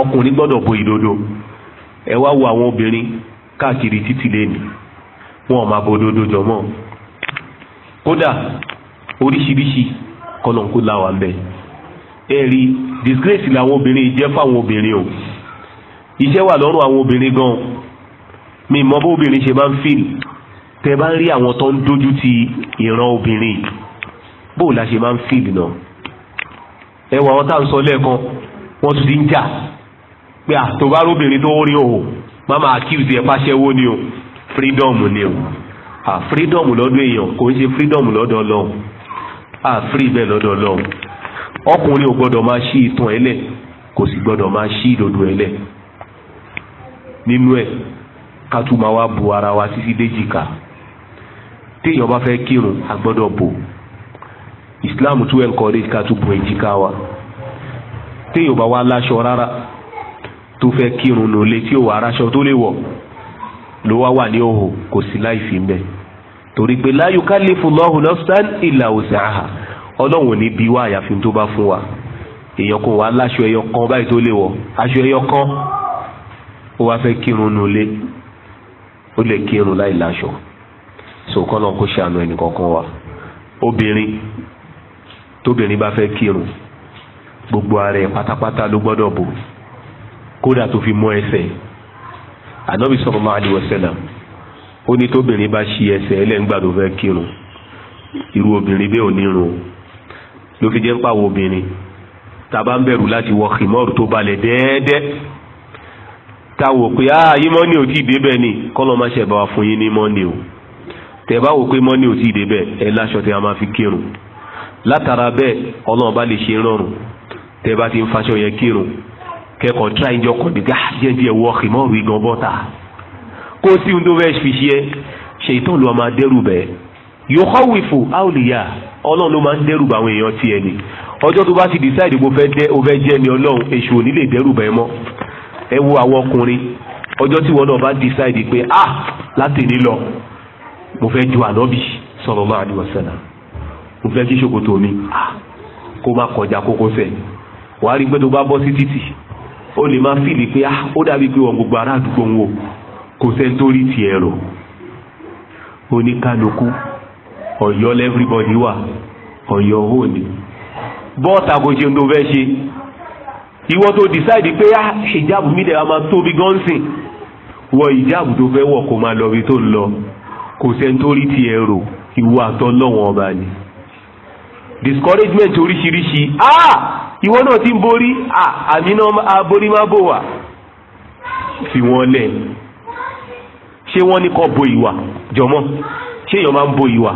ọkùnrin gbọ́dọ̀ bo ìdodo ẹ wá wo àwọn obìnrin káàkiri títí lẹ́nu wọn ò máa bo ìdodo jọmọ́ kódà oríṣiríṣi kọ́nà kó láwa ń bẹ̀ ẹ disgrace làwọn obìnrin jẹ́ fáwọn obìnrin o iṣẹ́ wà lọ́rùn àwọn obìnrin gan mi mọ bó obìnrin ṣe máa ń fìlì tẹ bá ń rí àwọn tó ń dojú ti ìran obìnrin bó la ṣe máa ń fìlì náà ẹ wà wọn tá à ń sọ lẹ́ẹ̀kan wọ́n tún ti ń jà pé àtòbárò obìnrin tó rí òhò má accuse ẹ pàṣẹwó ni o freedom ni o ah freedom lọ́dọ̀ èèyàn kò ń ṣe freedom lọ́dọ̀ Ọlọ́run àfírí ah, bẹ́ẹ̀ lọ́dọ̀ ọlọ́run ọkùnrin ò gbọ́dọ̀ máa ṣí ìtàn ẹlẹ̀ kò sì gbọ́dọ̀ máa ṣí ìdodo ẹlẹ̀ nínú ẹ̀ ká tún máa wá bu ara wa títí déjìká téèyàn bá fẹ́ kírun a bò Islam tún encourage ká tún bu èjìká wa téèyàn bá wá láṣọ rárá tó fẹ́ kírun nù létí òwò aráṣọ tó lè wọ̀ ló wá wà ní òhò kò sí láì fi mbẹ́ torí pé la yukallifu Allahu nafsan illa wus'aha ọlọ́run ò ní bí wá àyàfi tó bá fún wa èèyàn kò wá láṣọ ẹyọ kan báyìí tó lè wọ̀ aṣọ ẹyọ kan ó wá fẹ́ kírun nulẹ̀ ó lè kírun láì láṣọ sòkànnà kó ṣàánú ẹnì kankan wa obìnrin tóbìnrin bá fẹ́ kírun gbogbo ara ẹ̀ pátápátá ló gbọ́dọ̀ bò kódà tó fi mọ́ ẹsẹ̀ ànábì sallallahu alaihi wasallam ó ní tóbìnrin bá ṣí ẹsẹ̀ ẹlẹ́ngbà tó fẹ́ kírun irú obìnrin bẹ́ẹ̀ ò nírun ló fi jẹ́ ń pàwọ̀ obìnrin ta bá ń bẹ̀rù láti wọ kìmọ́ọ̀rù tó balẹ̀ dẹ́ẹ́dẹ́ ta wò pé ah yí mọ́ni ò tí ì débẹ̀ ni kọ́lọ́ má ṣẹ̀ bá fún yín ní mọ́ni o tẹ̀ bá wò pé mọ́ni ò tí ì débẹ̀ ẹ láṣọ tí a máa fi kírun látara bẹ́ẹ̀ ọlọ́run bá lè ṣe rọrùn tẹ́ bá ti ń faṣọ yẹn kírun kẹ́kọ̀ọ́ tíráìjọ kan nígbà jẹ́ díẹ̀ wọ kìmọ́ọ̀rù igan bọ́ta kó sí ohun tó fẹ́ fi ṣe ṣètò ló máa dẹ́rù bẹ́ẹ̀ yòókàwìfò àwòlìyà ọlọ́run ló máa ń dẹ́rù bá àwọn èèyàn tiẹ̀ ni ọjọ́ tó bá ti decide kó fẹ́ dẹ́ o fẹ́ jẹ́ ni ọlọ́run èṣù ò ní lè dẹ́rù bẹ́ẹ̀ mọ́ ẹ wo àwọn ọkùnrin ọjọ́ tí wọn náà bá decide pé ah látẹ̀lé lọ mo fẹ́ ju ànábì sallallahu alaihi wasallam mo fẹ́ kí ṣòkòtò mi ah kó má kọjá kókósẹ̀ wàá rí i pé tó bá bọ́ sí títì ó lè má fìlì pé ah ó dàbí pé wọn gbogbo ará àdúgbò ń wò kò sẹ́ni tó rí tiẹ̀ rò oníkálukú ọ̀yọ́ lẹ́fíríbọ̀dì wà ọ̀yọ́ owó ni bọ́ọ̀tà kò ṣe tó fẹ́ ṣe ìwọ tó dìsáìdì pé á ah, ìjáàbù mi dẹ̀ra máa tóbi gan sìn wọ ìjáàbù tó fẹ́ wọ̀ kó máa lọ tó lọ kò sẹ́ni tó rí tiẹ̀ rò ìwọ àtọ́ lọ́wọ́n ọba ni discouragement oríṣiríṣi ah ìwọ náà ti ń borí ah àmì náà aborí má bò wá fi wọ́n lẹ̀ ṣé wọ́n ní kó bo ìwà jọ̀mọ́ ṣé èèyàn máa ń bo ìwà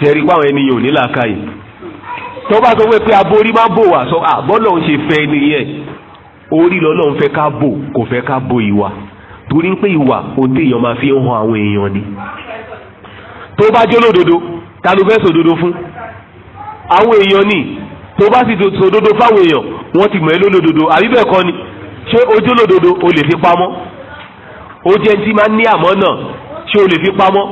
tẹ̀rí pàwọn ènìyàn ò ní làákàyè tó bá sọ pé aborí máa bò wá sọ àbọ́lọ̀ ń ṣe fẹ́ ni yẹ orí lọ́lọ́ ń fẹ́ ká bò kò fẹ́ ká bo ìwà torí pé ìwà òde èèyàn máa fi ń han àwọn èèyàn ni tó bá jó lódodo ta ló fẹ́ sòdodo fún àwọn èèyàn ni tó bá sì sòdodo fáwọn èèyàn wọ́n ti mọ̀ ẹ́ lólódodo àbí bẹ́ẹ̀ kọ́ ni ṣé ojúlódodo o lè fi pamọ́ ó jẹ́ ní ti máa ń ní àmọ́ náà ṣé o lè fi pamọ́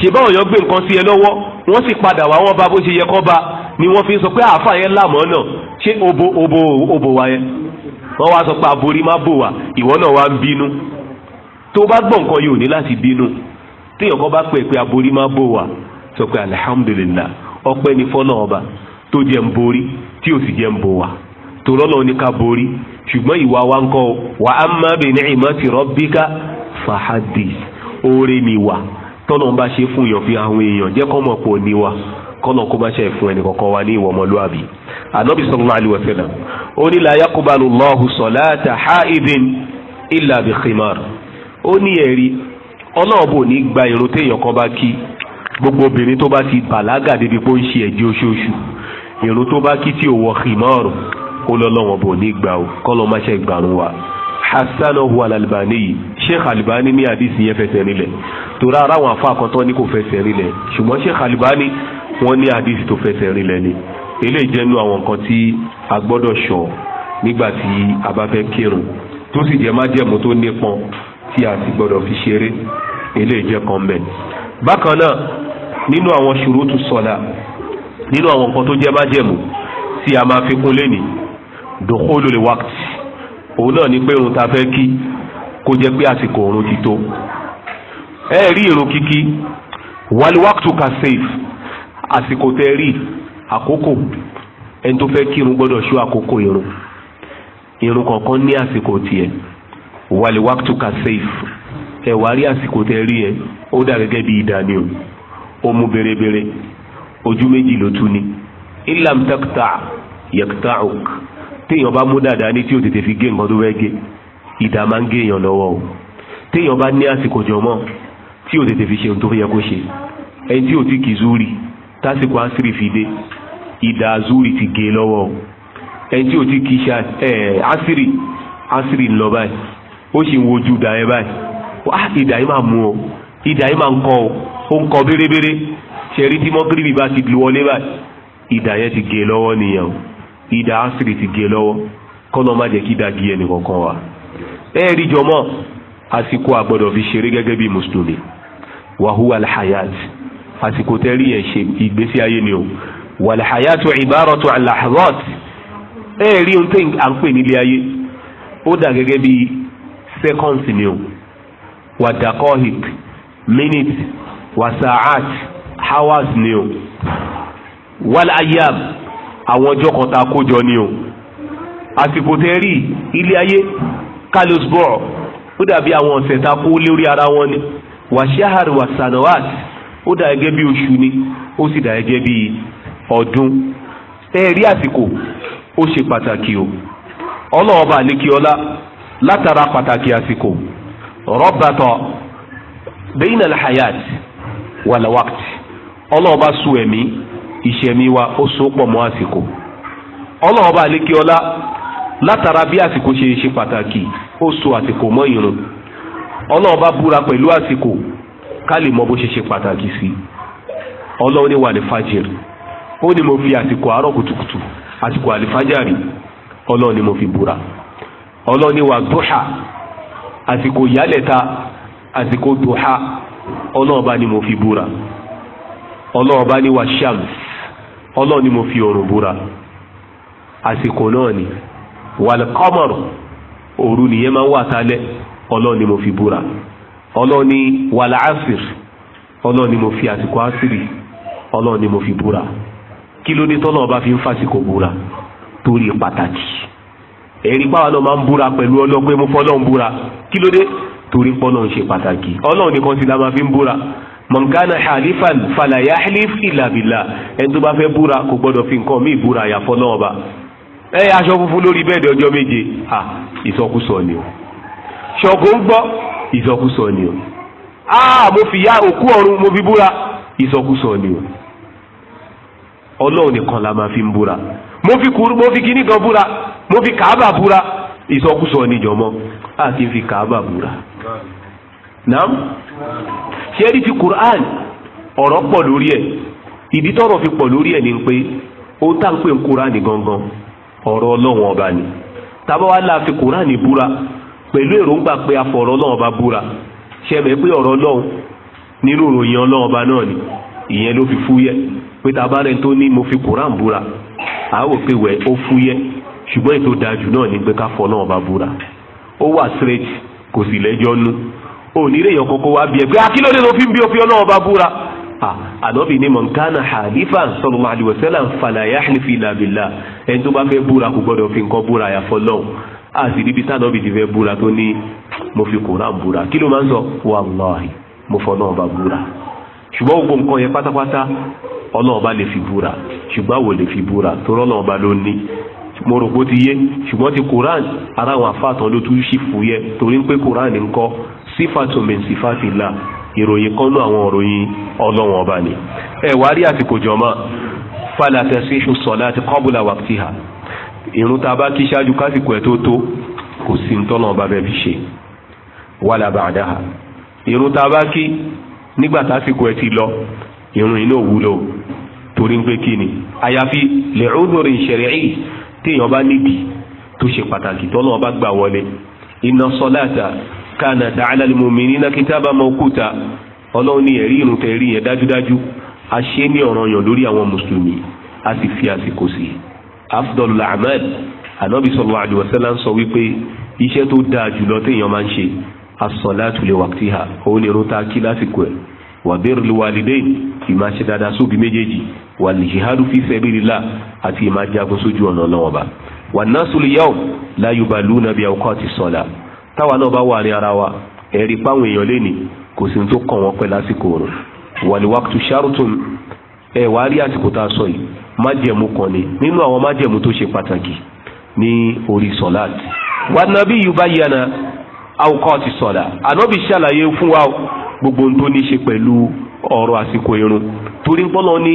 ṣe báwọn yàn gbé nǹkan sí ẹ lọ́wọ́ wọ́n sì padà wá wọ́n ba bó ṣe yẹ kọ́ ba ni wọ́n fi sọ pé àáfàá yẹn lámọ́ náà ṣé obo obo obo wa yẹn wọ́n wá sọ pé aborí má bò wá ìwọ náà wá ń bínú tó bá gbọ́ nǹkan yóò ní láti bínú téèyàn kan bá pè pé aborí má bò wá sọ pé alihamudulilayi ọpẹ́ ni fọ́nà ọba tó jẹ́ ń borí tí ò sì jẹ́ ń bò wá tó lọ́nà oníka borí ṣùgbọ́n ìwà wa ń kọ́ wa amma bi ni'mati rabbika fahadis oore ni wà tọ́nà bá ṣe fún yàn fi àwọn èèyàn jẹ́ kọ́ mọ̀ pọ̀ ni wà kọ́nà kó bá ṣe fún ẹnì kọ̀ọ̀kan wa ní ìwọ ọmọlúwàbí anabi sallallahu alayhi wa sallam ó ní la yakubalu allahu salata haidin illa bi khimar ó ní ẹ̀rí ọlọ́ọ̀bù ò ní gba irun téèyàn kan bá kí gbogbo obìnrin tó bá ti bàlágà débi pé ó ń ṣe ẹ̀jẹ̀ oṣooṣù irun tó bá kí tí ò wọ khimar ó lọ́lọ́wọ̀n bò ní gbà ó kọ́nà má ṣe gbàrún wa hasanahu alalbani sheikh alibani. ní àdìsí yẹn fẹsẹ̀ rinlẹ̀ torí ara àwọn afa àkọ́tọ́ ní kò fẹsẹ̀ rinlẹ̀ ṣùgbọ́n sheikh albani wọ́n ní àdìsí tó fẹsẹ̀ rinlẹ̀ ni eléyìí jẹ́nu àwọn nǹkan tí a gbọ́dọ̀ ṣọ́ nígbà tí a bá fẹ́ kírun tó sì jẹ́ májẹ̀mú tó nípọn tí a sì gbọ́dọ̀ fi ṣeré eléyìí jẹ́ kan mẹ́. bákan náà nínú àwọn ṣùrútù sọ̀la nínú àwọn nǹkan tó jẹ́ májẹ̀mú tí a máa fi kún lẹ́nìí dòkólólè wákìtì òun náà ni pé irun ta fẹ́ kí kó jẹ́ pé àsìkò òun ti tó ẹ rí irun kíkí wàlúwàkùtù ka safe àsìkò tẹ rí àkókò ẹni tó fẹ́ kírun gbọ́dọ̀ ṣú àkókò irun irun kọ̀ọ̀kan ní àsìkò tiẹ̀ wàlúwàkùtù ka safe ẹ wá rí àsìkò tẹ rí ẹ ó dà gẹ́gẹ́ bí ìdání o ó mú berebere ojú méjì ló tún ni ilam takta yaktauk téèyàn bá mú dáadáa ní tí ó tètè fi gé nǹkan tó fẹ́ gé ìdá máa ń gé èèyàn lọ́wọ́ o téèyàn bá ní àsìkò jọmọ́ tí ó tètè fi ṣe ohun tó yẹ kó ṣe ẹni tí ò ti kì zúrì tásìkò àṣírí fi dé ìdá zúrì ti gé lọ́wọ́ o ẹni tí ò ti kì àṣírí àṣírí ń lọ báyìí ó sì ń wojú ìdá yẹn báyìí wá yìí máa mú o ìdá yìí máa ń kọ o ó ń kọ bérebére ṣe tí mọ́gírìbì bá ti wọlé báyìí ìdá ìdá asiri ti gé lọ́wọ́ kọ́nà má jẹ́ kí ìdá gé ẹnì kankan wa. ẹ rí jọmọ àsìkò àgbọ́dọ̀ fi ṣeré gẹ́gẹ́ bí mùsùlùmí wàhúwà alhayat àsìkò tẹ́rí yẹn ṣe ìgbésí ayé ni o wàlhayat ibaratu alahazat ẹ rí ohun tẹ́ à ń pè nílé ayé ó dà gẹ́gẹ́ bí seconds ni o wàdàkọ́hìk minutes wàsáàt hours ni o wàlhayat àwọn ọjọ́ kan tá a kó jọ ni o àsìkò tẹ́ rí ilé ayé carlsboro ó dàbí àwọn ọ̀sẹ̀ tá a kó lórí ara wọn ni wàṣíhàr wàsánàwàt ó dà gẹ́gẹ́ bí oṣù ni ó sì dà gẹ́gẹ́ bí ọdún ẹ rí àsìkò ó ṣe pàtàkì o ọlọ́wọ́ bá ní kí ọlá látara pàtàkì àsìkò rọ́bàtọ̀ bẹ́yìn alhayat wàlàwàkt ọlọ́wọ́ bá sùn ẹ̀mí ìṣẹ̀mí wa ó so pọ̀ mọ́ àsìkò ọlọ́run bá lékè ọlá látara bí àsìkò ṣe ṣe pàtàkì ó so àsìkò mọ́ ìrun ọlọ́run bá búra pẹ̀lú àsìkò ká lè mọ bó ṣe ṣe pàtàkì sí ọlọ́run ní wà ní fàjìr ó ní mo fi àsìkò àárọ̀ kùtùkùtù àsìkò àlìfájàrí ọlọ́run ní mo fi búra ọlọ́run ní wà dúhà àsìkò ìyálẹ̀ta àsìkò dúhà ọlọ́run ní mo fi búra ọlọ́run ní wà shams ọlọ́run ni mo fi òrùn búra àsìkò náà ni wàlùkọ́mọ̀rù òru nìyẹn máa ń wà tálẹ́ ọlọ́run ni mo fi búra ọlọ́run ni wàlàásìr ọlọ́run ni mo fi àsìkò àsìrì ọlọ́run ni mo fi búra kí ló dé tọ́lọ́ ọba fi ń fàsìkò búra torí pàtàkì ẹ̀rí pàwọn náà máa ń búra pẹ̀lú ọlọ́gbẹ́mú fọlọ́run búra kí ló dé torí pọ́lọ́run ṣe pàtàkì ọlọ́run nìkan sì dá máa fi ń búra mọ̀nkánà halifan falaya halif ìlàbìlà ẹni tó bá fẹ́ búra kò gbọ́dọ̀ fi nǹkan míì búra àyàfọ́ náà bá ẹ aṣọ funfun lórí bẹ́ẹ̀dì ọjọ́ méje à ìsọkúsọ ni o ṣọ̀kò ń gbọ́ ìsọkúsọ ni o a mo fi ya òkú ọ̀run mo fi búra ìsọkúsọ ni o ọlọ́run nìkan la máa fi ń búra mo fi kúrú mo fi kíní kan búra mo fi kàábà búra ìsọkúsọ ni jọmọ a kì í fi kàábà búra. naam ṣé ẹni fi Qur'an ọ̀rọ̀ pọ̀ lórí ẹ̀ ìdí tọ́rọ̀ fi pọ̀ lórí ẹ̀ ni pé ó tá ń pè ń Qur'an gangan ọ̀rọ̀ ọlọ́run ọba ni wá la fi Qur'an búra pẹ̀lú èròǹgbà pé a fọ̀rọ̀ ọba búra pé ọ̀rọ̀ ọlọ́run ọba náà ni ìyẹn ló fi fúyẹ́ pé tábà rẹ̀ tó ní mo fi Qur'an búra àwọ̀ pé wẹ̀ ó fúyẹ́ ṣùgbọ́n ètò náà ni pé ká fọlọ́run ọba búra ó wà straight kò sì lẹ́jọ́ nú Onire rèyàn koko wa bí ẹ pé akílódé ah, ló fi ń bí òfin ọlọ́wọ́ bá búra ànábì ni mọ̀nkánà halifa sallallahu alaihi wasallam fala yahlif illa billah ẹni tó bá fẹ́ búra kò gbọ́dọ̀ fi nǹkan búra àyàfọ́ lọ́wọ́ àti níbi tánàbì ti fẹ́ búra tó ní mo fi Kùránì búra kí ló máa ń sọ wallahi mo fọ́ náà bá búra ṣùgbọ́n gbogbo nǹkan yẹn pátápátá ọlọ́ọ̀bá lè fi búra ṣùgbọ́n àwọ̀ lè fi búra tó rọ́lọ́ọ̀bá ló ní mo rò bó ti yé ṣùgbọ́n ti Kùránì ara àwọn àfáàtàn ló tún ṣì fúyẹ́ torí pé Kùránì ń kọ́ sífàtún min sífàtìlá ìròyìn kan náà àwọn òròyìn ọlọ́wọ̀n ọba ni ẹ wá rí àsìkò jọmọ́ falatẹ̀sí ṣùsọ̀lá àti kọ́bùlà wàktíhà ìrun tá a bá kí ṣáájú kásìkò ẹ̀ tó tó kò sí ń tọ́nà ọba bẹ́ẹ̀ fi ṣe wàlà bàdáhà ìrun tá a bá kí nígbà tásìkò ẹ̀ ti lọ ìrun iná òwúlò torí ń pé kí ni àyàfi lè ọdúnrún ṣẹ̀rẹ̀ẹ́ téèyàn bá nídìí tó ṣe pàtàkì tọ́nà ọba gbà wọlé iná sọ́láàtà kanat ala al-mu'minina kitaban mawquta ọlọ́run ní ẹ̀rí irun tẹ̀rí yẹn dájúdájú a ṣe ní ọ̀ranyàn lórí àwọn mùsùlùmí a sì fi àsìkò sí i afdalul a'mal anabi sallallahu alaihi wasallam sọ wípé iṣẹ́ tó dáa jùlọ téèyàn máa ń ṣe as-salatu li waqtiha òun ni irun tá a kí lásìkò ẹ̀ wa birrul ṣe dáadáa sóbi méjèèjì wal jihadu fi sabilillah àti ìmá sójú ọ̀nà ọlọ́wọ́ba wan táwa náà bá wà ní ara wa ẹ̀rí páwọn èèyàn lé ní kò sí tó kàn wọ́n pẹ́ lásìkò oòrùn wàlíwàkùtù sárùtùn ẹ̀ wá rí àsìkò tá a sọ yìí májẹ̀mú kan ni nínú àwọn májẹ̀mú tó ṣe pàtàkì ní orí sọ̀láàt wà nàbí yubayyana awqati sọ̀lá ànábì ṣàlàyé fún wa gbogbo ohun tó ní ṣe pẹ̀lú ọ̀rọ̀ àsìkò irun torí ń ní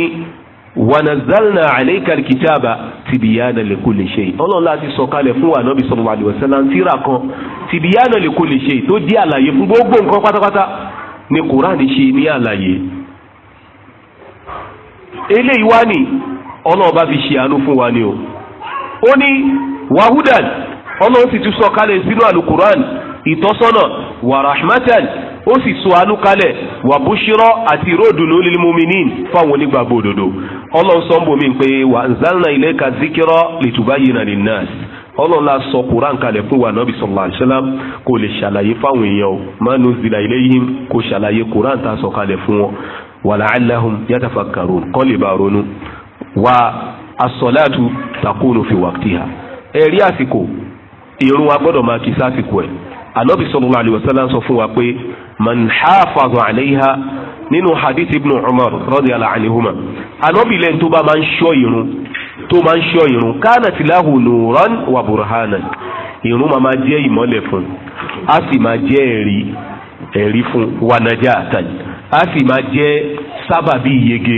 wanazalna alayka alkitaba tibiyana likulli shay ọlọ́run láti sọ̀kalẹ̀ fún wa nọ́bí sallallahu alaihi wasallam tírà kan tibiyana likulli shay tó di àlàyé fún gbogbo nǹkan pátápátá ni kuraani ṣe ní àlàyé eléyìí wá ní ọlọ́run fi ṣe àánú fún wa ni o ó ní wahudan ọlọ́run sì tún sọ̀kalẹ̀ sínú alukuran ìtọ́sọ́nà wa rahmatan ó sì sọ àánúkálẹ̀ wà búṣírọ́ àti ìròdùnú lil mu'minin fáwọn onígbàgbọ́ òdodo ọlọ́run sọ ń bomi pé wa anzalna ilayka zikra litubayyina linnas ọlọ́run la sọ Qur'an kalẹ̀ fún wa nàbì sallallahu alaihi wasallam lè ṣàlàyé fáwọn èèyàn o ma nuzila ilayhim kó ṣàlàyé Qur'an tá a sọ kalẹ̀ fún wọn wa la'allahum yatafakkarun kọ́ lè bá ronú wa as-salatu fi waqtiha ẹ̀rí àsìkò ìrun wa gbọ́dọ̀ máa kí sásìkò ẹ̀ ànábì sallallahu alaihi sọ fún wa pé من حافظ عليها نينو حديث ابن عمر رضي الله عنهما tó bá máa ń ṣọ́ irun tó máa ń ṣọ́ irun kanat lahu nuran wa burhanan irun máa máa jẹ́ ìmọ́lẹ̀ fún a sì máa jẹ́ ẹ̀rí ẹ̀rí fún wa najatan a sì máa jẹ́ sábàbí yege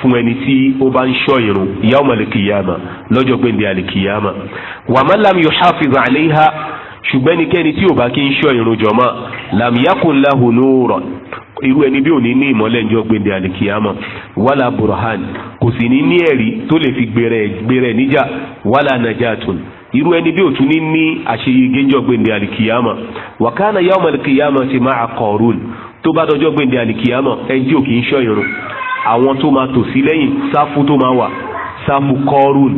fún ẹni tí ó bá ń ṣọ́ irun yawmal lọ́jọ́ gbẹ̀ndẹ̀ alikiyama wa man lam yuhafiz ṣùgbọ́n ẹnikẹ́ni tí ò bá kí ń ṣọ́ irun jọ̀mọ́ làmìyàkùn lahu nuran irú ẹni bí ò ní ní ìmọ́lẹ̀ ní ọgbẹ́ndẹ̀ àlìkìyàmọ̀ wàlà burhan kò sì ní ní ẹ̀rí tó lè fi gbèrè níjà wàlà najatun irú ẹni bí ò tún ní ní àṣeyege ní ọgbẹ́ndẹ̀ àlìkìyàmọ̀ wàkánà yawmal qiyamati ti máa qarun tó bá dọjọ́ gbẹ̀ndẹ̀ àlìkìyàmọ̀ ẹni tí ò kì í ṣọ́ irun àwọn tó máa tò sí lẹ́yìn sáfù tó máa wà kọ́sámù kọ́rùn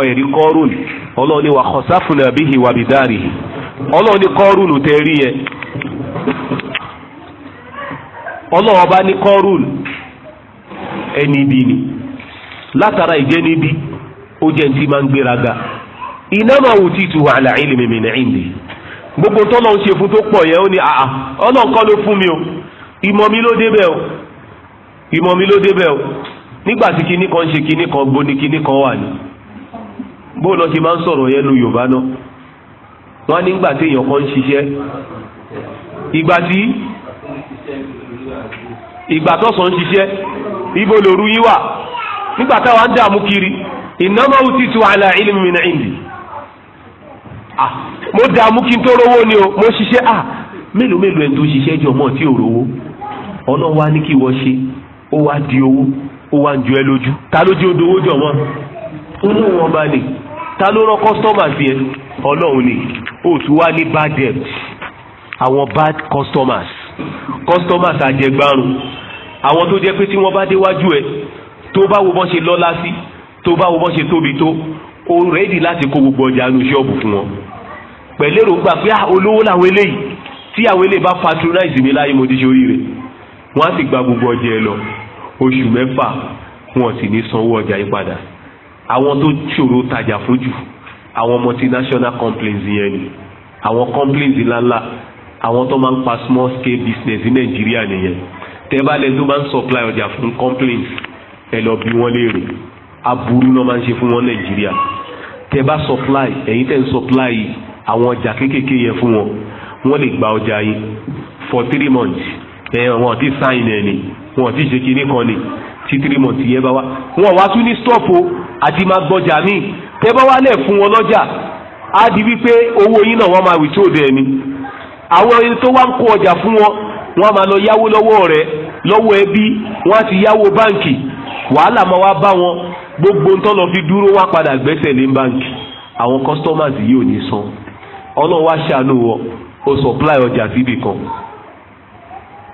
ọ̀yẹ̀rí kọ́rùn ọlọ́ọ̀ni wà kọ́sáfùnà bíhi wà bìdárì ọlọ́ọ̀ni kọ́rùn tẹ rí yẹ ọlọ́wọ́ bá ní kọ́rùn ẹni bí ni látara ìjẹ́ níbí ó jẹ́ ní ti máa ń gbéraga iná máa wù títù àlà ìlìmì mìíràn ìndì gbogbo tọ́lọ́ ń ṣe fún tó pọ̀ yẹn ó ní àà ọlọ́ọ̀kọ́ ló fún mi o ìmọ̀ mi ló débẹ̀ o ìmọ̀ mi ló débẹ̀ o nígbà tí kinní kan ṣe kinní kan gbó ní kinní kan wà ní bó lọ ṣe máa ń sọ̀rọ̀ yẹn lu yorùbá náà wọ́n á nígbà tí èèyàn kan ń ṣiṣẹ́ ìgbà tí ìgbà tọ́sán ń ṣiṣẹ́ ibo lòru yín wà nígbà táwa ń dààmú kiri ìnáwó ti tu àlà ìlú mi náà ìlú mo dààmú kí n tó rówó ni o mo ṣiṣẹ́ à mélòó mélòó ẹni tó ṣiṣẹ́ jọ mọ́ tí ò rówó ọlọ́wà ní kí wọ́n ṣe ó wá di owó ó wá ń ju ẹ lójú ta ló jẹ́ odòwó jọ̀ wọ́n olóhùn ọba lè ta ló rán kọ́sítọ́mà sí ẹ ọlọ́run ni ó tún wá ní bad debt àwọn bad customers customers àjẹgbárun àwọn tó jẹ́ pé tí wọ́n bá déwájú ẹ tó bá wo bọ́n ṣe lọ́lá sí tó bá wo bọ́n ṣe tóbi tó ó rẹ́ẹ̀dì láti kó gbogbo ọjà nu ṣọ́ọ̀bù fún wọn pẹ̀lú èròǹgbà pé ah, olówó làwọn eléyìí tí àwọn eléyìí bá patronize mi láyé mo ti ṣe oríire wọ́n á sì gba gbogbo ọjà ẹ lọ oṣù mẹ́fà wọn sì ní sanwó ọjà yìí padà àwọn tó ṣòro tajà fún àwọn multinational companies yẹn ni àwọn companies ńláńlá àwọn tó máa ń pa small scale business ní nàìjíríà nìyẹn tẹ́bálẹ̀ tó máa ń supply ọjà fún companies ẹ lọ bí wọ́n léèrè aburú náà máa ń ṣe fún wọn nàìjíríà tẹ́bá supply ẹ̀yin tẹ́ ń supply àwọn ọjà kéékèèké yẹn fún wọn wọ́n lè gba ọjà yín for three months ẹ̀ wọ́n ti sign ẹ̀ ni wọn ti ṣe kinní kan ni tí three months yẹ bá wá wọn wá tún ní stop o àti máa gbọjà míì tẹ bá fún wọn á di wípé owó yín náà wọ́n máa wì tí ò dẹ̀ ni àwọn ẹni tó wá ń kó ọjà fún wọn wọ́n máa lọ yáwó lọ́wọ́ lọ́wọ́ ẹbí wọ́n á ti yáwó báǹkì wàhálà máa wá bá wọn gbogbo ń tọ́ wá padà gbẹ́sẹ̀ lé báǹkì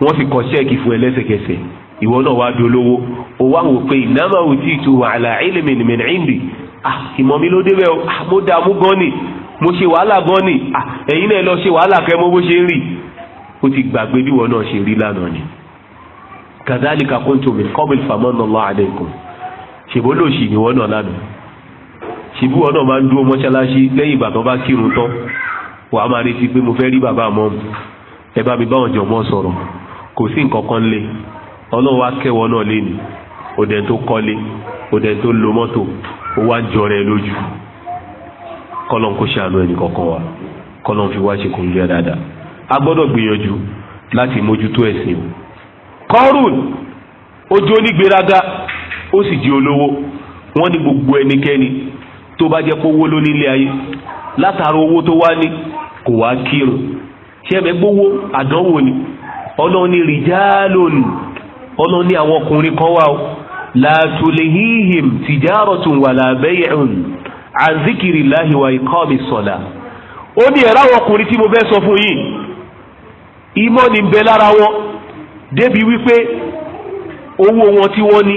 wọ́n sì kọ ṣẹ́ẹ̀kì fún ẹ lẹ́sẹ̀kẹsẹ̀ ìwọ náà wá di olówó o wá wò pé ìnáwó òtí ìtò àlà ìlìmìnì mìíràn ah ìmọ̀ mi ló débẹ̀ o ah mo dààmú gan ni mo ṣe wàhálà gan ni ah ẹ̀yin náà lọ ṣe wàhálà kẹ́ mo bó ṣe ń rì ó ti gbàgbé bí ìwọ náà ṣe rí lánàá ni kàdálíkà kóńtò mi kọ́bìlì fàmọ́nà lọ́ àdẹ́kùn ṣèbó lòṣì ìwọ náà lánàá ṣèbí ìwọ náà máa ń dúró mọ́ṣáláṣí lẹ́yìn ìgbà bá kírun tán wàá máa retí pé mo fẹ́ rí bàbá àmọ́ ẹ bá mi báwọn jọ̀mọ́ sọ̀rọ̀ kò sí nǹkan kan lé ọlọ́run wá kẹwọ́ náà lé ní òdẹ tó kọ́lé òdẹ tó lo mọ́tò ó wá jọrẹ lójú kọ́lọ́n kó ṣàánú ẹnì kọ̀ọ̀kan wa kọ́lọ́n fi wá ṣe kò ń jẹ́ dáadáa a gbọ́dọ̀ gbìyànjú láti mójútó ẹ̀sìn o kọ́rùn ojú onígbéraga ó sì di olówó wọ́n ní gbogbo ẹnikẹ́ni tó bá jẹ́ kówó ló ayé látara owó tó wá ní kò wá kírun ṣẹ́mi gbówó àdánwò ni ọlọ́run ní rìjálòn ọlọ́run ní àwọn ọkùnrin kan wà látòlehihim tìjárọ̀tún wà lábẹ́yẹ̀hùn àzíkìrì láhìwà ikọ́ mi sọ̀la ó ní ẹ̀rọ àwọn ọkùnrin tí mo fẹ́ sọ fún yìí ìmọ̀ ní bẹ lára wọn débi wípé owó wọn tí wọ́n ní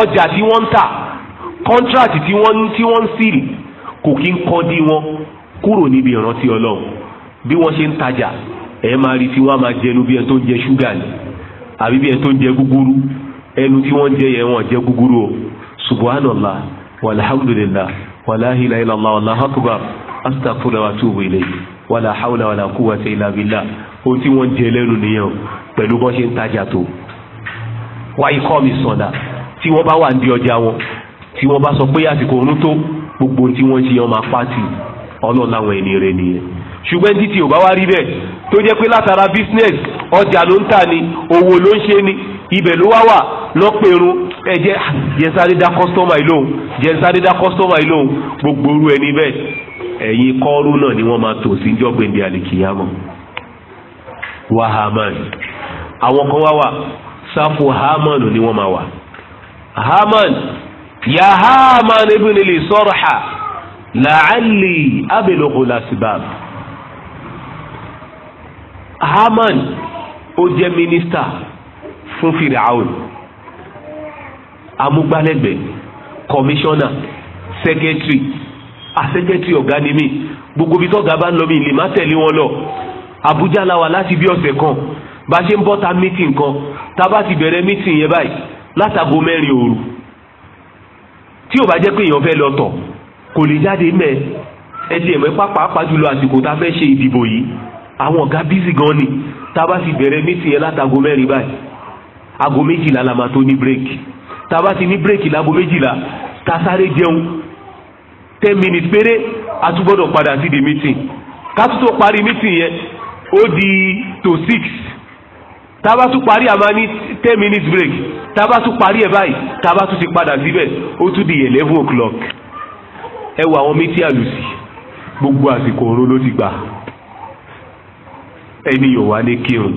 ọjà tí wọ́n ń tà kọ́ńtíráàtì tí wọ́n tí wọ́n ń sílì kò kí ń kọ́ dí wọn kúrò níbi ìrántí ọlọ́run bí wọ́n ṣe ń tajà ẹ máa rí tí wọ́n máa jẹ ẹnu bí ẹ tó ń jẹ ṣúgà ni àbí bí ẹ tó ń jẹ gúgúrú ẹnu tí wọ́n jẹ yẹn wọ́n jẹ gúgúrú o subhanallah walhamdulillah wàláhi la ilaha wallahu akbar astaghfirullah wa atubu ilayhi wàlá hawla wàlá quwwata illa billah ohun tí wọ́n jẹ lẹ́nu nìyẹn o pẹ̀lú bọ́n ṣe ń tajà tó wá ikọ́ mi sọ̀dà ṣùgbọ́n títí ò bá wá rí bẹ́ẹ̀ tó jẹ́ pé látara business ọjà ló ń tà ní owó ló ń ṣe ní ibẹ̀ ló wá wà lọ́pẹ̀rún ẹ jẹ́ ah, jẹ́nsáré dá kọ́sítọ́mà yìí lóhùn jẹ́nsáré dá kọ́sítọ́mà yìí lóhùn gbogbo orú ẹni bẹ́ẹ̀ ẹ̀yin kọ́ọ́rù náà ni wọ́n máa tò sí jọ́gbẹ̀ndì àlìkìyàmọ̀ wà haman àwọn kan wá wà sáfù haman ni wọ́n máa wà haman yà haman ibùnilì sọ̀rọ̀ ha làálì abẹ́lẹ́kùn làṣìbàbù Haman ó jẹ́ mínísítà fún firaun amúgbálẹ́gbẹ̀ẹ́ kọmíṣánná sẹ́kẹ́tìrì àsẹ́kẹ́tìrì ọ̀gá ni mí gbogbo ibi tọ́gá bá ń lọ mí lè má tẹ̀lé wọn lọ Abuja la wà láti bí ọ̀sẹ̀ kan bá ṣe ń bọ́ ta mítìn kan tá a bá ti bẹ̀rẹ̀ mítìn yẹn báyìí látago mẹ́rin òru tí ò bá jẹ́ pé èèyàn fẹ́ lọ tọ̀ kò lè jáde mẹ́ ẹ tiẹ̀ mẹ́ pápá pàjùlọ àsìkò tá a fẹ́ ṣe ìdìbò yìí àwọn ọ̀gá bísí gan ni tá a bá ti bẹ̀rẹ̀ mítìn yẹn látago mẹ́rin báyìí ago méjìlá la máa tó ní bírèkì tá a bá ti ní bírèkì lágo méjìlá tá a sáré jẹun ten minutes péré a tún gbọ́dọ̀ padà sí di mítìn ká tún tó parí mítìn yẹn ó di to six tá a bá tún parí àmà ní ten minutes break tá a bá tún parí ẹ̀ báyìí tá a bá tún ti padà síbẹ̀ ó tún di eleven o'clock ẹ wo àwọn mítí àlùsí gbogbo àsìkò òru ló ti gbà ẹni yóò wá ní kírun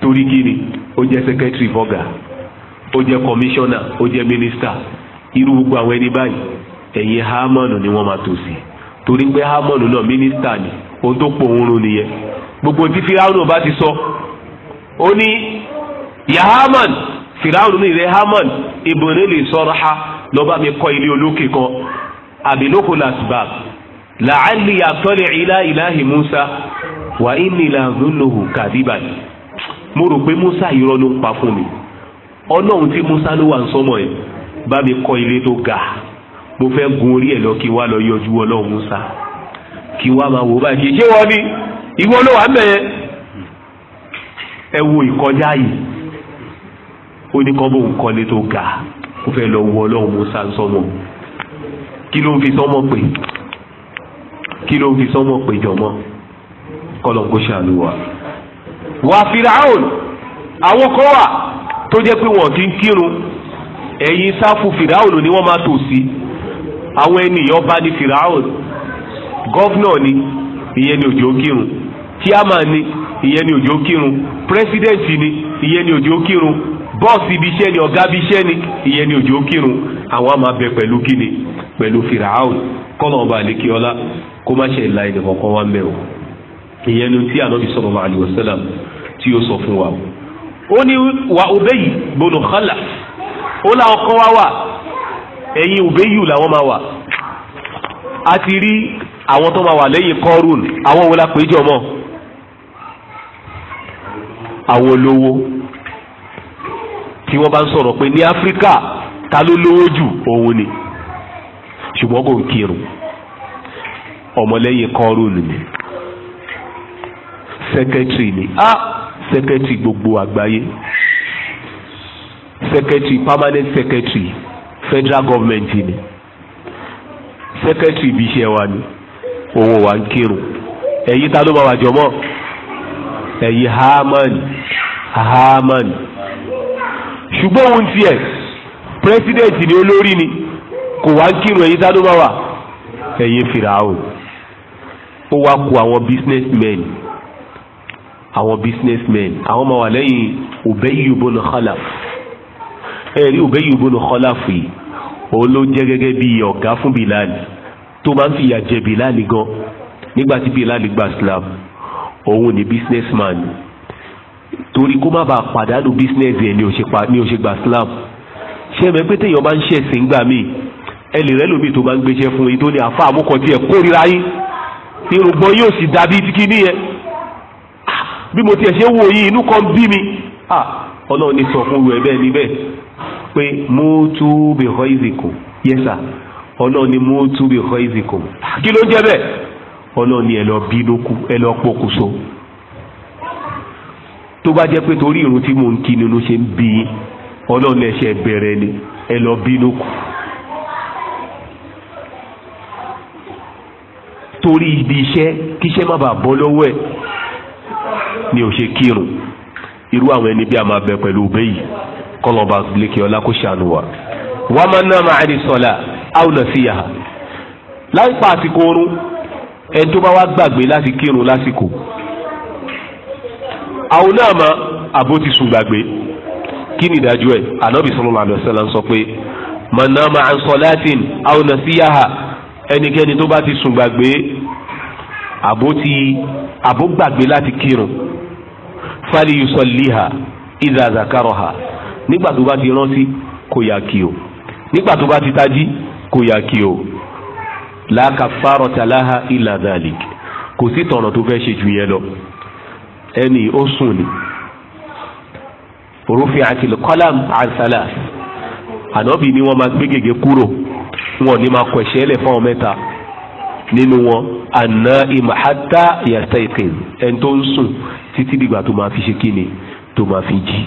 torí kíni ó jẹ́ sẹ́kẹ́tìrì fọ́gà ó jẹ́ kọmíṣánná ó jẹ́ mínísítà irú gbogbo àwọn ẹni báyìí ẹ̀yìn hámọ́nù ni wọ́n máa tò sí torí pé hámọ́nù náà mínísítà ni ohun tó pọ̀ òun rún nìyẹn gbogbo tí firaunu bá ti sọ ó ní ya haman firaunu ní ilẹ̀ haman ibùdó lè sọ̀rọ̀ ha lọ́ba mi kọ́ ilé olókè kan àbí lóko làtìbáàbù làálì àtọ́lẹ̀ ilá ìláhì musa wà ní ìlànàlóhùn kàdíbà mo rò pé musa irọ́ ló ń pa fún mi ọlọ́run tí musa ló wà ń sọmọ ẹ̀ bá mi kọ́ ilé tó ga mo fẹ́ gun orí ẹ̀ lọ kí wá lọ yọjú ọlọ́run musa kí wá máa wò báyìí kì wọ́n ni ìwọ ló wà ń ẹ wo ìkọjá yìí ó ní kọ́ bóun kọ́lé tó ga ó fẹ́ lọ wọ ọlọ́run musa sọmọ kí ló ń fi sọmọ pé kí ló ń fi sọ́mọ̀ péjọ mọ́ kọ́lọ̀ kó wa. wà á firaun àwọn kan wà tó jẹ́ pé wọ́n ti ń kírun ẹ̀yìn sáfù firaun ni wọ́n máa tò sí àwọn ènìyàn bá ní firaun gọ́fúnà ni ìyẹn ni òjò kírun chairman ni ìyẹn ni òjò kírun president ni ìyẹn ni òjò kírun bọ́ọ̀sì ibi iṣẹ́ ni ọ̀gá ibi iṣẹ́ ni ìyẹn ni òjò kírun àwọn máa bẹ pẹ̀lú kíni pẹ̀lú firaun kọ́nà ọba àlékí ọlá kó má ṣe ìlà èdè kọ̀ọ̀kan wá mẹ́wọ̀ ìyẹn ni tí ànábì sallallahu alaihi wasallam tí ó sọ fún wa ó ní wa Ubay ibn Khalaf ó láwọn kan wa wà ẹ̀yìn Ubayyu làwọn máa wà a ti rí àwọn tó máa wà lẹ́yìn kọ́rùn àwọn wo la pè jọ mọ́ àwọn olówó tí wọ́n bá ń sọ̀rọ̀ pé ní Áfíríkà ta ló lówó jù òun ni ṣùgbọ́n kò kírun ọmọlẹ́yìn kọ́rùn ni sẹ́kẹ́tìrì ni ah sẹ́kẹ́tìrì gbogbo àgbáyé sẹ́kẹ́tìrì permanent sẹ́kẹ́tìrì federal government ni sẹ́kẹ́tìrì ibi iṣẹ́ wa ni òun wà ń kírun ẹ̀yin ta ló máa wà jọmọ́ ẹ̀yin haman haman ṣùgbọ́n òun tiẹ̀ pírẹsidẹ̀ntì ni olórí ni kò wá ń kírun ẹ̀yin sádó bá wà ẹ̀yin fìrà o ó wá kó àwọn businessmen àwọn businessmen àwọn ọmọ wà lẹ́yìn Ubayyu ibn Khalaf ẹ̀rí Ubayyu ibn Khalaf yìí òun ló jẹ́ gẹ́gẹ́ bí ọ̀gá fún Bilal tó máa ń fìyà jẹ Bilal gan nígbà tí Bilal gba Islam òun ni businessman torí kó má bàa pàdánù business ẹ̀ ni ò ṣe gba Islam ṣe mẹ́ pé téèyàn bá ń ṣe ẹ̀sìn gbà mí ẹ lè rẹ́ lómi tó bá ń gbéṣẹ́ fún yín tó ní àfa àmúkọ̀tì ẹ̀ kórira yín irùngbọ̀n yóò sì dàbí tìkí nìyẹn ah, bí mo tiẹ̀ ṣe wò yín inú kan bí mi ah, ọlọ́run ní sọ fún rẹ̀ bẹ́ẹ̀ níbẹ̀ pé mo tú bí họ ìzìkò yẹ́sà ọlọ́run ní mo tú bí họ ìzìkò kí ló ń jẹ́ bẹ́ẹ̀ ọlọ́run ní ẹ lọ bínú kú ẹ lọ pokùnso tó bá jẹ́ pé torí irun tí mo ń kí ni ló ṣe ń bí yín ọlọ́run ẹ̀ṣẹ̀ bẹ̀rẹ̀ ni ẹ lọ bínú kù. torí ibi iṣẹ́ kíṣẹ́ má bàa bọ́ lọ́wọ́ ẹ̀ ni ò ṣe kírun irú àwọn ẹni bí a máa bẹ pẹ̀lú òbẹ́ yìí kọlọ́ba lékè ọlá kó ṣàánú wa. wọ́n máa ná máa ní sọ́lá àwọn náà sí yàrá láìpa àsìkò oorun ẹ tó bá wá gbàgbé láti kírun lásìkò àwọn náà máa àbó ti sùn gbàgbé kí ni ìdájọ́ ẹ̀ ànábì sallallahu alaihi wasallam sọ pé manama an salatin aw nasiyaha ẹnikẹ́ni tó bá ti sùn gbàgbé àbó ti àbó gbàgbé láti kírun fali yusalliha idha zakaraha nígbà tó bá ti rántí kó yá kí o nígbà tó bá ti tají kó yá kí o la kafarata laha illa kò sí tọ̀nà tó fẹ́ ṣe jù yẹn lọ ẹni ó sùn ni rufi atil kọlam ansala ànábì ni wọ́n máa gbé gègé kúrò wọn ni máa kọ ẹsẹ̀ lẹ fáwọn mẹ́ta nínú wọn àná ìmàhátà yastayqiz ẹni tó ń sùn títí dìgbà tó máa fi ṣe kíni tó máa fi jí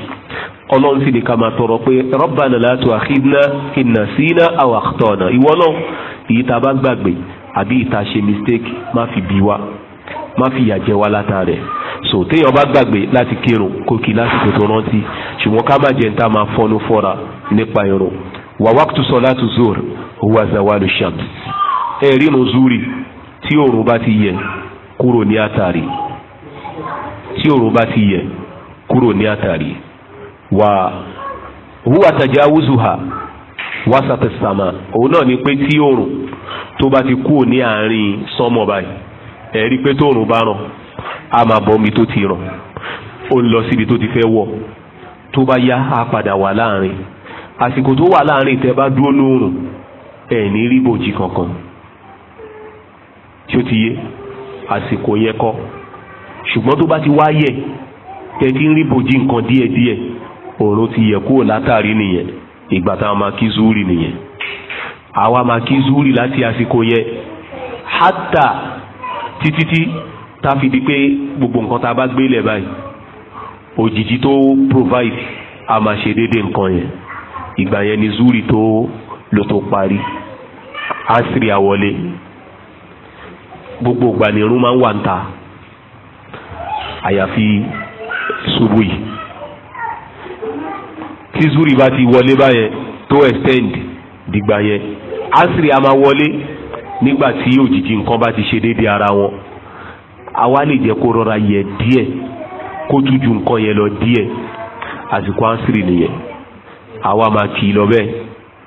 ọlọ́run sì ni ká máa tọrọ pé rabbana la tu'akhidna in nasina aw akhtana ìwọ náà ìyí tá a bá gbàgbé àbí ìta ṣe mistake má fi bí wa má fìyà jẹ wá látà rẹ̀ so téèyàn bá gbàgbé láti kírun kó kí lásìkò tó rántí ṣùgbọ́n ká má jẹ́ níta máa fọ́nú fọ́ra nípa irun wà wákùtù sọ̀látù zuhr huwa zawalu shams ẹ rínu zuri tí òòrùn bá ti yẹ kúrò ní àtàrí tí òòrùn bá ti yẹ kúrò ní àtàrí wà huwa tajawuzuha wasat as-sama òun náà ni pé tí òòrùn tó bá ti kúrò ní àárín sánmọ̀ báyìí ẹ̀rí pé tóòrùn bá ràn á máa bọ́ omi tó ti ràn ó ń lọ síbi tó ti fẹ́ wọ̀ tó bá yá á padà wà láàrin àsìkò tó wà láàrin tẹ́ bá dúró lóòrùn ẹ̀ ní rí bòjì kankan tí ó ti yé àsìkò yẹn kọ́ ṣùgbọ́n tó bá ti wá yẹ̀ tẹ́ ti ń rí bòjì nǹkan díẹ̀díẹ̀ òòrùn ti yẹ̀ kúrò látàrí nìyẹn ìgbà táwọn máa kí zúrì nìyẹn àwa máa kí zúrì láti àsìkò yẹn hátà Titi, tí tá a fi di pé gbogbo nǹkan tá a bá gbé lẹ̀ báyìí òjìji provide a máa ṣe déédéé nǹkan yẹn ìgbà yẹn ni zuri tó ló tó parí asiri àwọlé gbogbo ìgbà ni irun máa ń wà ń ta àyàfi ṣubú yìí tí zuri bá ti wọlé báyẹn tó extend dìgbà yẹn asiri a ma wọlé nígbà tí òjijì nǹkan bá ti ṣe déédéé ara wọn àwa lè jẹ́ kó rọra yẹ díẹ̀ kó tún ju nǹkan yẹn lọ díẹ̀ àsìkò àǹsírì nìyẹn àwa máa kì í lọ bẹ́ẹ̀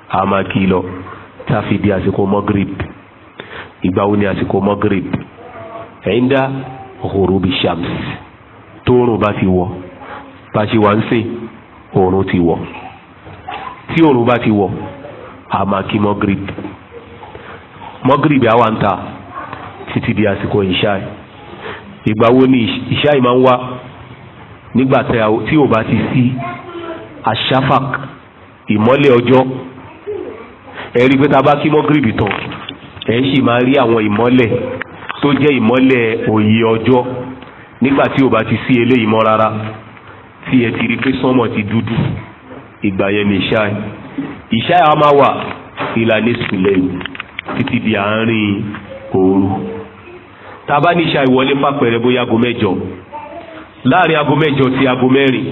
a máa kì í lọ tá a fi di àsìkò mọ́gírib ìgbà wo ni àsìkò mọ́gírib ẹ̀yìn dá òhòrò bíi shams tóòrùn bá ti wọ̀ bá ṣe wá ń sè òòrùn ti wọ̀ tí òòrùn bá ti wọ̀ a máa kí mọ́gírib mọ́gìrìbì àwa ń ta títí di àsìkò ìṣáì ìgbà wo ni ìṣáì máa ń wá nígbà tí ò bá ti sí àṣàfàk ìmọ́lẹ̀ ọjọ́ ẹ pé tá a bá kí mọ́gìrìbì tán ẹ sì máa rí àwọn ìmọ́lẹ̀ tó jẹ́ ìmọ́lẹ̀ òye ọjọ́ nígbà tí ò bá ti sí eléyìí mọ́ rárá tí ẹ ti rí pé sánmọ̀ ti dúdú ìgbà yẹn ní ìṣáì ìṣáì á máa wà ìlànà ìsúlẹ̀ yìí títí di àárín òru tàbá ní ṣá ìwọlé fàpẹrẹ bóyá aago mẹ́jọ láàrin aago mẹ́jọ sí aago mẹ́rin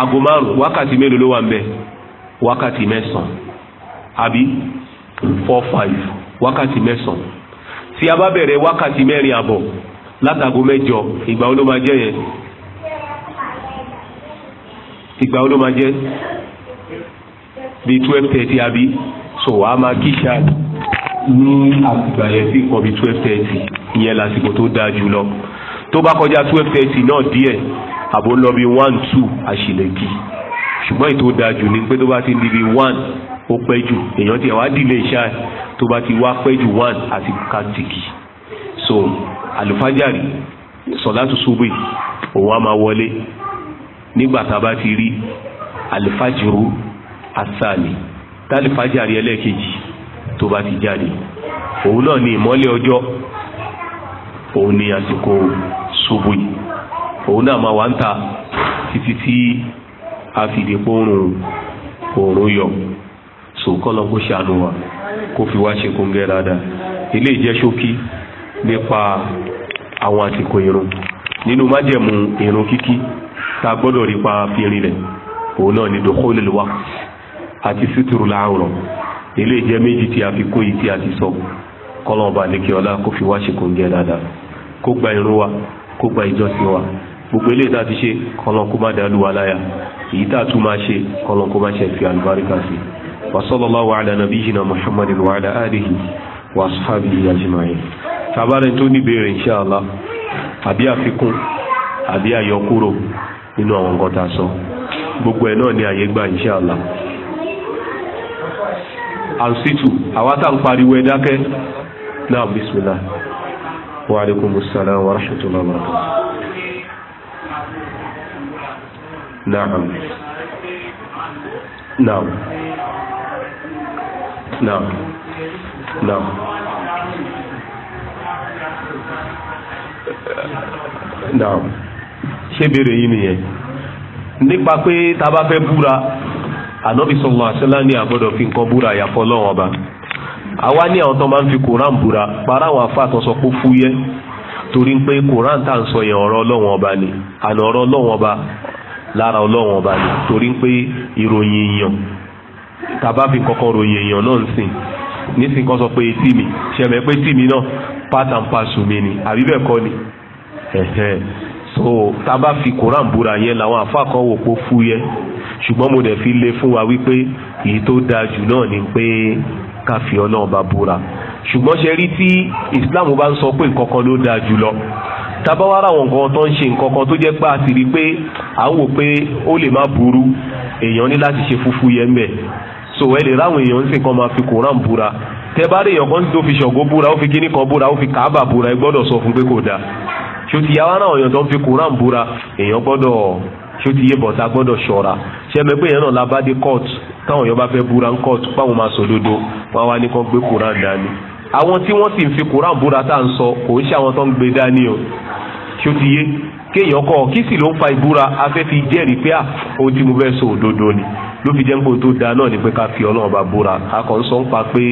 aago márùn wákàtí mélòó ló wà ń bẹ wákàtí mẹ́sàn àbí four five wákàtí mẹ́sàn tí a bá bẹ̀rẹ̀ wákàtí mẹ́rin àbọ̀ látàgo mẹ́jọ ìgbà wo ló máa jẹ́ yẹn ìgbà wo jẹ́ bíi twelve thirty àbí so wàá máa kí ní àtìgbà yẹn sí nǹkan bíi twelve thirty ìyẹn lásìkò tó dáa jù lọ tó bá kọjá twelve thirty náà díẹ̀ àbò ń lọ bíi one two àṣìlẹ̀kì ṣùgbọ́n ètò dáa jù ni pé tó bá ti di bíi one ó pẹ́ jù èèyàn ti ẹ̀ wá dìlé iṣẹ́ ẹ̀ tó bá ti wá pẹ́ jù one àti kàǹtìkì so àlùfájàrì sọ̀látù súbì òun á máa wọlé nígbà tá a bá ti rí àlùfájìrú àsàlì tálùfájàrì ẹlẹ́ẹ̀kejì tó bá ti jáde òun náà ni ìmọ́lẹ̀ ọjọ́ òun ni àsìkò ṣubú yìí òun náà máa wá ń ta títí tí a fi dìpọ̀ oòrùn oòrùn yọ sòkòlò kó ṣàánú wa kó fi wá ṣe kóńgẹ́ dáadáa ilé ìjẹ́ ṣókí nípa àwọn àsìkò irun nínú májẹ̀mú irun kíkí tá a gbọ́dọ̀ rí pa fi rinlẹ̀ òun náà ni dòkó lè wá àti sítúrù láàrùn ilé jẹ́ méjì tí a fi kún yìí tí a ti sọ kọ́lọ́ọ̀bà lékè ọlá kó fi wá ṣekùn jẹ́ dáadáa kó gba irun wa kó gba ìjọsìn wa gbogbo ilé ìta ti ṣe kọ́lọ́n wa sallallahu ala nabiyyina muhammadin wa ala alihi wa ashabihi ajma'in tabarin tó ní béèrè insha Allah àbí àfikún àbí àyọkúrò nínú àwọn nǹkan sọ gbogbo ẹ̀ náà ni àyè gbà insha àǹsìtù àwátà ń pariwo ẹ dákẹ́ náà bísmìlá wa alaikum salam wa rahmatullahi wa barakatuh naam naam naam naam naam ṣé béèrè yìí nìyẹn nípa pé tá a bá fẹ́ búra ànábì sallallahu alaihi wasallam ní àgbọ́dọ̀ fi nǹkan búra àyàfọ́ lọ́wọ́n ọba àwa ní àwọn tó máa ń fi koran búra para àwọn afá àtọ́sọ kó fúyẹ́ torí pé koran tá à ń sọ yẹn ọ̀rọ̀ ọlọ́wọ́n ọba ni àná ọ̀rọ̀ ọlọ́wọ́n ọba lára ọlọ́wọ́n ọba ni torí pé ìròyìn èèyàn tàbá fi kọ́kọ́ ròyìn èèyàn náà ń sìn nísìn kan sọ pé etí mi ṣẹ̀mẹ̀ pé tí mi náà part and parcel mi ni àbí bẹ́ẹ̀ kọ́ ni so tá a bá fi koran búra yẹn làwọn àfa kan wò pé fúyẹ́ ṣùgbọ́n mo dẹ̀ fi lé fún wa wípé èyí tó dáa jù náà ni pé ká fi ọlọ́run bá búra ṣùgbọ́n ṣe rí tí islam bá ń sọ pé nǹkan kan ló dáa jù lọ tabawara àwọn nǹkan tó ń ṣe nǹkan kan tó jẹ́ pé a ti rí i pé à ń wò pé ó lè má burú èèyàn ní láti ṣe fúfú yẹn bẹ́ẹ̀ so ẹ lè ráwọn èèyàn ń sìn kan máa fi koran búra tẹ bá rí èèyàn kan tó fi ṣọ̀gbọ́ búra ó fi kíní kan búra ó fi kàábà búra ẹ gbọ́dọ̀ sọ fún pé kò dáa ṣòtìyàwó náà èèyàn tó ń fi koran búra èèyàn gbọ́dọ̀ ṣó ti yé bọ̀tá gbọ́dọ̀ ṣọ́ra ṣe mẹ́ pé yẹn náà la bá dé court táwọn yọba fẹ́ búra ń court páwọn máa sòdodo wọn wá ní kán gbé koran dání àwọn tí wọ́n sì ń fi koran búra tá à ń sọ kò ń ṣe àwọn tó ń gbé dání o ṣó ti yé kéèyàn kọ kí sì ló ń fa ìbúra afẹ́ fi jẹ́rìí pé à ohun tí mo fẹ́ sọ òdodo ni ló fi jẹ́ ń pò tó da náà ni pé ká fi ọlọ́run bá búra akọ̀ ń sọ ń pa pé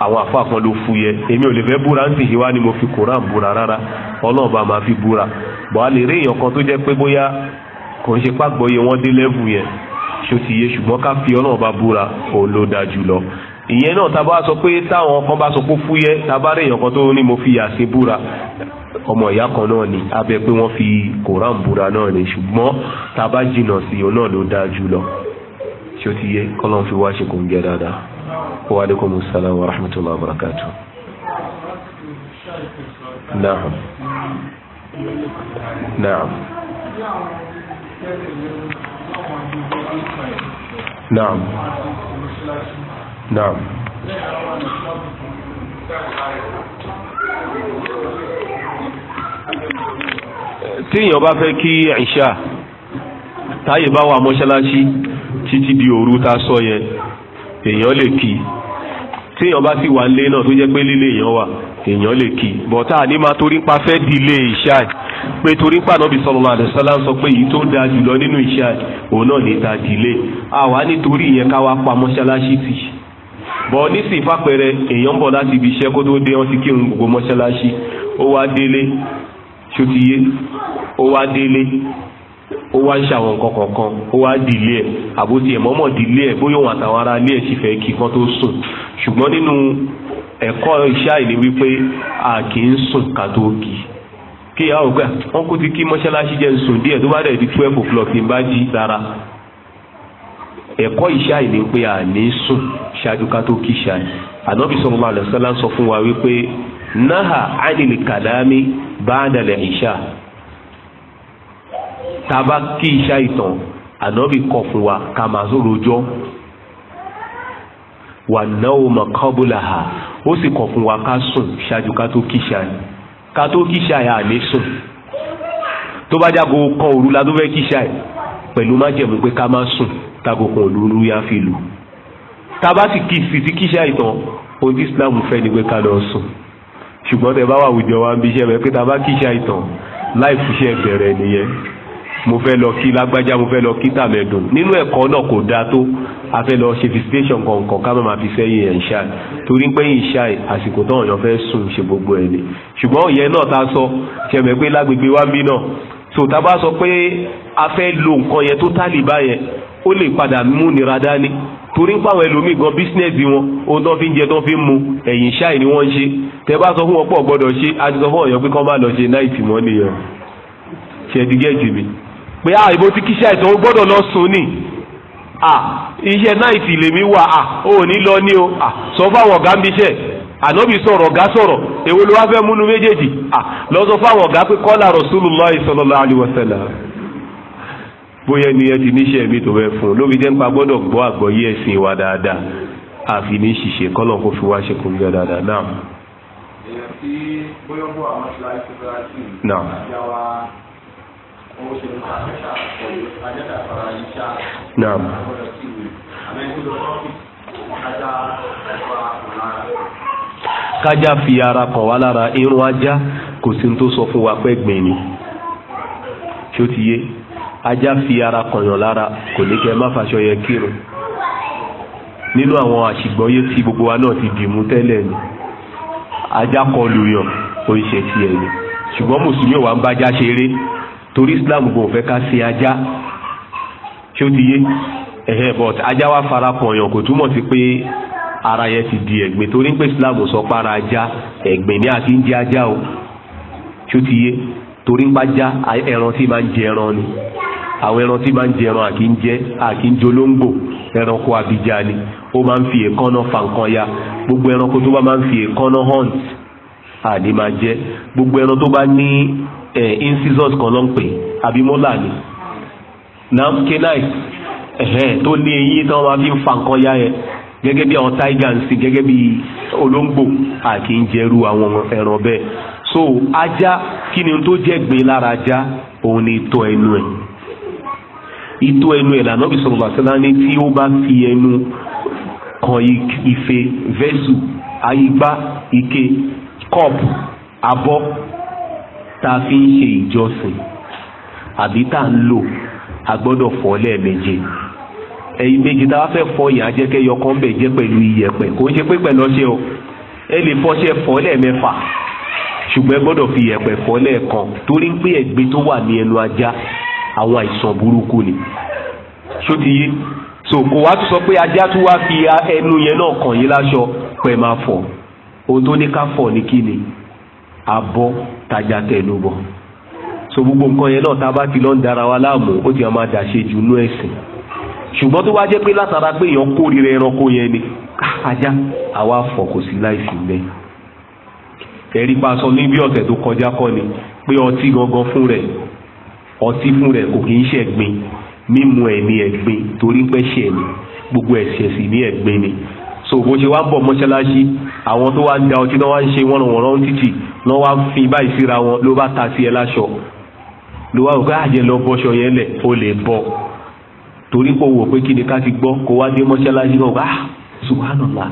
àwọn àfáà kan ló fúyẹ́ èmi ò lè fẹ́ búra ń tìṣe wá ni mo fi koran búra rárá ọlọ́run bá máa fi búra bọ́ a lè rí èèyàn kan tó jẹ́ pé bóyá kò ń ṣe pàgbọ́yé wọn dé lẹ́vù yẹn ṣó ti yé ṣùgbọ́n ká fi ọlọ́run bá búra òun ló dáa jùlọ ìyẹn náà tá a bá sọ pé táwọn kan bá sọ pé fúyẹ́ tá a bá rí èèyàn kan tó ní mo fi yàsí búra ọmọ ìyá kan náà ni abẹ pé wọ́n fi koran búra náà ni ṣùgbọ́n tá a bá jìnnà sí òun náà ló dáa jùlọ ṣó ti yé kọ́lọ́n fi wá ṣe kò ń gẹ dáadáa wa aleykum salaam wa rahmatulah wa barakatu. naam naam naam naam. téèyàn bá fẹ́ kí ìṣá táyè bá wà mọ́ṣáláṣí títí di òru tá sọ yẹn èèyàn lè kí téèyàn bá sì wà ń lé náà tó jẹ́ pé lílé èèyàn wà èèyàn lè kí bọ́tà ní máa torí pa fẹ́ di ilé ìṣá ẹ̀ pé torí pa Ànábì sallallahu alaihi wasallam sọ pé èyí tó dáa jùlọ nínú ìṣá ẹ̀ òun náà ní ta dìlé àwa nítorí ìyẹn ká wá pa mọ́ṣáláṣí tì bọ́ nísìnyí fàpẹẹrẹ èèyàn bọ̀ láti ibi iṣẹ́ kó tó dé wọn ti kírun gbogbo mọ́ṣáláṣí ó wá délé ṣòtìyé ó wá délé ó wá ń ṣàwọn nǹkan kọ̀ọ̀kan ó wá dìlé ẹ̀ àbótiẹ̀ mọ́mọ́ dìlé ẹ̀ bóyá òun àtàwọn ará ilé ẹ̀ sì fẹ́ kí kan tó sùn ṣùgbọ́n nínú ẹ̀kọ́ iṣẹ́ ìní wípé a kì í sùn ká tó kì í kí ìyá òkè wọn kó ti kí mọ́ṣáláṣí jẹ́ sùn díẹ̀ tó bá dẹ̀ di twelve o'clock ní bá jí dára ẹ̀kọ́ iṣẹ́ ìní pé a ní sùn ṣáájú ká tó kì í ṣáà ànábì sallallahu alaihi wasallam sọ fún wa wípé náà ánìlì kàlámì bá dàlẹ̀ ìṣá tá a bá kí iṣẹ́ ìtàn ànábì kọ̀ fún wa ká máa sọ̀rọ̀ ọjọ́ wà náà mọ̀ kọ́bùlà ha ó sì kọ̀ fún wa ká sùn ṣáájú ká tó kíṣà ni ká tó kíṣà yà á lè sùn tó bá jágo kan òru la tó fẹ́ kíṣà yìí pẹ̀lú májẹ̀mú pé ká má sùn tágo kan òru yá fi lù tá a bá sì kí sí kíṣà yìí tán ohun tí Islam fẹ́ ni pé ká lọ sùn ṣùgbọ́n tẹ bá wà àwùjọ wa ń bí iṣẹ́ rẹ pé tá bá kíṣà yìí tán láì fúnṣẹ́ bẹ̀rẹ̀ nìyẹn mo fẹ́ lọ kí lágbájá mo fẹ́ lọ kí tàmẹ̀dùn nínú ẹ̀kọ́ náà kò dáa tó a fẹ́ lọ ṣe visitation kọ̀ọ̀kan ká má máa fi sẹ́yìn ẹ̀ ń ṣá torí pé ìṣá àsìkò tó ọ̀yàn fẹ́ sùn ṣe gbogbo ẹ̀ ni ṣùgbọ́n ìyẹn náà ta sọ ṣẹ̀mẹ̀ pé lágbègbè wa ń bí náà so ta bá sọ pé a fẹ́ lo nǹkan yẹn tó tálì báyẹn ó lè padà mú nira dání torí ń pàwọn ẹlòmíì gan bísínẹ́sì wọn ohun tó fi ń jẹ tó fi ń mu ẹ̀yìn ṣáì ni wọ́n ń ṣe tẹ bá sọ fún wọn pọ̀ gbọ́dọ̀ ṣe a ti sọ fún ọ̀yàn pé kán má lọ ṣe náìtì mọ́ nìyẹn tiẹ̀ ti gẹ́ a ibo pé ah ìbò ti kíṣẹ́ ìtàn ó gbọ́dọ̀ lọ sùn ni ah iṣẹ́ náìtì lèmi wà ah ó ní lọ ní o ah sọ fáwọn ọ̀gá ń bíṣẹ́ ànábì sọ̀rọ̀ ọ̀gá sọ̀rọ̀ èwo ló wá fẹ́ múnú méjèèjì ah lọ sọ fáwọn ọ̀gá pé kọ́lá Rasulullah sallallahu alaihi wasallam bóyá ẹnìyẹn ti níṣẹ́ mi tó fẹ́ fún un lóbi jẹ́ gbọ́dọ̀ gbọ́ wa dáadáa àfi fi wá ṣe kún dáadáa náà. tí bó Naam. Kájá fi ara kàn wá lára irun ajá kò sí tó sọ fún wa pé gbìn ni. Ṣé ó ti yé? Ajá fi ara kàn yàn lára kò ní kẹ́ má faṣọ yẹn kírun. Nínú àwọn àṣìgbọ́yé tí gbogbo wa náà ti dìmú tẹ́lẹ̀ ni. Ajá kọlù yàn ó ń ṣe tiẹ̀ ni. Ṣùgbọ́n Mùsùlùmí wa ń bájá ṣeré torí islam gbọ̀n fẹ́ ká ṣe ajá ṣé ó ti yé ẹ̀hẹ́ but ajá wa fara pọ̀nyàn kò túmọ̀ sí pé ara yẹn ti di ẹ̀gbìn torí pé islam sọ pé ajá ẹ̀gbìn ní àti ń jẹ ajá o ṣé ó ti yé torí ń pàjá ẹran tí máa ń jẹ ẹran ni àwọn ẹran tí máa ń jẹ ẹran àkí ń jẹ àkí ń jolóńgbò ẹranko àbíjà ni ó máa ń fi èékánná fa nǹkan ya gbogbo ẹranko tó bá máa ń fi èékánná hunt àní máa jẹ gbogbo ẹran tó bá ní ẹ̀ eh, incisors kan ló ń pè àbí mọ́là ni nam kenai ẹ̀hẹ́ tó ní eyín tí wọ́n máa fi ń fa nǹkan yá yẹn gẹ́gẹ́ bí àwọn tiger ń sìn gẹ́gẹ́ bí olóńgbò àti ń jẹrú àwọn ẹran bẹ́ẹ̀ so ajá kí ni tó jẹ́ gbin lára ajá òun ni ìtọ́ ẹnu ẹ̀ ìtọ́ ẹnu ẹ̀ lànà bisọ̀ bàtẹ́lá ní tí ó bá fi ẹnu kan ife vẹ́sù àyígbá ike cup abọ́ tá a fi ń ṣe ìjọsìn àbí tá a ń lò a gbọ́dọ̀ fọ̀ lẹ́ẹ̀méje ẹ̀yin méjì tá a fẹ́ fọ̀ yẹn á jẹ́ kẹ́ yọ kán bẹ̀ jẹ́ pẹ̀lú iyẹ̀pẹ̀ kò ń ṣe pé pẹ̀lú ọṣẹ o ẹ lè fọṣẹ fọ̀ lẹ́ẹ̀mẹ́fà ṣùgbọ́n ẹ gbọ́dọ̀ fi iyẹ̀pẹ̀ fọ̀ lẹ́ẹ̀kan torí ń pé ẹ̀gbin tó wà ní ẹnu ajá àwọn àìsàn burúkú ni ṣó ti yé so kò wá sọ pé ajá tún wá fi ẹnu yẹn náà kàn yín láṣọ pẹ̀ máa fọ̀ ohun tó ní ká fọ̀ ní kíni abọ́ tajà tẹ̀lú bọ̀ so gbogbo nǹkan yẹn náà tá a bá ti lọ ń dara wa láàmú ó ti máa dà ṣe jù nú ẹ̀sìn ṣùgbọ́n tó wá jẹ́ pé látara pé èèyàn kórìíra ẹranko yẹn ni ah, ajá àwa fọ̀ kò sí láìsí mẹ́ ẹ̀rí pa ní bí ọ̀sẹ̀ tó kọjá kọ́ ni pé ọtí gangan fún rẹ̀ ọtí fún rẹ̀ kò kì í ṣẹ̀gbin mímu ẹ̀ ní torí pẹ́ ni gbogbo ẹ̀ṣẹ̀ sì ní ẹ̀gbin ni so bó ṣe wá bọ̀ mọ́ṣáláṣí àwọn tó wá da ọtí náà wá ń ṣe wọ́n wọ̀n títì náà wá fi báyìí síra wọn ló bá ta sí ẹ láṣọ ló wá òkè àjẹ ah, lọ bọ́ṣọ yẹn lẹ̀ ó lè bọ̀ torí kò wò pé kí ni ká ti gbọ́ kó wá dé mọ́ṣáláṣí náà wá ah, subhanallah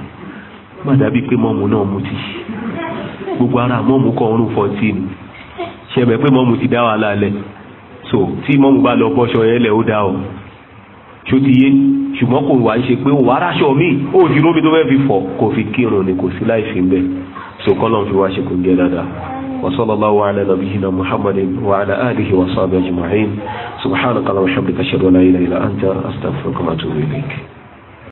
má dàbí pé mọ́mù náà mutí gbogbo ara mọ́mù kan ọ̀run fourteen ṣẹ̀bẹ̀ pé mọ́mù ti dá wàhálà lẹ̀ so tí mọ́mù bá lọ bọ́ṣọ yẹn lẹ̀ ó dá o tí ó ti yé ṣùgbọ́n kò wá ń ṣe pé òwò aráṣọ mi ó ti rómi tó fẹ́ fi fọ̀ kò fi kírun ni kò sí láì fi mbẹ́ so kọ́lọ́n fi wá ṣe kò ń jẹ́ dáadáa wa sallallahu ala nabiyyina muhammadin wa ala alihi wa sahbihi ajma'in subhanaka allahumma wa bihamdika ashhadu an la ilaha illa anta astaghfiruka wa atubu ilayk